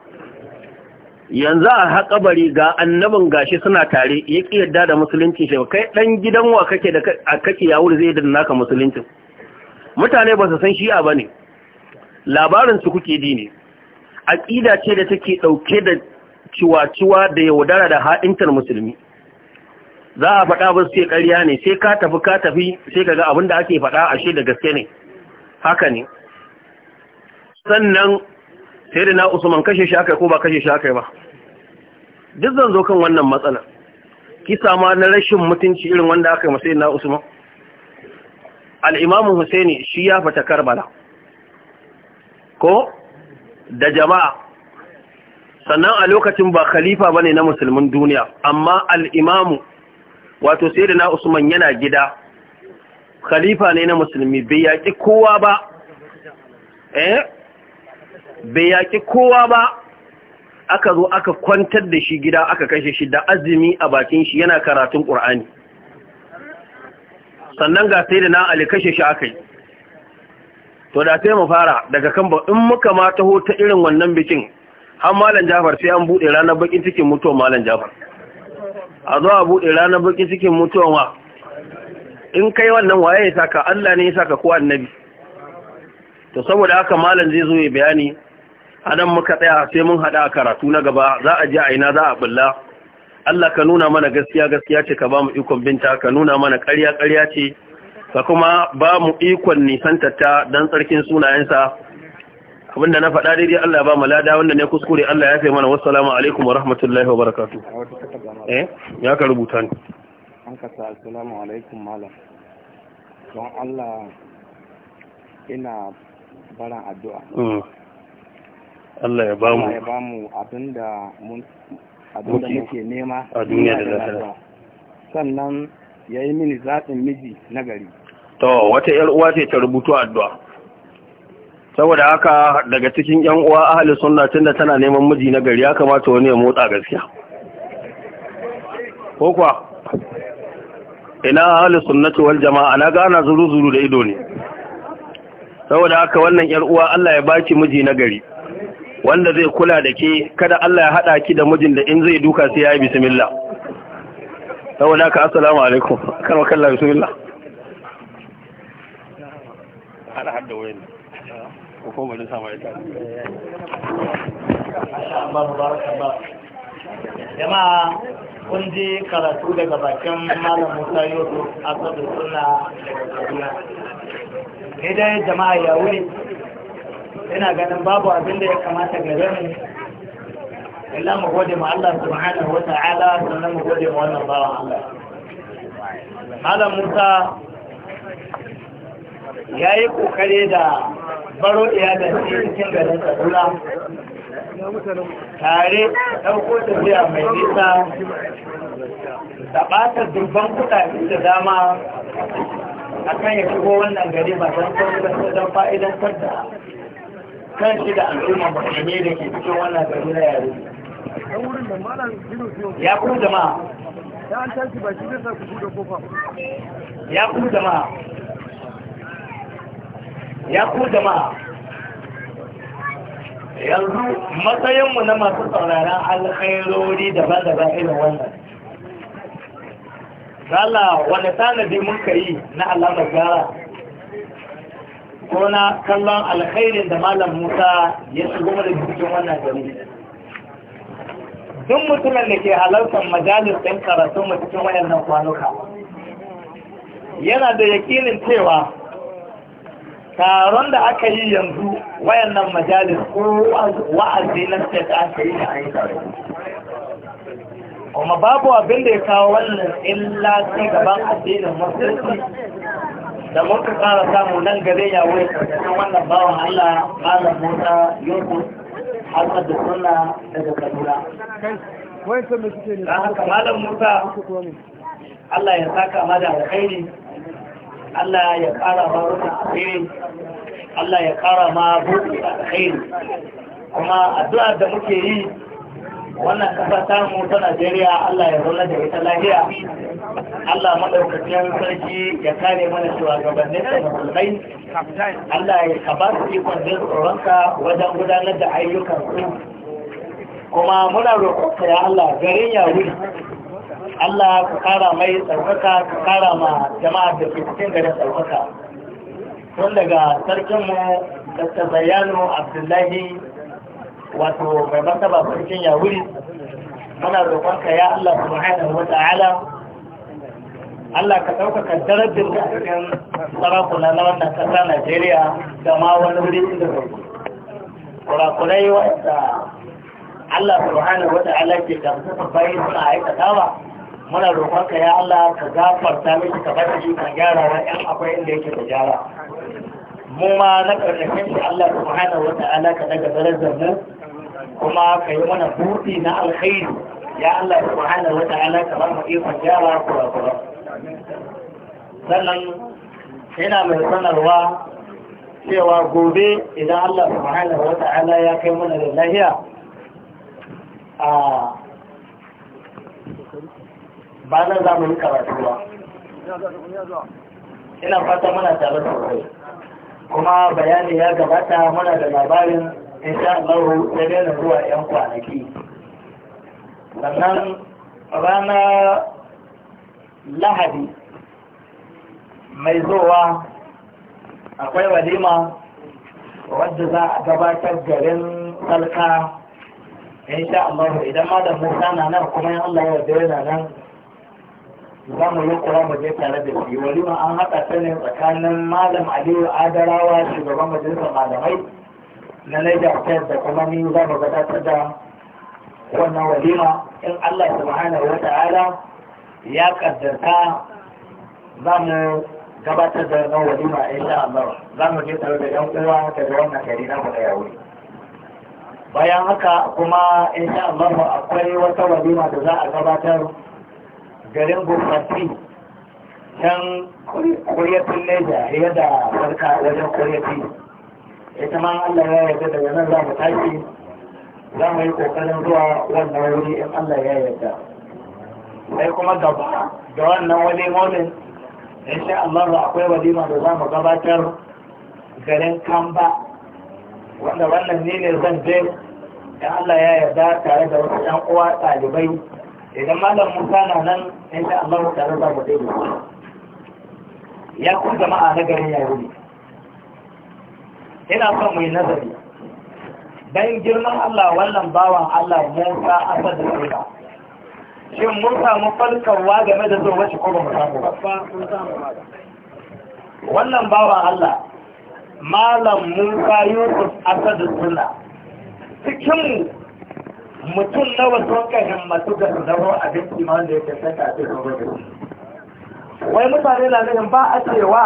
yanzu a haƙabari ga annabin gashi suna tare ya ƙi yadda da musulunci shi kai ɗan gidan wa kake da kake yawur zai da naka musulunci mutane ba su san shi'a ba ne labarin su kuke ji ne aƙida ce da take ɗauke da ciwaciwa ciwa da yaudara da haɗintar musulmi za a faɗa ba su ke ƙarya ne sai ka tafi ka tafi sai ka ga abin da ake faɗa ashe da gaske ne haka ne sannan sai da na usman kashe shi ko ba kashe shi ba duk zan zo kan wannan matsala kisa ma na rashin mutunci irin wanda aka yi masai na usman al'imamun husaini shi ya fata karbala ko da jama'a sannan a lokacin ba khalifa bane na musulmin duniya amma al'imamu wato sai da na usman yana gida khalifa ne na musulmi bai yaƙi kowa ba eh bai yaƙi kowa ba aka zo aka kwantar da shi gida aka kashe shi da azumi a bakin shi yana karatun ƙur'ani sannan ga sai da na ali kashe shi aka yi to da sai mu fara daga kan ba in muka ma taho ta irin wannan bikin har malam jafar sai an buɗe ranar bakin cikin mutuwar malam jafar a zo a buɗe ranar bakin cikin mutuwar wa in kai wannan waye ya saka Allah ne ya saka ko annabi to saboda haka malam zai zo ya bayani a nan muka tsaya sai mun haɗa a karatu na gaba za a ji aina za a bulla Allah ka nuna mana gaskiya gaskiya ce ka ba mu ikon binta ka nuna mana ƙarya ƙarya ce ka kuma ba mu ikon nisantarta don tsarkin sunayensa abinda na faɗa daidai Allah ba mu lada wanda ne kuskure Allah ya fi mana wassalamu alaikum wa rahmatullahi wa barakatu eh ya ka rubuta ni an ka sa assalamu alaikum malam don Allah ina baran addu'a mm. Allah ya ba mu abinda muke nema a duniya da lafiya sannan ya yi mini zaɓin miji na gari to wata yar uwa ce ta rubutu addu'a saboda haka daga cikin yan uwa suna sunna tunda tana neman miji na gari ya kamata wani ya motsa gaskiya ko kuwa ina ahli sunnati wal jama'a na gana zuru zuru da ido ne saboda haka wannan yar uwa Allah ya baki miji na gari wanda zai kula da ke kada Allah ya haɗa ki da mijin da in zai duka sai ya yi bismillah saboda ka assalamu alaikum kan wakalla bismillah ana hadda wayan ko ko bari sama ita jama'a kun ji karatu daga bakin malam Musa Yusuf Asadu suna daga Kaduna. dai jama'a ya wuri ina ganin babu abin da ya kamata gare mu illa mu gode ma Allah subhanahu wa ta'ala sannan mu gode ma wannan bawan Allah Malam Musa ya yi kokare da baro da cikin garin Kaduna tare ɗauko tafiya mai nisa da ɓata dubban kuɗaɗe da dama Akan ya shigo wannan gari ba don don fa'idantar da kan shi da al'umma musulmi da ke cikin wannan kabila na yare ya ku jama'a ya ku jama'a ya ku jama'a yanzu matsayinmu na masu sauraron alkhairori daban-daban irin wannan Allah wani tanadi mun ka yi na alamar gara ko na kallon alkhairin da malam musa ya shigo da jikin wannan gari duk mutumin da ke halartar majalis ɗin karatu mu cikin wayannan kwanuka yana da yakinin cewa taron da aka yi yanzu wayannan majalis ko wa'azi na state aka yi da kuma babu abin da ya kawo wannan illa ci gaban addinin musulunci da muka fara samu nan gare ya wai karkashin wannan bawan Allah malam Musa Yusuf Hassan da Sunna daga Kaduna. Dan haka malam Musa Allah ya saka ma da alkhairi Allah ya kara ma ruka alkhairi Allah ya kara ma buɗe alkhairi kuma addu'a da muke yi wannan kasa mu ta Najeriya Allah ya zauna da ita lahiya. Allah madaukakin sarki ya kare mana shugabannin da musulmai Allah ya kaba shi ikon tsoronka wajen gudanar da ayyukan su kuma muna roƙonka ya Allah garin ya wuri Allah ka kara mai tsarkaka ka kara ma jama'a da ke cikin garin tsarkaka tun daga sarkinmu Dr. Bayano Abdullahi wato mai martaba sarkin ya wuri muna roƙonka ya Allah subhanahu wa ta'ala Allah ka ɗaukaka darajar da cikin sarakuna na wannan ƙasa Najeriya da ma wani wuri inda zai kurakurai wanda Allah subhanahu wa ta'ala ke da mutum bayan suna aikata ba muna roƙonka ya Allah ka gafarta miki ka bar shi ka gyara wa ɗan akwai inda yake da gyara mu ma na ƙarƙashin Allah subhanahu wa ta'ala ka daga darajar mu kuma ka yi mana buɗi na alkhairi ya Allah subhanahu wa ala ta ba mu ikon gyara kura-kura sannan ina mai sanarwa cewa gobe idan Allah subhanahu wa ala ya kai mana da lahiya a ba na za mu yi karatu ba ina fata muna tare sosai kuma bayani ya gabata muna da labarin insha Allah ya daina zuwa 'yan kwanaki sannan rana lahadi mai zowa akwai walima wadda za a gabatar garin salka insha Allah idan ma da musa na nan kuma yan Allah ya na nan za mu yi kura mu je tare da shi walima an haɗa ta ne tsakanin malam Aliyu Adarawa shugaban majalisar malamai na laida affair da kuma ni za mu gabatar da wannan walima in Allah subhanahu wa ta'ala ya kaddarta za mu gabatar da wannan walima insha Allah za mu je tare da yan uwa daga wannan gari na mu da yawo bayan haka kuma insha Allah akwai wata walima da za a gabatar garin Gurfati can kuriyatun Leja yadda farka wajen kuriyatun ita ma Allah ya yarda daga nan za mu tashi za mu yi kokarin zuwa wannan wuri in Allah ya yarda sai kuma gaba da wannan wani molin insha Allah akwai walima da za mu gabatar garin Kamba wanda wannan ne ne zan je in Allah ya yarda tare da wasu ɗan uwa ɗalibai idan malam Musa na nan insha Allah tare za mu je ya ku jama'a na garin Yahudu ina son mai nazari dan girman Allah wannan bawan Allah Musa Asad da Sura shin mun samu falkarwa game da zuwa shi ko ba mu ba wannan bawan Allah malam Musa Yusuf Asad da suna cikin mutum na wasu ka himmatu ga zama abin imanin da yake saka a cikin rubutu wai mutane na ganin ba a cewa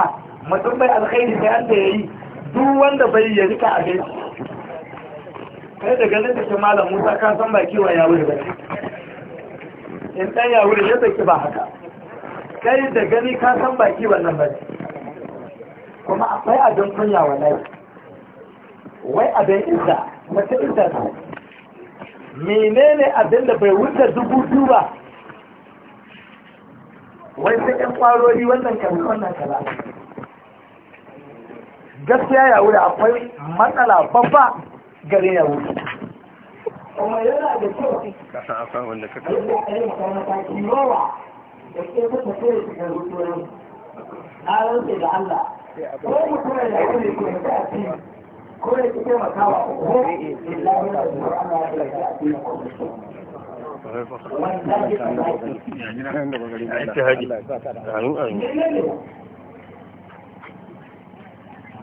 mutum bai alkhairi sai an da yayi duk wanda bai ya rika a gaisu kai da ganin da ke malam musa ka san ba kiwon ya wuri ba in ɗan ya wuri yadda ki ba haka kai da gani ka san ba kiwon nan ba kuma akwai abin kunya wallahi wai abin izza mace izza ce menene abin da bai wuce dubu biyu ba wai sai ƴan ƙwarori wannan kan wannan kaza gaskiya ya wuri akwai matsala babba gare ya wuri kasa a san wanda kaka na da Allah ko mutum da ya wuri ko ya ta ci ko ya ci taimakawa ko illa wanda Allah ya ta ci wanda ya ta ci ya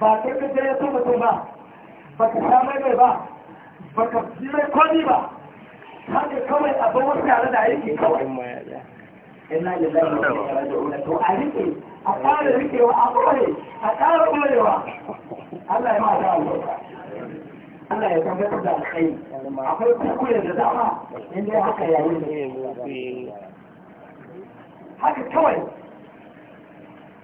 ba ta ka ya so mutum ba ba ka sha mai ba ba ka ji mai kwani ba haka kawai a wasu tare da aiki kawai ina da zai a rike a ƙara rikewa a ƙore a ƙara ƙorewa Allah ya ma ta Allah ya gata da alƙai akwai kuskure da dama inda haka yayin haka kawai